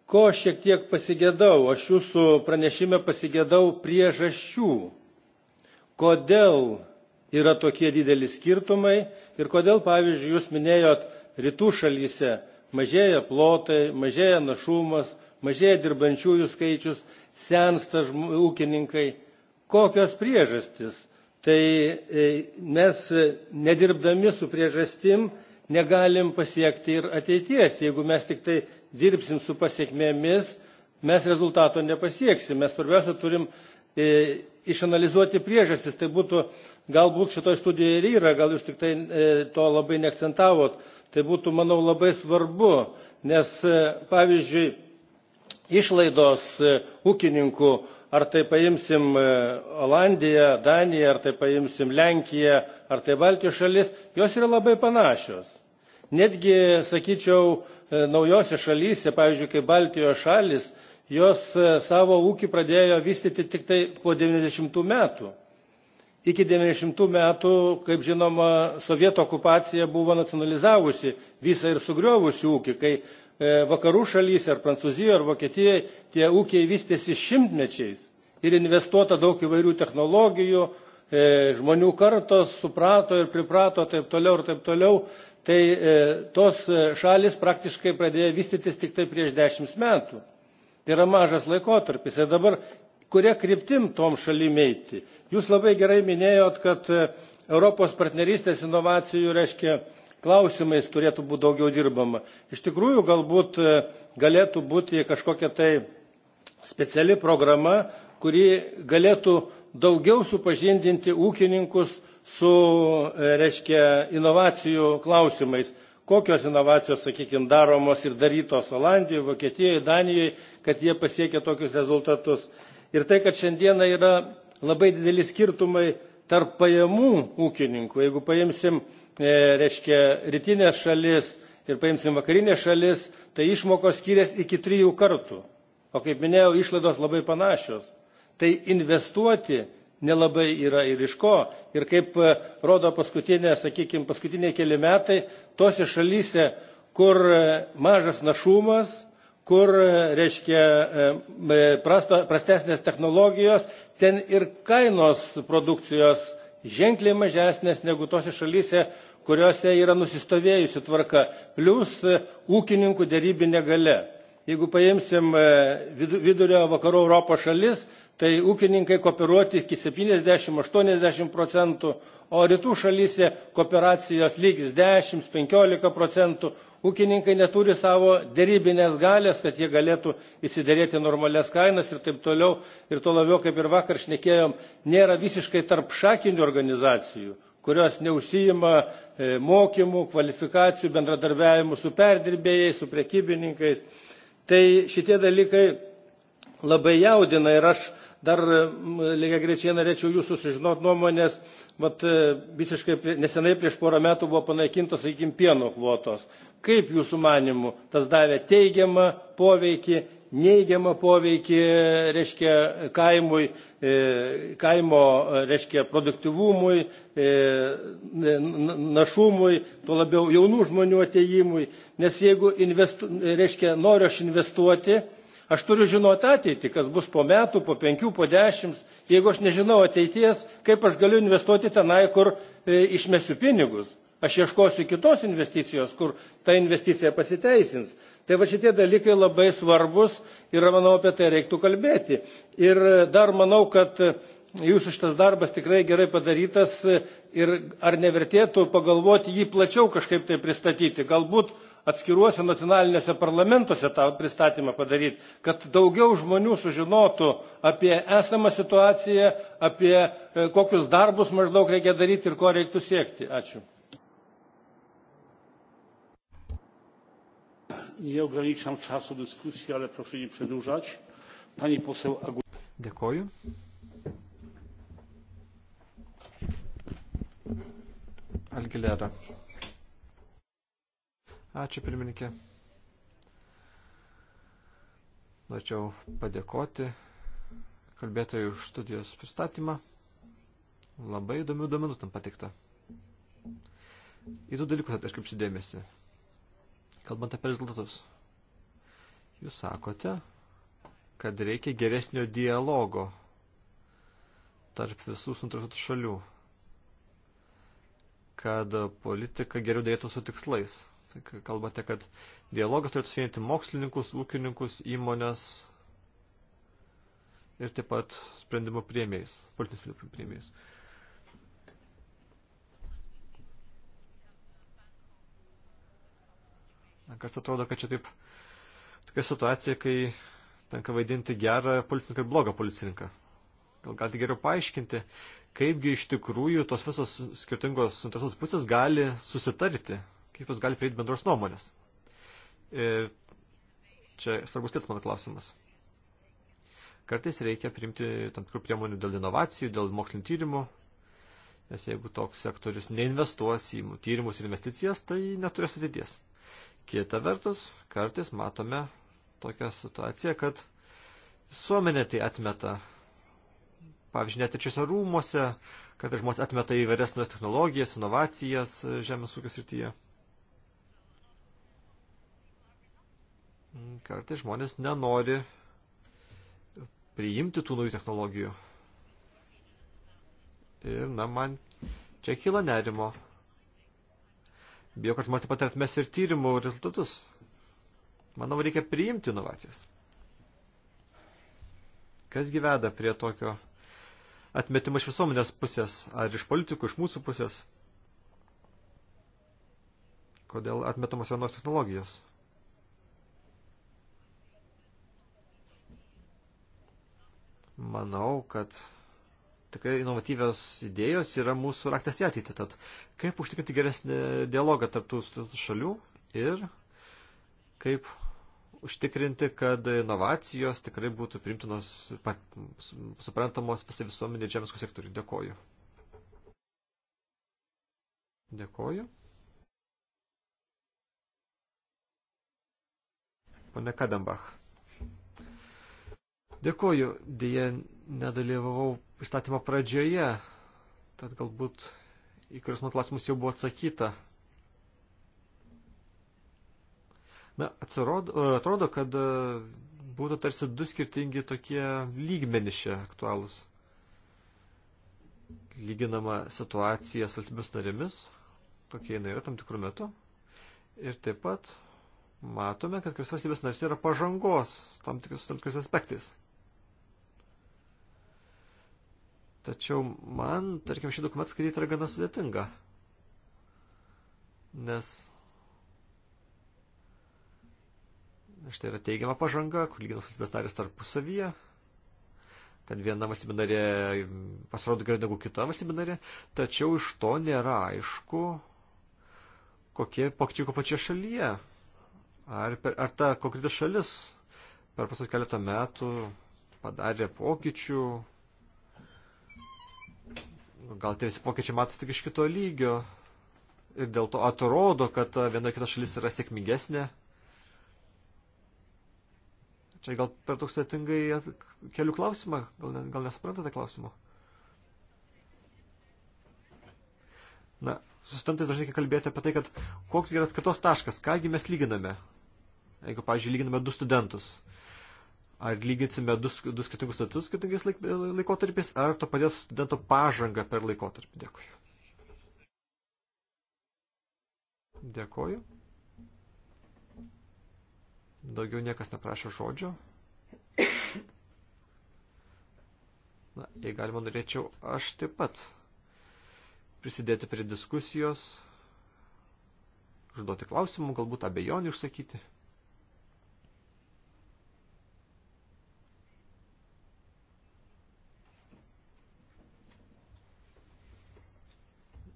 ko šiek tiek pasigėdau, aš jūsų pranešime pasigėdau priežasčių, kodėl yra tokie dideli skirtumai ir kodėl, pavyzdžiui, jūs minėjot, rytų šalyse mažėja plotai, mažėja našumas, mažėja dirbančiųjų skaičius, sensta ūkininkai. Kokios priežastys? Tai e, mes nedirbdami su priežastim negalim pasiekti ir ateities. Jeigu mes tik tai dirbsim su pasiekmėmis, mes rezultato nepasieksim. Mes svarbiausia turim e, išanalizuoti priežastis. Tai būtų, galbūt šitoj studijoje ir yra, gal jūs tik tai e, to labai neakcentavot. Tai būtų, manau, labai svarbu, nes, e, pavyzdžiui, išlaidos e, ūkininkų, ar tai paimsim e, Olandiją, Daniją, ar tai paimsim Lenkiją, ar tai Baltijos šalis, jos yra labai panašios. Netgi, sakyčiau, e, naujose šalyse, pavyzdžiui, kaip Baltijos šalis, jos e, savo ūkį pradėjo vystyti tik tai po 90 metų. Iki 90 metų, kaip žinoma, sovietų okupacija buvo nacionalizavusi visą ir sugriovusi ūkį, kai e, vakarų šalyse ar Prancūzijoje ar Vokietijoje tie ūkiai vystėsi šimtmečiais ir investuota daug įvairių technologijų, E, žmonių kartos suprato ir priprato taip toliau ir taip toliau, tai e, tos e, šalis praktiškai pradėjo vystytis tik tai prieš dešimt metų. Tai yra mažas laikotarpis. Ir dabar kuria kryptim tom šalim eiti. Jūs labai gerai minėjot, kad Europos partnerystės inovacijų reiškia klausimais turėtų būti daugiau dirbama. Iš tikrųjų, galbūt galėtų būti kažkokia tai speciali programa, kuri galėtų daugiau supažindinti ūkininkus su, e, reiškia, inovacijų klausimais, kokios inovacijos, sakykime, daromos ir darytos Olandijoje, Vokietijoje, Danijoje, kad jie pasiekia tokius rezultatus. Ir tai, kad šiandieną yra labai dideli skirtumai tarp pajamų ūkininkų. Jeigu paimsim, e, reiškia, rytinės šalis ir paimsim vakarinės šalis, tai išmokos skiriasi iki trijų kartų. O kaip minėjau, išlaidos labai panašios tai investuoti nelabai yra ir iš ko. Ir kaip e, rodo paskutinė, sakykime, paskutiniai keli metai, tose šalyse, kur e, mažas našumas, kur, e, reiškia, prasto, prastesnės technologijos, ten ir kainos produkcijos ženkliai mažesnės negu tose šalyse, kuriuose yra nusistovėjusi tvarka, plus ūkininkų dėrybinė gale. Jeigu paimsim e, vidurio vakarų Europos šalis, tai ūkininkai kooperuoti iki 70-80 procentų, o rytų šalyse kooperacijos lygis 10-15 procentų. Ūkininkai neturi savo dėrybinės galės, kad jie galėtų įsidėrėti normalias kainas ir taip toliau. Ir to labiau, kaip ir vakar šnekėjom, nėra visiškai tarp šakinių organizacijų kurios neužsijima e, mokymų, kvalifikacijų, bendradarbiavimų su perdirbėjais, su prekybininkais Tai šitie dalykai labai jaudina ir aš dar e, lygiai grečiai norėčiau jūsų sužinoti nuomonės, bet e, visiškai nesenai prieš porą metų buvo panaikintos, sakykim, pieno kvotos. Kaip jūsų manimų tas davė teigiamą poveikį neigiamą poveikį, reiškia, kaimui, e, kaimo, e, reiškia, produktivumui, e, našumui, tuo labiau jaunų žmonių ateimui. Nes jeigu, investu, reiškia, noriu aš investuoti, Aš turiu žinoti ateitį, kas bus po metų, po penkių, po dešimt. Jeigu aš nežinau ateities, kaip aš galiu investuoti tenai, kur e, išmesiu pinigus. Aš ieškosiu kitos investicijos, kur ta investicija pasiteisins. Tai va šitie dalykai labai svarbus ir manau apie tai reiktų kalbėti. Ir dar manau, kad jūsų šitas darbas tikrai gerai padarytas ir ar nevertėtų pagalvoti jį plačiau kažkaip tai pristatyti. Galbūt atskiruose nacionaliniuose parlamentuose tą pristatymą padaryti, kad daugiau žmonių sužinotų apie esamą situaciją, apie e, kokius darbus maždaug reikia daryti ir ko reiktų siekti. Ačiū. nie ograniczam czasu dyskusji, ale proszę nie przedłużać. Pani poseł Agu... Dėkoju. Algilera. Ačiū pirmininkė. Norėčiau padėkoti kalbėtojų už studijos pristatymą. Labai įdomių duomenų tam patikta. Į du dalykus atkreipsiu dėmesį. Kalbant apie rezultatus. Jūs sakote, kad reikia geresnio dialogo tarp visų suinteresuotų šalių, kad politika geriau dėtų su tikslais. Kalbate, kad dialogas turėtų suvienyti mokslininkus, ūkininkus, įmonės ir taip pat sprendimo priemėjais, politinis priemėjais. Uh, Kas atrodo, kad čia taip tokia situacija, kai tenka vaidinti gerą policininką ir blogą policininką. Gal galite geriau paaiškinti, kaipgi iš tikrųjų tos visos skirtingos suinteresuotos pusės gali susitarti, kaip jos gali prieiti bendros nuomonės. Ir čia svarbus kitas mano klausimas. Kartais reikia priimti tam tikrų priemonių dėl inovacijų, dėl mokslinio tyrimų, nes jeigu toks sektorius neinvestuos į tyrimus ir investicijas, tai neturės ateities. Kita vertus, kartais matome tokią situaciją, kad visuomenė tai atmeta. Pavyzdžiui, net ir šiuose rūmose, kad žmonės atmeta įvairias naujas technologijas, inovacijas e, žemės ūkio srityje. Kartais žmonės nenori priimti tų naujų technologijų. Ir, na, man čia kyla nerimo, Bijau, kad žmonės taip pat atmes ir tyrimų rezultatus. Manau, reikia priimti inovacijas. Kas gyveda prie tokio atmetimo iš visuomenės pusės, ar iš politikų, iš mūsų pusės? Kodėl atmetamos vienos technologijos? Manau, kad tikrai inovatyvios idėjos yra mūsų raktas į ateitį. Tad kaip užtikrinti geresnį dialogą tarptų šalių ir kaip užtikrinti, kad inovacijos tikrai būtų primtinos, suprantamos visai visuomenė ir žemės sektoriui. Dėkoju. Dėkoju. Pane Kadambach. Dėkoju, dėje nedalyvavau pristatymo pradžioje, tad galbūt į kuriuos man klausimus jau buvo atsakyta. Na, atsirodo, atrodo, kad e, būtų tarsi du skirtingi tokie lygmenys čia aktualūs. Lyginama situacija su valstybės narėmis, kokia jinai yra tam tikrų metų. Ir taip pat matome, kad kurios valstybės narės yra pažangos tam tikrus aspektais. Tačiau man, tarkim, šį dokumentą skaityti yra gana sudėtinga. Nes štai yra teigiama pažanga, kur lyginos valstybės narės tarpusavyje, kad viena valstybė narė pasirodo geriau negu kita valstybė narė, tačiau iš to nėra aišku, kokie pokyčiai ko pačioje šalyje. Ar, per, ar ta konkreti šalis per pasus keletą metų padarė pokyčių, Gal tie visi pokyčiai matosi tik iš kito lygio ir dėl to atrodo, kad viena kita šalis yra sėkmingesnė. Čia gal per toks sėtingai kelių klausimą, gal, ne, gal nesuprantate klausimo. Na, sustantais dažnai kalbėti apie tai, kad koks geras kitos taškas, kągi mes lyginame. Jeigu, pavyzdžiui, lyginame du studentus. Ar lyginsime du, du skirtingus status skirtingais laik, laikotarpiais, ar to paties studento pažangą per laikotarpį? Dėkuoju. Dėkuoju. Daugiau niekas neprašė žodžio. Na, jei galima, norėčiau aš taip pat prisidėti prie diskusijos, užduoti klausimų, galbūt abejonių išsakyti.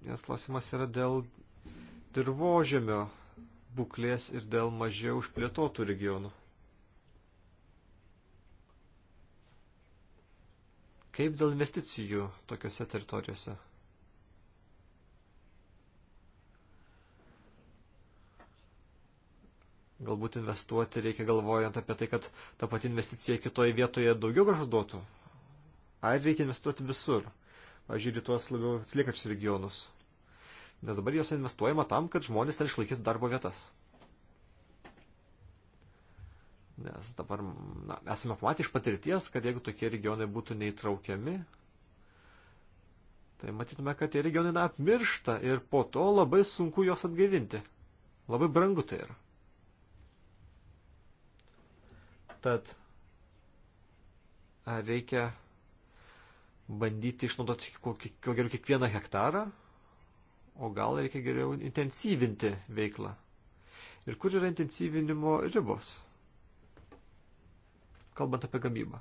Vienas klausimas yra dėl dirbožėmio būklės ir dėl mažiau užplėtotų regionų. Kaip dėl investicijų tokiuose teritorijuose? Galbūt investuoti reikia galvojant apie tai, kad ta pati investicija kitoje vietoje daugiau gražus duotų. Ar reikia investuoti visur? pažiūrėti tuos labiau atsiliekančius regionus. Nes dabar jos investuojama tam, kad žmonės ten išlaikytų darbo vietas. Nes dabar na, esame pamatę iš patirties, kad jeigu tokie regionai būtų neįtraukiami, tai matytume, kad tie regionai na, apmiršta ir po to labai sunku juos atgaivinti. Labai brangu tai yra. Tad ar reikia bandyti išnaudoti kuo geriau kiekvieną hektarą, o gal reikia geriau intensyvinti veiklą. Ir kur yra intensyvinimo ribos? Kalbant apie gamybą.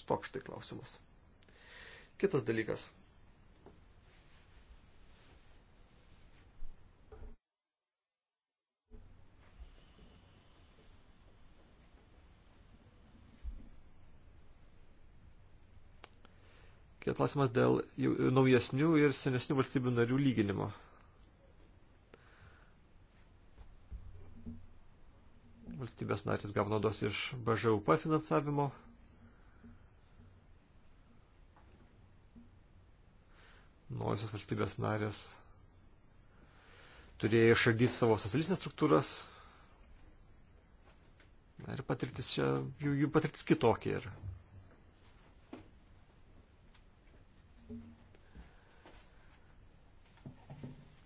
Štok štai klausimas. Kitas dalykas. Kiek klausimas dėl naujesnių ir senesnių valstybių narių lyginimo. Valstybės narys gavo naudos iš BŽUP finansavimo. Naujosios valstybės narės turėjo išardyti savo socialistinės struktūras. Na ir patirtis čia, jų, jų patirtis kitokia yra. Ir...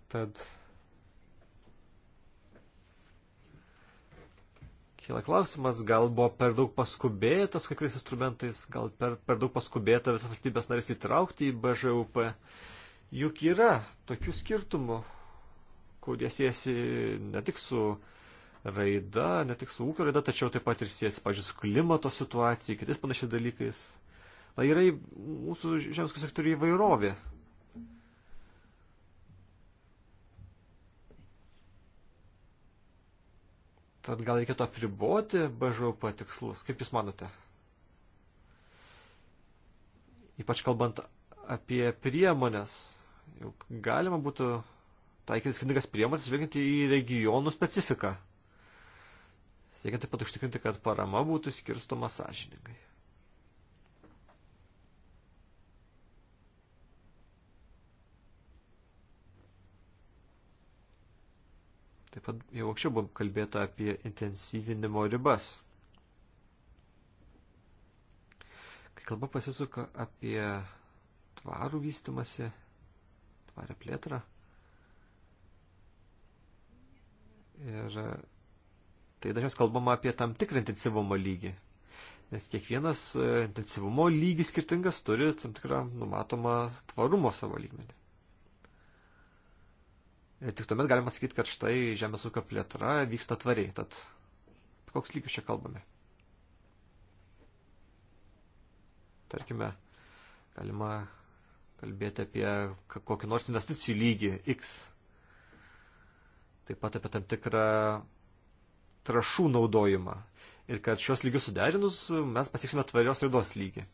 Tad kyla klausimas, gal buvo per daug paskubėta su kiekvienais instrumentais, gal per, per daug paskubėta visas valstybės narės įtraukti į BŽUP. Juk yra tokių skirtumų, kurie siesi ne tik su raida, ne tik su ūkio raida, tačiau taip pat ir siesi, pažiūrėjau, su klimato situacija, kitais panašiais dalykais. Na, yra mūsų žemės sektorių įvairovė. Tad gal reikėtų apriboti BŽP tikslus, kaip Jūs manote? Ypač kalbant apie priemonės, juk galima būtų taikyti skirtingas priemonės, žvelgiant į regionų specifiką. Siekiant taip pat užtikrinti, kad parama būtų skirstoma sąžiningai. Taip pat jau anksčiau buvo kalbėta apie intensyvinimo ribas. Kai kalba pasisuka apie tvarų vystimasi, tvarę plėtrą. Ir tai dažniausiai kalbama apie tam tikrą intensyvumo lygį. Nes kiekvienas e, intensyvumo lygis skirtingas turi tam tikrą numatomą tvarumo savo lygmenį. Tik tuomet galima sakyti, kad štai žemės ūkio plėtra vyksta tvariai. Tad koks lygius čia kalbame? Tarkime, galima kalbėti apie kokį nors investicijų lygį X. Taip pat apie tam tikrą trašų naudojimą. Ir kad šios lygius suderinus mes pasieksime tvarios raidos lygį.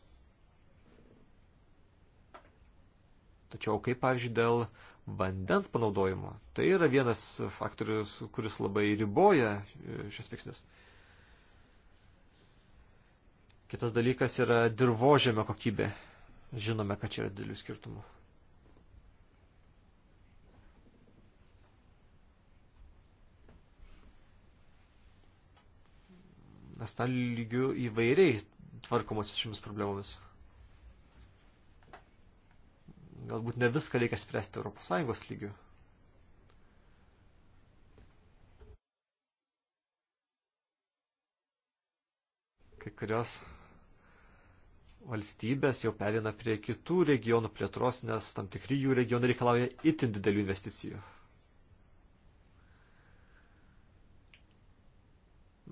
Tačiau kaip, pavyzdžiui, dėl vandens panaudojimo. Tai yra vienas faktorius, kuris labai riboja e, šios veiksnius. Kitas dalykas yra dirbožėmio kokybė. Žinome, kad čia yra didelių skirtumų. Nes ten lygių įvairiai tvarkomasi šiomis problemomis galbūt ne viską reikia spręsti ES lygių. Kai kurios valstybės jau perina prie kitų regionų plėtros, nes tam tikri jų regionai reikalauja itin didelių investicijų.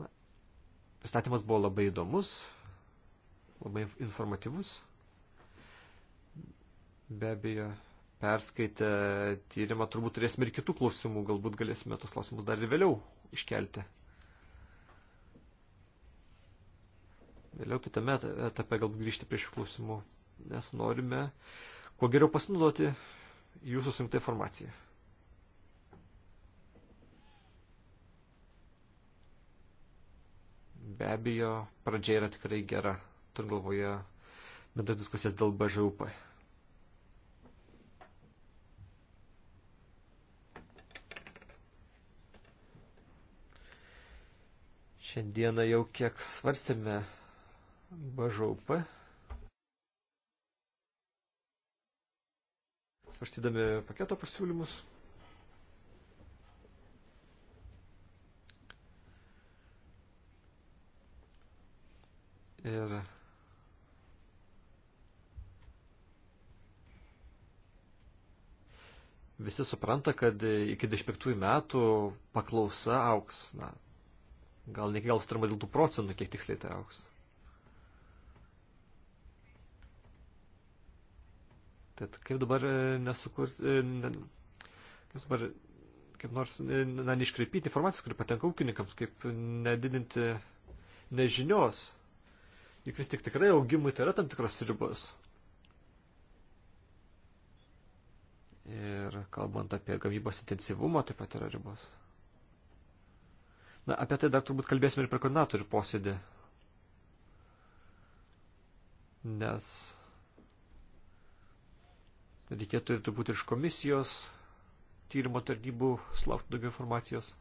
Na, pristatymas buvo labai įdomus, labai informatyvus. Be abejo, perskaitę tyrimą turbūt turėsime ir kitų klausimų, galbūt galėsime tos klausimus dar ir vėliau iškelti. Vėliau kitame etape galbūt grįžti prie šių klausimų, nes norime kuo geriau pasinaudoti jūsų suimtą informaciją. Be abejo, pradžia yra tikrai gera, turint galvoje bendras diskusijas dėl BŽUP. Šiandieną jau kiek svarstėme BŽUP. Svarstydami paketo pasiūlymus. Ir visi supranta, kad iki 25 metų paklausa auks. Na, Gal ne iki galo sutarma dėl tų procentų, kiek tiksliai tai auks. Tad kaip dabar e, nesukurti, e, ne, kaip dabar kaip nors e, na, neiškreipyti informacijos, kuri patenka ūkininkams, kaip nedidinti nežinios. Juk vis tik tikrai augimui tai yra tam tikros ribos. Ir kalbant apie gamybos intensyvumą, taip pat yra ribos. Na, apie tai dar turbūt kalbėsime ir per koordinatorių posėdį. Nes reikėtų ir turbūt ir iš komisijos tyrimo tarnybų sulaukti daugiau informacijos.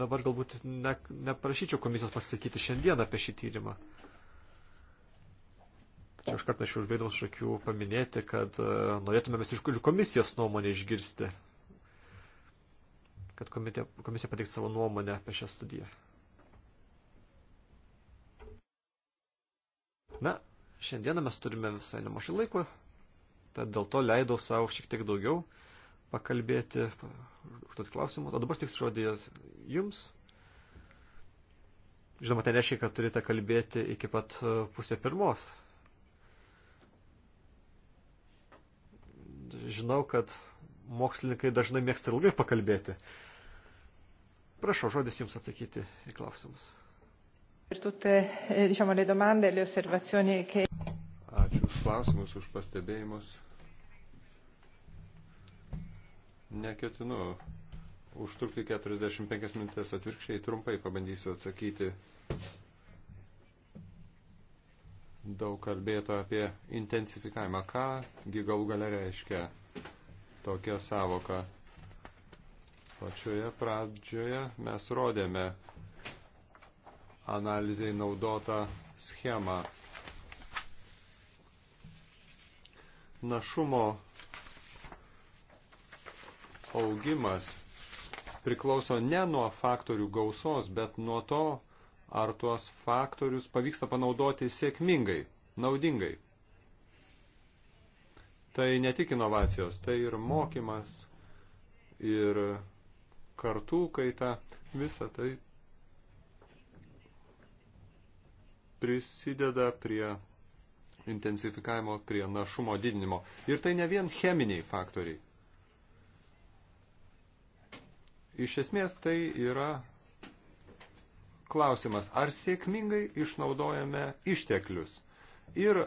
Dabar galbūt ne, neprašyčiau komisijos pasakyti šiandien apie šį tyrimą. Čia aš kartą išvelbėdavau iš akių paminėti, kad e, norėtume mes iš kurių komisijos nuomonę išgirsti, kad komitė, komisija pateiktų savo nuomonę apie šią studiją. Na, šiandieną mes turime visai nemažai laiko, tad dėl to leidau savo šiek tiek daugiau pakalbėti, užduoti klausimų. O dabar tik žodį jums. Žinoma, tai reiškia, kad turite kalbėti iki pat e, pusė pirmos. žinau, kad mokslininkai dažnai mėgsta ilgai pakalbėti. Prašau, žodis Jums atsakyti į klausimus. Eh, Ačiū už klausimus, už pastebėjimus. Neketinu užtrukti 45 minutės atvirkščiai, trumpai pabandysiu atsakyti. Daug kalbėto apie intensifikavimą. Ką galų gale reiškia tokią savoką. Pačioje pradžioje mes rodėme analizai naudotą schemą. Našumo augimas priklauso ne nuo faktorių gausos, bet nuo to, ar tuos faktorius pavyksta panaudoti sėkmingai, naudingai tai ne tik inovacijos, tai ir mokymas, ir kartų kaita, visa tai prisideda prie intensifikavimo, prie našumo didinimo. Ir tai ne vien cheminiai faktoriai. Iš esmės tai yra klausimas, ar sėkmingai išnaudojame išteklius ir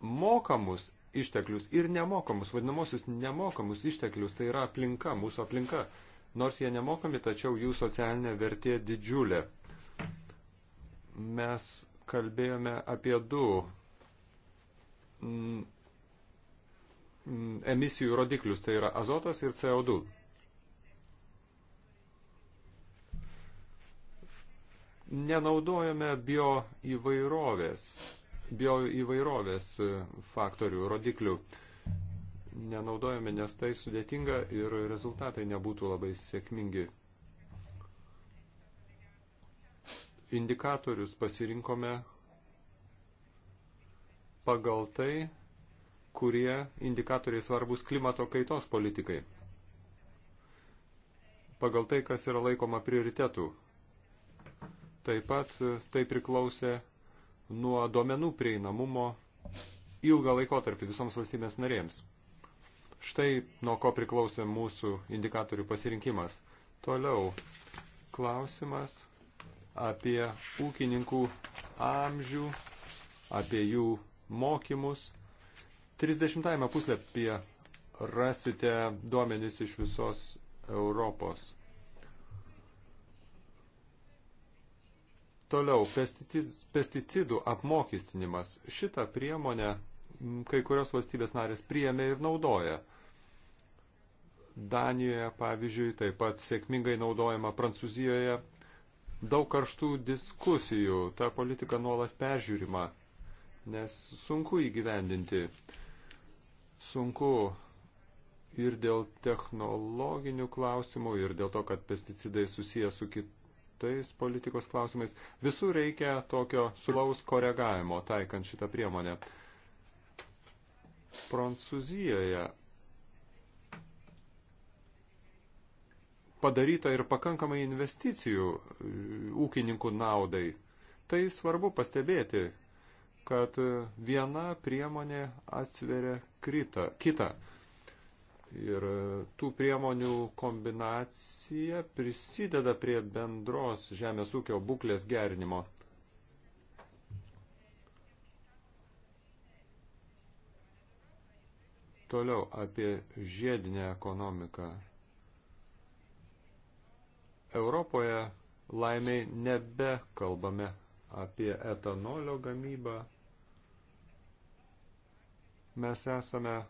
mokamus išteklius ir nemokamus, vadinamosius nemokamus išteklius, tai yra aplinka, mūsų aplinka. Nors jie nemokami, tačiau jų socialinė vertė didžiulė. Mes kalbėjome apie du mm, mm, emisijų rodiklius, tai yra azotas ir CO2. Nenaudojame bio įvairovės bioįvairovės faktorių, rodiklių nenaudojame, nes tai sudėtinga ir rezultatai nebūtų labai sėkmingi. Indikatorius pasirinkome pagal tai, kurie indikatoriai svarbus klimato kaitos politikai. Pagal tai, kas yra laikoma prioritetų. Taip pat tai priklausė nuo duomenų prieinamumo ilgą laikotarpį visoms valstybės narėms. Štai nuo ko priklausė mūsų indikatorių pasirinkimas. Toliau klausimas apie ūkininkų amžių, apie jų mokymus. 30 puslapyje rasite duomenys iš visos Europos. Toliau, pesticidų apmokestinimas. Šitą priemonę kai kurios valstybės narės priėmė ir naudoja. Danijoje, pavyzdžiui, taip pat sėkmingai naudojama Prancūzijoje. Daug karštų diskusijų, ta politika nuolat peržiūrima, nes sunku įgyvendinti. Sunku ir dėl technologinių klausimų, ir dėl to, kad pesticidai susiję su kitomis kitais politikos klausimais. Visų reikia tokio sulaus koregavimo taikant šitą priemonę. Prancūzijoje padaryta ir pakankamai investicijų e, ūkininkų naudai. Tai svarbu pastebėti, kad e, viena priemonė atsveria krita, kitą. kitą Ir tų priemonių kombinacija prisideda prie bendros žemės ūkio būklės gerinimo. Toliau apie žiedinę ekonomiką. Europoje laimiai nebekalbame apie etanolio gamybą. Mes esame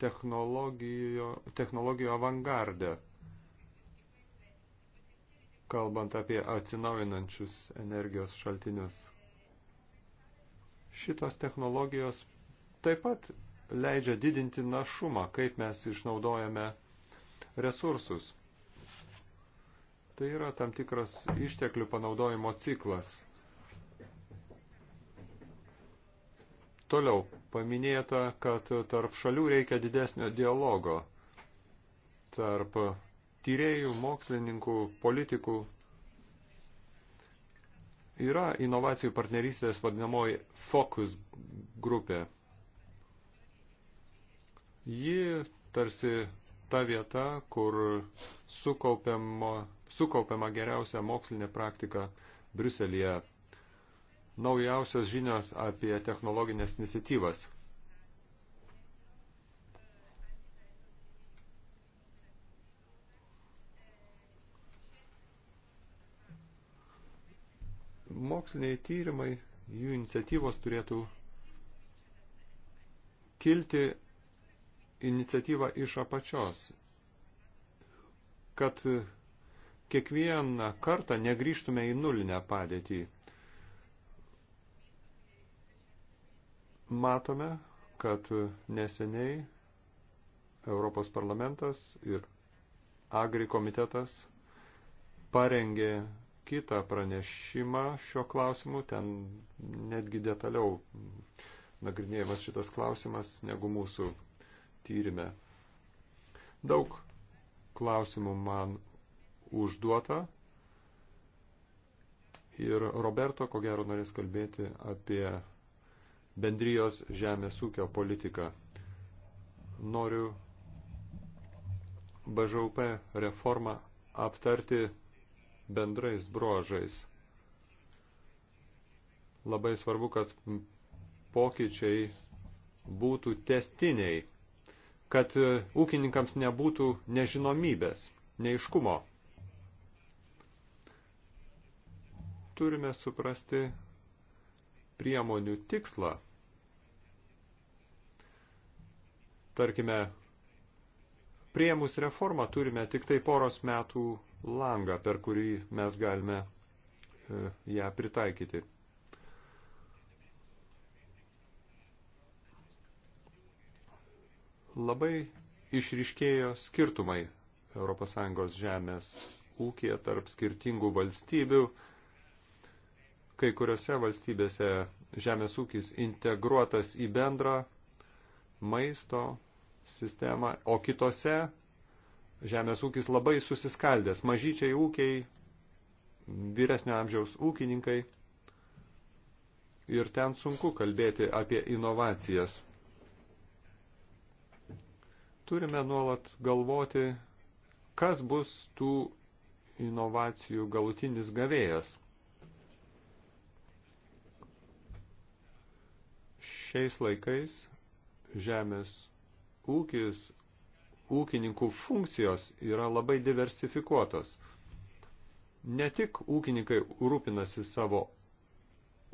technologijų, technologijų avangardą, kalbant apie atsinaujinančius energijos šaltinius. Šitos technologijos taip pat leidžia didinti našumą, kaip mes išnaudojame resursus. Tai yra tam tikras išteklių panaudojimo ciklas. Toliau paminėta, kad tarp šalių reikia didesnio dialogo tarp tyriejų, mokslininkų, politikų. Yra inovacijų partnerystės vadinamoji Focus grupė. Ji tarsi ta vieta, kur sukaupiama, sukaupiama geriausia mokslinė praktika Briuselėje naujausios žinios apie technologinės iniciatyvas. Moksliniai tyrimai, jų iniciatyvos turėtų kilti iniciatyvą iš apačios, kad kiekvieną kartą negrįžtume į nulinę padėtį. Matome, kad neseniai Europos parlamentas ir Agri komitetas parengė kitą pranešimą šio klausimu, ten netgi detaliau nagrinėjamas šitas klausimas negu mūsų tyrime. Daug klausimų man užduota ir Roberto, ko gero, norės kalbėti apie bendrijos žemės ūkio politiką. Noriu BŽUP reformą aptarti bendrais brožais. Labai svarbu, kad pokyčiai būtų testiniai, kad ūkininkams nebūtų nežinomybės, neiškumo. Turime suprasti priemonių tikslą Tarkime, prieimus reformą turime tik tai poros metų langą, per kurį mes galime e, ją pritaikyti. Labai išriškėjo skirtumai ES žemės ūkija tarp skirtingų valstybių. Kai kuriuose valstybėse žemės ūkis integruotas į bendrą maisto sistemą, o kitose žemės ūkis labai susiskaldęs. Mažyčiai ūkiai, vyresnio amžiaus ūkininkai. Ir ten sunku kalbėti apie inovacijas. Turime nuolat galvoti, kas bus tų inovacijų galutinis gavėjas. Šiais laikais žemės ūkis, ūkininkų funkcijos yra labai diversifikuotos. Ne tik ūkininkai rūpinasi savo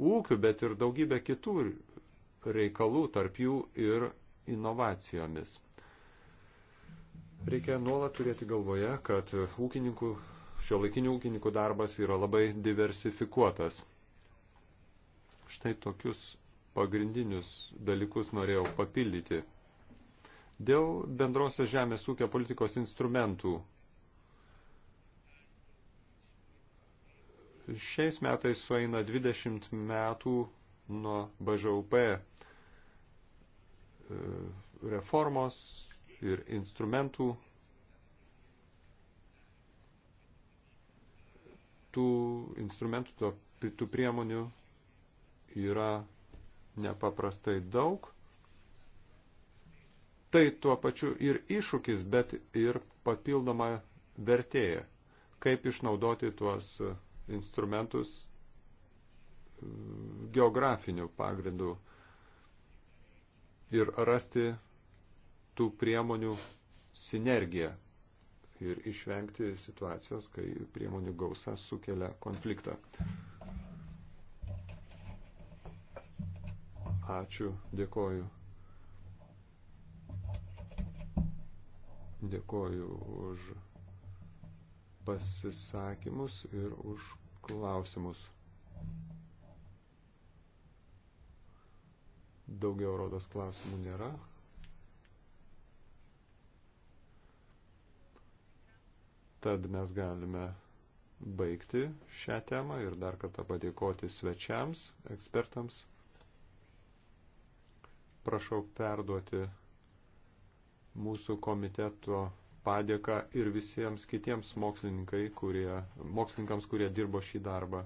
ūkiu, bet ir daugybę kitų reikalų, tarp jų ir inovacijomis. Reikia nuolat turėti galvoje, kad ūkininkų, šio laikinių ūkininkų darbas yra labai diversifikuotas. Štai tokius pagrindinius dalykus norėjau papildyti. Dėl bendrosios žemės ūkio politikos instrumentų. Šiais metais sueina 20 metų nuo BŽUP e, reformos ir instrumentų tų instrumentų, tų priemonių yra nepaprastai daug. Tai tuo pačiu ir iššūkis, bet ir papildoma vertėja. Kaip išnaudoti tuos instrumentus geografinių pagrindų ir rasti tų priemonių sinergiją ir išvengti situacijos, kai priemonių gausa sukelia konfliktą. Ačiū, dėkoju. Dėkoju už pasisakymus ir už klausimus. Daugiau rodos klausimų nėra. Tad mes galime baigti šią temą ir dar kartą padėkoti svečiams, ekspertams prašau perduoti mūsų komiteto padėką ir visiems kitiems mokslininkai, kurie, mokslininkams, kurie dirbo šį darbą.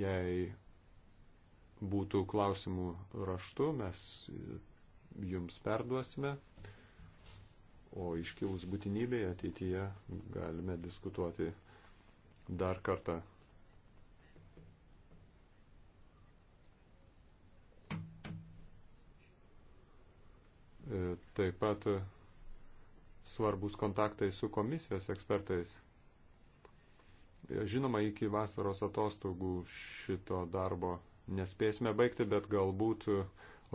Jei būtų klausimų raštu, mes jums perduosime, o iškilus būtinybėje ateityje galime diskutuoti dar kartą. E, taip pat e, svarbus kontaktai su komisijos ekspertais. E, žinoma, iki vasaros atostogų šito darbo nespėsime baigti, bet galbūt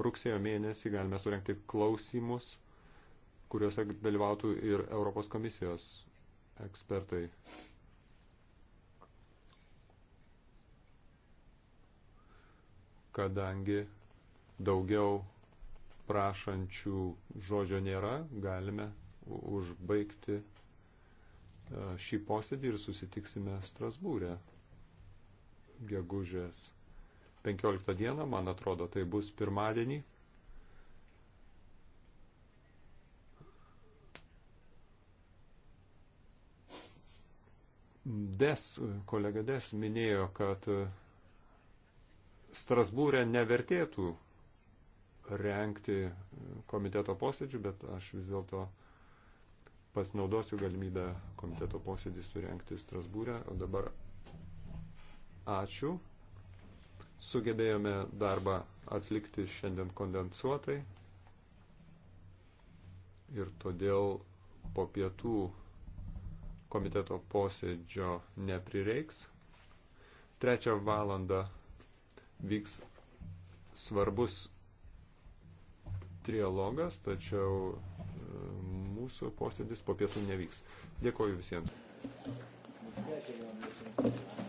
rugsėjo mėnesį galime surenkti klausimus, kuriuose dalyvautų ir Europos komisijos ekspertai. Kadangi daugiau prašančių žodžio nėra, galime užbaigti e, šį posėdį ir susitiksime Strasbūrė gegužės 15 dieną, man atrodo, tai bus pirmadienį. Des, kolega Des minėjo, kad Strasbūrė nevertėtų renkti komiteto posėdžių, bet aš vis dėlto pasinaudosiu galimybę komiteto posėdį surenkti Strasbūrę. O dabar ačiū. Sugebėjome darbą atlikti šiandien kondensuotai ir todėl po pietų komiteto posėdžio neprireiks. Trečią valandą vyks svarbus trialogas, tačiau e, mūsų posėdis po pietų nevyks. Dėkoju visiems. Thank you.